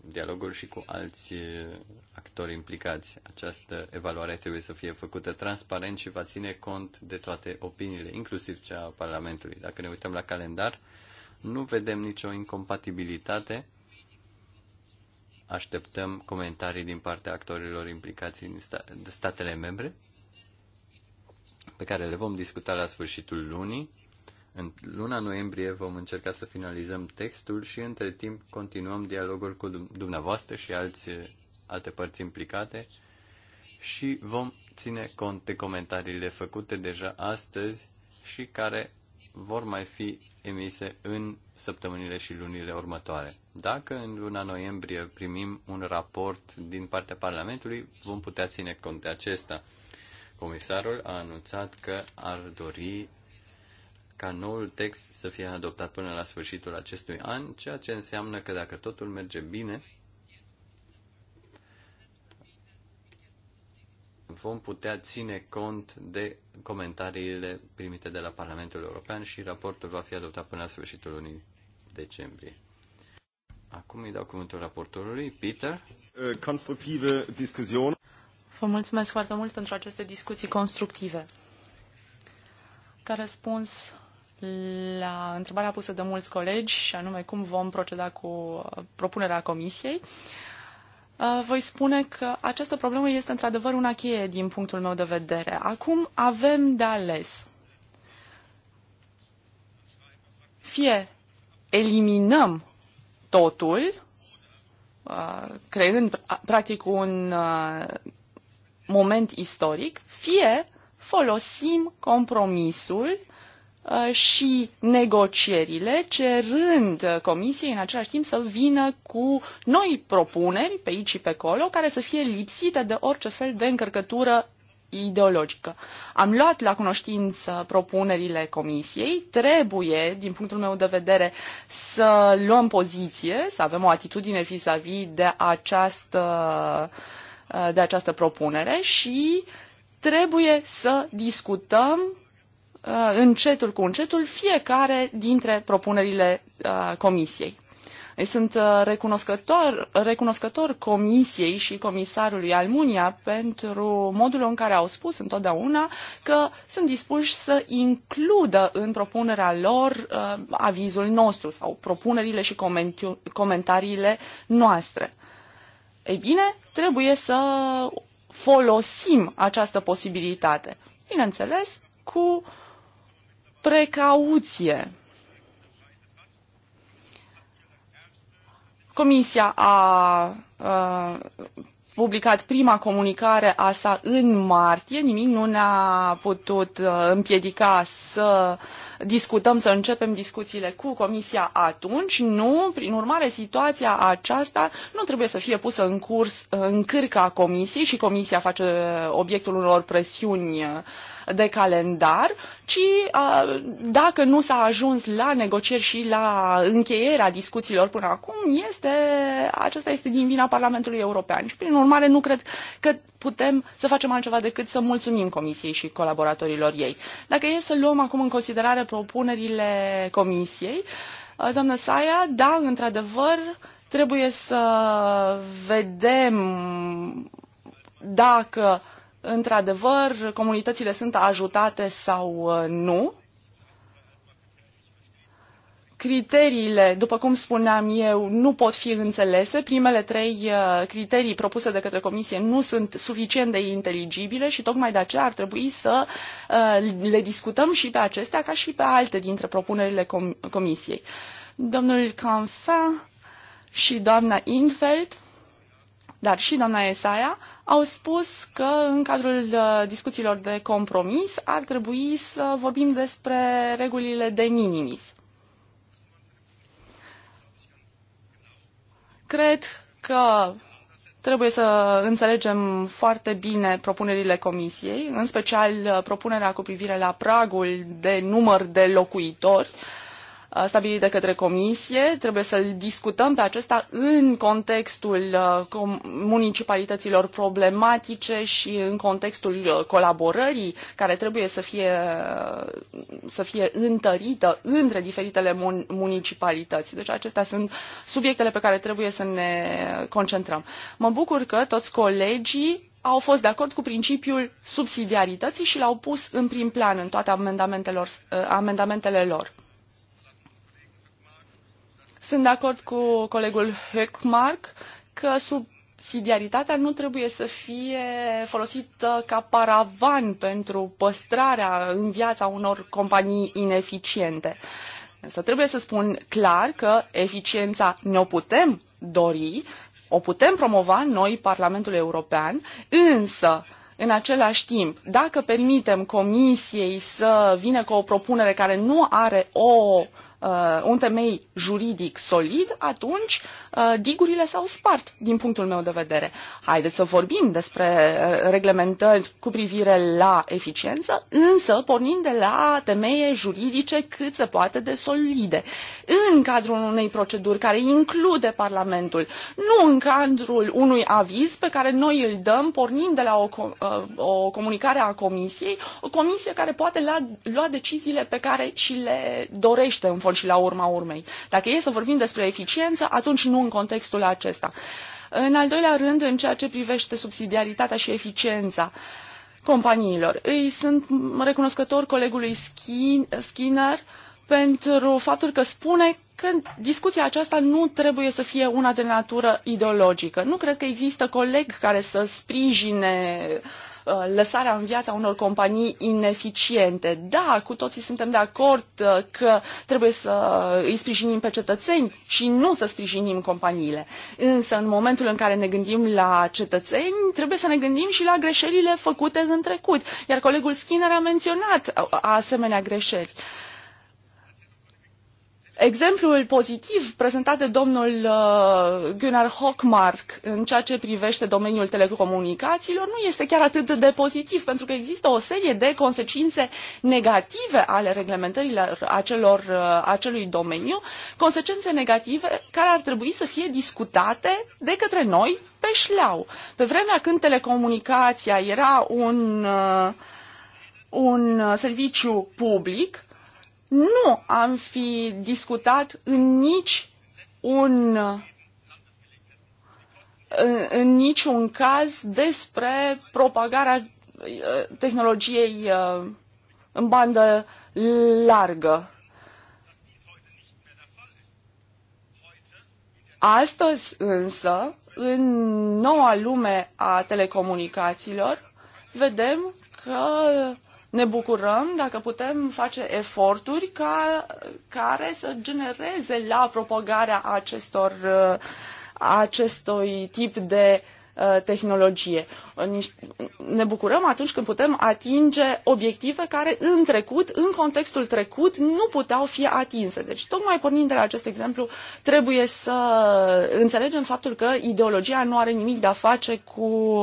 Dialogul și cu alți eh, actori implicați. Această evaluare trebuie să fie făcută transparent și va ține cont de toate opiniile, inclusiv cea a Parlamentului. Dacă ne uităm la calendar, nu vedem nicio incompatibilitate. Așteptăm comentarii din partea actorilor implicați din statele membre, pe care le vom discuta la sfârșitul lunii. În luna noiembrie vom încerca să finalizăm textul și între timp continuăm dialogul cu dumneavoastră și alți, alte părți implicate și vom ține cont de comentariile făcute deja astăzi și care vor mai fi emise în săptămânile și lunile următoare. Dacă în luna noiembrie primim un raport din partea Parlamentului, vom putea ține cont de acesta. Comisarul a anunțat că ar dori ca noul text să fie adoptat până la sfârșitul acestui an, ceea ce înseamnă că dacă totul merge bine, vom putea ține cont de comentariile primite de la Parlamentul European și raportul va fi adoptat până la sfârșitul lunii decembrie. Acum îi dau cuvântul raportorului, Peter. Uh, constructive discuțiuni. Vă mulțumesc foarte mult pentru aceste discuții constructive. Ca răspuns la întrebarea pusă de mulți colegi, și anume cum vom proceda cu uh, propunerea Comisiei, uh, Uh, voi spune că această problemă este într-adevăr una cheie din punctul meu de vedere. Acum avem de ales. Fie eliminăm totul, uh, creând practic un uh, moment istoric, fie folosim compromisul Uh, și negocierile, cerând Comisiei în același timp să vină cu noi propuneri pe aici și pe acolo, care să fie lipsite de orice fel de încărcătură ideologică. Am luat la cunoștință propunerile comisiei, trebuie, din punctul meu de vedere, să luăm poziție, să avem o atitudine vis-a-vis -vis de această, uh, de această propunere și trebuie să discutăm Uh, încetul cu încetul fiecare dintre propunerile uh, comisiei. sunt uh, recunoscător, recunoscător comisiei și comisarului Almunia pentru modul în care au spus întotdeauna că sunt dispuși să includă în propunerea lor uh, avizul nostru sau propunerile și comentariile noastre. Ei bine, trebuie să folosim această posibilitate. Bineînțeles, cu uh, precauție. Comisia a, a publicat prima comunicare a sa în martie, nimic nu ne-a putut uh, împiedica să discutăm, să începem discuțiile cu Comisia atunci. Nu, prin urmare, situația aceasta nu trebuie să fie pusă în curs uh, în cârca Comisiei și Comisia face obiectul unor presiuni uh, de calendar, ci dacă nu s-a ajuns la negocieri și la încheierea discuțiilor până acum, este, acesta este din vina Parlamentului European. Și prin urmare nu cred că putem să facem altceva decât să mulțumim Comisiei și colaboratorilor ei. Dacă e să luăm acum în considerare propunerile Comisiei, doamnă Saia, da, într-adevăr, trebuie să vedem dacă uh, într-adevăr, comunitățile sunt ajutate sau uh, nu. Criteriile, după cum spuneam eu, nu pot fi înțelese. Primele trei uh, criterii propuse de către Comisie nu sunt suficient de inteligibile și tocmai de aceea ar trebui să uh, le discutăm și pe acestea ca și pe alte dintre propunerile Comisiei. Domnul Canfa și doamna Infeld, dar și doamna Esaia, au spus că în cadrul uh, discuțiilor de compromis ar trebui să vorbim despre regulile de minimis. Cred că trebuie să înțelegem foarte bine propunerile comisiei, în special uh, propunerea cu privire la pragul de număr de locuitori, uh, Uh, stabilit de către comisie. Trebuie să-l discutăm pe acesta în contextul uh, municipalităților problematice și în contextul uh, colaborării care trebuie să fie, să fie întărită între diferitele municipalități. Deci acestea sunt subiectele pe care trebuie să ne concentrăm. Mă bucur că toți colegii au fost de acord cu principiul subsidiarității și l-au pus în prim plan în toate amendamentele lor. Sunt de acord cu colegul Höckmark că subsidiaritatea nu trebuie să fie folosită ca paravan pentru păstrarea în viața unor companii ineficiente. Însă trebuie să spun clar că eficiența ne-o putem dori, o putem promova noi, Parlamentul European, însă în același timp, dacă permitem Comisiei să vină cu o propunere care nu are o Uh, un temei juridic solid, atunci uh, digurile s-au spart, din punctul meu de vedere. Haideți să vorbim despre uh, reglementări cu privire la eficiență, însă pornind de la temeie juridice cât se poate de solide, în cadrul unei proceduri care include Parlamentul, nu în cadrul unui aviz pe care noi îl dăm pornind de la o, o comunicare a Comisiei, o comisie care poate lua, lua deciziile pe care și le dorește în și la urma urmei. Dacă e să vorbim despre eficiență, atunci nu în contextul acesta. În al doilea rând, în ceea ce privește subsidiaritatea și eficiența companiilor, îi sunt recunoscător colegului Skinner pentru faptul că spune că discuția aceasta nu trebuie să fie una de natură ideologică. Nu cred că există coleg care să sprijine uh, Uh, lăsarea în viața unor companii ineficiente. Da, cu toții suntem de acord uh, că trebuie să îi sprijinim pe cetățeni și nu să sprijinim companiile. Însă, în momentul în care ne gândim la cetățeni, trebuie să ne gândim și la greșelile făcute în trecut. Iar colegul Skinner a menționat asemenea greșeli. Uh, Exemplul pozitiv prezentat de domnul uh, Gunnar Hockmark în ceea ce privește domeniul telecomunicațiilor nu este chiar atât de pozitiv, pentru că există o serie de consecințe negative ale reglementărilor acelor, uh, acelui domeniu, consecințe negative care ar trebui să fie discutate de către noi pe șleau. Pe vremea când telecomunicația era un, uh, un serviciu public, nu am fi discutat în nici un în, în niciun caz despre propagarea uh, tehnologiei uh, în bandă largă. Astăzi însă, în noua lume a telecomunicațiilor, vedem că ne bucurăm dacă putem face eforturi ca, care să genereze la propagarea acestor, uh, acestui tip de uh, tehnologie. Ne bucurăm atunci când putem atinge obiective care în trecut, în contextul trecut, nu puteau fi atinse. Deci, tocmai pornind de la acest exemplu, trebuie să înțelegem faptul că ideologia nu are nimic de a face cu,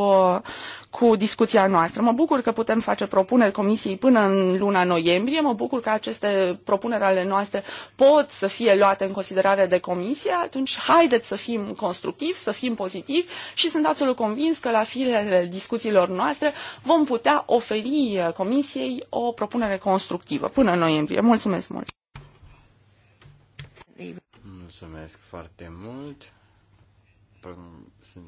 cu discuția noastră. Mă bucur că putem face propuneri comisiei până în luna noiembrie, mă bucur că aceste propuneri ale noastre pot să fie luate în considerare de comisie, atunci haideți să fim constructivi, să fim pozitivi și sunt absolut convins că la firele discuțiilor noastre vom putea oferi comisiei o propunere constructivă până în noiembrie. Mulțumesc mult! Mulțumesc foarte mult! Păi, sunt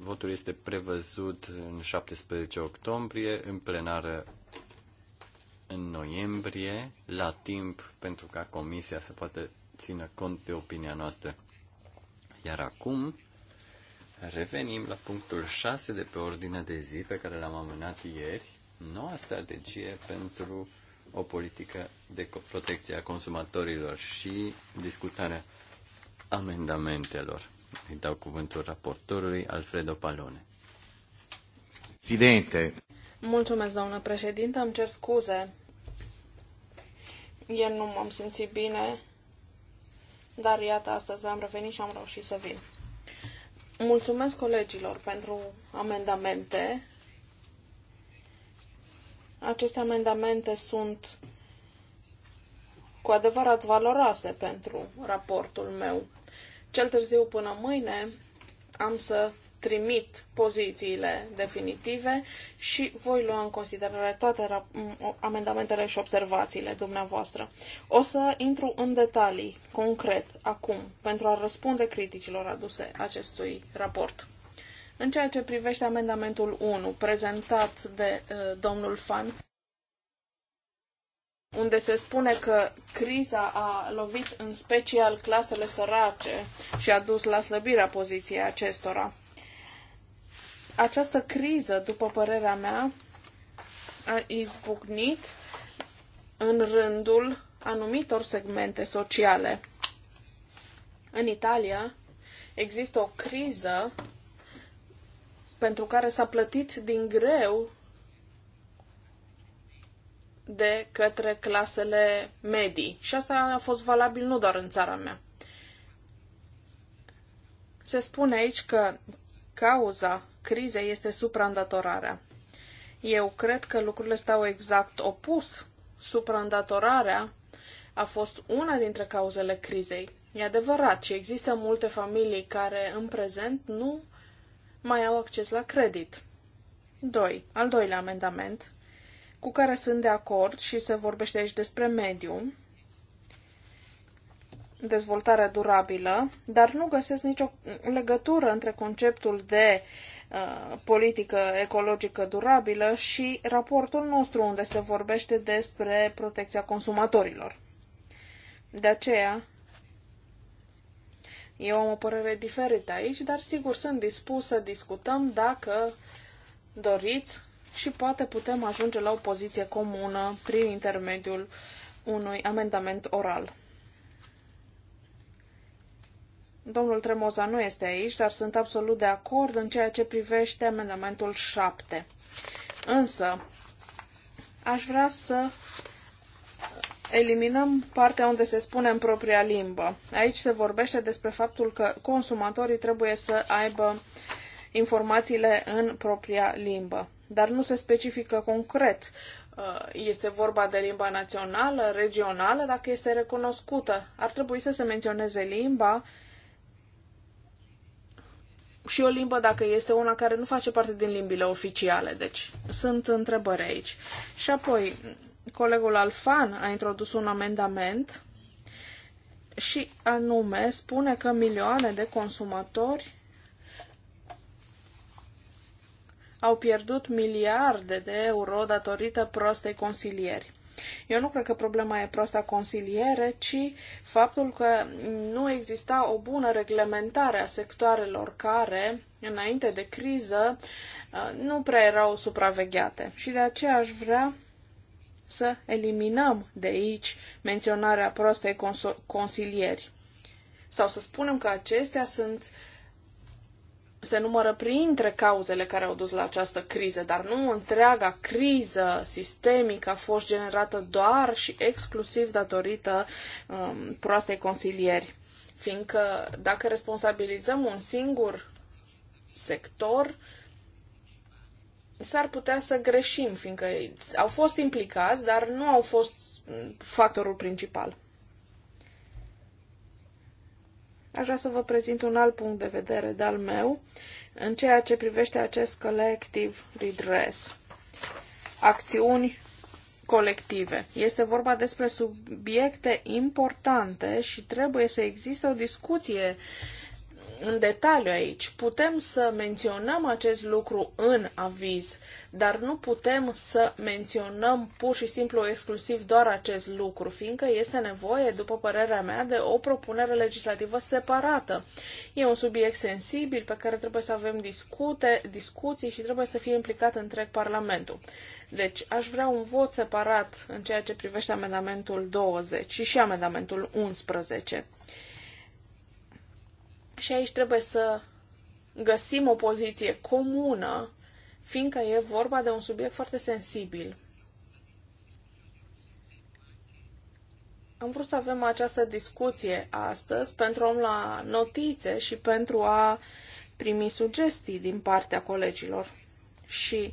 Votul este prevăzut în 17 octombrie, în plenară în noiembrie, la timp pentru ca comisia să poată țină cont de opinia noastră. Iar acum revenim la punctul 6 de pe ordinea de zi pe care l-am amânat ieri, noua strategie pentru o politică de protecție a consumatorilor și discutarea amendamentelor. Îi dau cuvântul raportorului Alfredo Palone. Presidente. Mulțumesc, doamnă președinte. Îmi cer scuze. Eu nu m-am simțit bine, dar iată, astăzi v-am revenit și am reușit să vin. Mulțumesc colegilor pentru amendamente. Aceste amendamente sunt cu adevărat valoroase pentru raportul meu. Cel târziu până mâine am să trimit pozițiile definitive și voi lua în considerare toate amendamentele și observațiile dumneavoastră. O să intru în detalii, concret, acum, pentru a răspunde criticilor aduse acestui raport. În ceea ce privește amendamentul 1, prezentat de uh, domnul Fan, unde se spune că criza a lovit în special clasele sărace și a dus la slăbirea poziției acestora. Această criză, după părerea mea, a izbucnit în rândul anumitor segmente sociale. În Italia există o criză pentru care s-a plătit din greu de către clasele medii. Și asta a fost valabil nu doar în țara mea. Se spune aici că cauza crizei este supraîndatorarea. Eu cred că lucrurile stau exact opus. Supraîndatorarea a fost una dintre cauzele crizei. E adevărat și există multe familii care în prezent nu mai au acces la credit. 2. Al doilea amendament cu care sunt de acord și se vorbește aici despre mediu, dezvoltare durabilă, dar nu găsesc nicio legătură între conceptul de uh, politică ecologică durabilă și raportul nostru unde se vorbește despre protecția consumatorilor. De aceea, eu am o părere diferită aici, dar sigur sunt dispus să discutăm dacă doriți și poate putem ajunge la o poziție comună prin intermediul unui amendament oral. Domnul Tremoza nu este aici, dar sunt absolut de acord în ceea ce privește amendamentul 7. Însă, aș vrea să eliminăm partea unde se spune în propria limbă. Aici se vorbește despre faptul că consumatorii trebuie să aibă informațiile în propria limbă dar nu se specifică concret. Uh, este vorba de limba națională, regională, dacă este recunoscută. Ar trebui să se menționeze limba și o limbă dacă este una care nu face parte din limbile oficiale. Deci sunt întrebări aici. Și apoi, colegul Alfan a introdus un amendament și anume spune că milioane de consumatori au pierdut miliarde de euro datorită prostei consilieri. Eu nu cred că problema e prosta consiliere, ci faptul că nu exista o bună reglementare a sectoarelor care, înainte de criză, uh, nu prea erau supravegheate. Și de aceea aș vrea să eliminăm de aici menționarea prostei consilieri. Sau să spunem că acestea sunt se numără printre cauzele care au dus la această criză, dar nu întreaga criză sistemică a fost generată doar și exclusiv datorită um, proastei consilieri. Fiindcă dacă responsabilizăm un singur sector, s-ar putea să greșim, fiindcă au fost implicați, dar nu au fost um, factorul principal. Aș vrea să vă prezint un alt punct de vedere de-al meu în ceea ce privește acest colectiv redress. Acțiuni colective. Este vorba despre subiecte importante și trebuie să existe o discuție uh, în detaliu aici. Putem să menționăm acest lucru în aviz, dar nu putem să menționăm pur și simplu exclusiv doar acest lucru, fiindcă este nevoie, după părerea mea, de o propunere legislativă separată. E un subiect sensibil pe care trebuie să avem discute, discuții și trebuie să fie implicat întreg Parlamentul. Deci, aș vrea un vot separat în ceea ce privește amendamentul 20 și și amendamentul 11. Și aici trebuie să găsim o poziție comună, fiindcă e vorba de un subiect foarte sensibil. Am vrut să avem această discuție astăzi pentru a la notițe și pentru a primi sugestii din partea colegilor. Și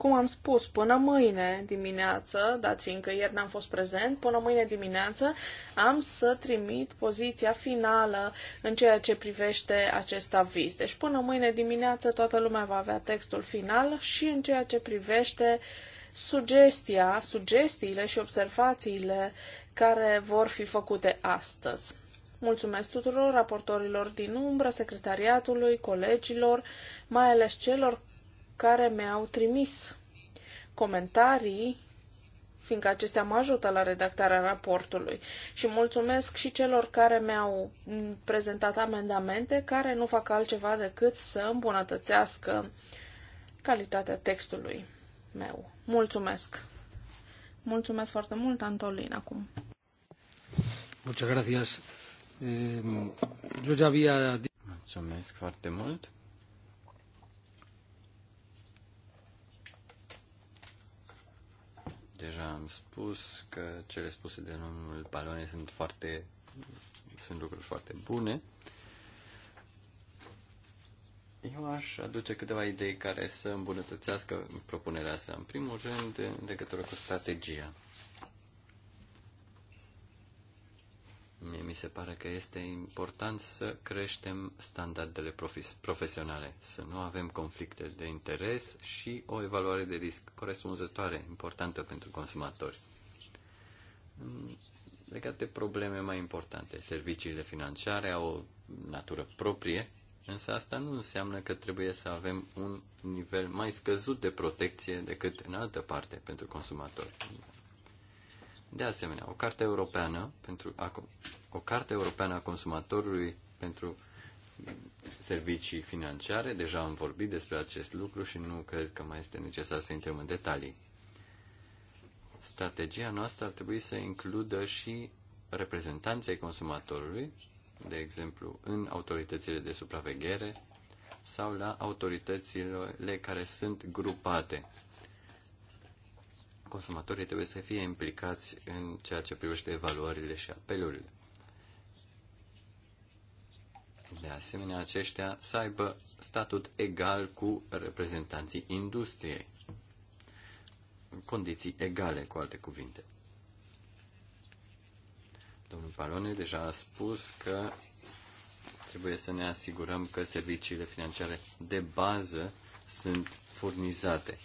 Cum am spus, până mâine dimineață, dat fiindcă ieri n-am fost prezent, până mâine dimineață am să trimit poziția finală în ceea ce privește acest aviz. Deci până mâine dimineață toată lumea va avea textul final și în ceea ce privește sugestia, sugestiile și observațiile care vor fi făcute astăzi. Mulțumesc tuturor raportorilor din umbră, secretariatului, colegilor, mai ales celor care mi-au trimis comentarii fiindcă acestea mă ajută la redactarea raportului. Și mulțumesc și celor care mi-au prezentat amendamente care nu fac altceva decât să îmbunătățească calitatea textului meu. Mulțumesc! Mulțumesc foarte mult, Antolin, acum. Muchas gracias. Eh, mulțumesc foarte mult. am spus că cele spuse de domnul Palone sunt foarte sunt lucruri foarte bune. Eu aș aduce câteva idei care să îmbunătățească propunerea sa. În primul rând, în legătură cu strategia. mi se pare că este important să creștem standardele profesionale, să nu avem conflicte de interes și o evaluare de risc corespunzătoare importantă pentru consumatori. Legat de probleme mai importante, serviciile financiare au o natură proprie, însă asta nu înseamnă că trebuie să avem un nivel mai scăzut de protecție decât în altă parte pentru consumatori. De asemenea, o carte europeană pentru a, o carte europeană a consumatorului pentru servicii financiare. Deja am vorbit despre acest lucru și nu cred că mai este necesar să intrăm în detalii. Strategia noastră ar trebui să includă și reprezentanții consumatorului, de exemplu, în autoritățile de supraveghere sau la autoritățile care sunt grupate consumatorii trebuie să fie implicați în ceea ce privește evaluările și apelurile. De asemenea, aceștia să aibă statut egal cu reprezentanții industriei. Condiții egale, cu alte cuvinte. Domnul Palone deja a spus că trebuie să ne asigurăm că serviciile financiare de bază sunt furnizate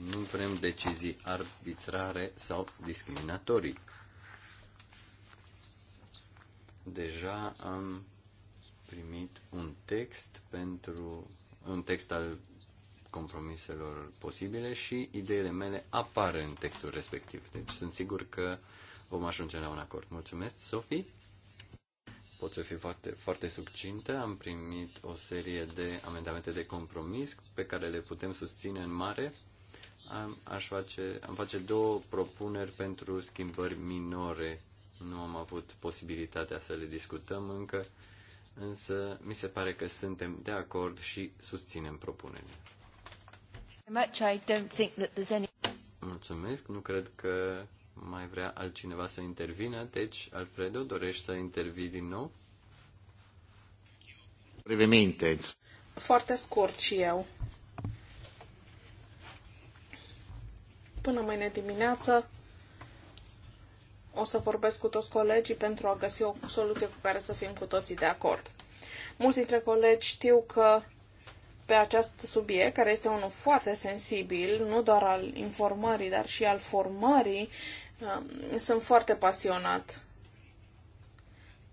nu vrem decizii arbitrare sau discriminatorii. Deja am primit un text pentru un text al compromiselor posibile și ideile mele apar în textul respectiv. Deci sunt sigur că vom ajunge la un acord. Mulțumesc, Sofie. Pot să fiu foarte, foarte succintă. Am primit o serie de amendamente de compromis pe care le putem susține în mare am, aș face, am face două propuneri pentru schimbări minore. Nu am avut posibilitatea să le discutăm încă, însă mi se pare că suntem de acord și susținem propunerile. Mulțumesc, nu cred că mai vrea altcineva să intervină. Deci, Alfredo, dorești să intervii din nou? Brevemente. Foarte scurt și eu. Până mâine dimineață o să vorbesc cu toți colegii pentru a găsi o soluție cu care să fim cu toții de acord. Mulți dintre colegi știu că pe acest subiect, care este unul foarte sensibil, nu doar al informării, dar și al formării, um, sunt foarte pasionat.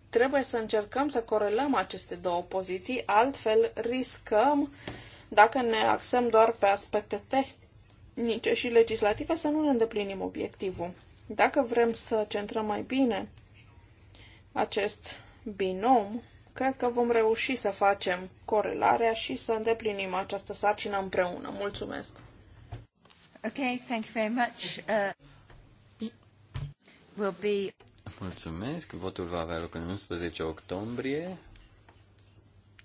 Trebuie să încercăm să corelăm aceste două poziții, altfel riscăm, dacă ne axăm doar pe aspecte tehnice, tehnice și legislative să nu ne îndeplinim obiectivul. Dacă vrem să centrăm mai bine acest binom, cred că vom reuși să facem corelarea și să îndeplinim această sarcină împreună. Mulțumesc! Okay, thank you very much. Uh, will be... Mulțumesc. Votul va avea loc în 11 octombrie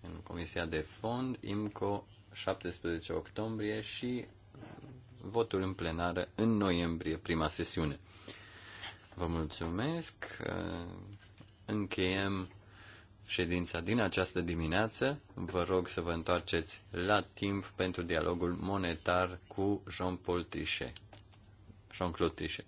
în Comisia de Fond, IMCO 17 octombrie și votul în plenară în noiembrie, prima sesiune. Vă mulțumesc. Uh, încheiem ședința din această dimineață. Vă rog să vă întoarceți la timp pentru dialogul monetar cu Jean-Paul Trichet. Jean-Claude Trichet.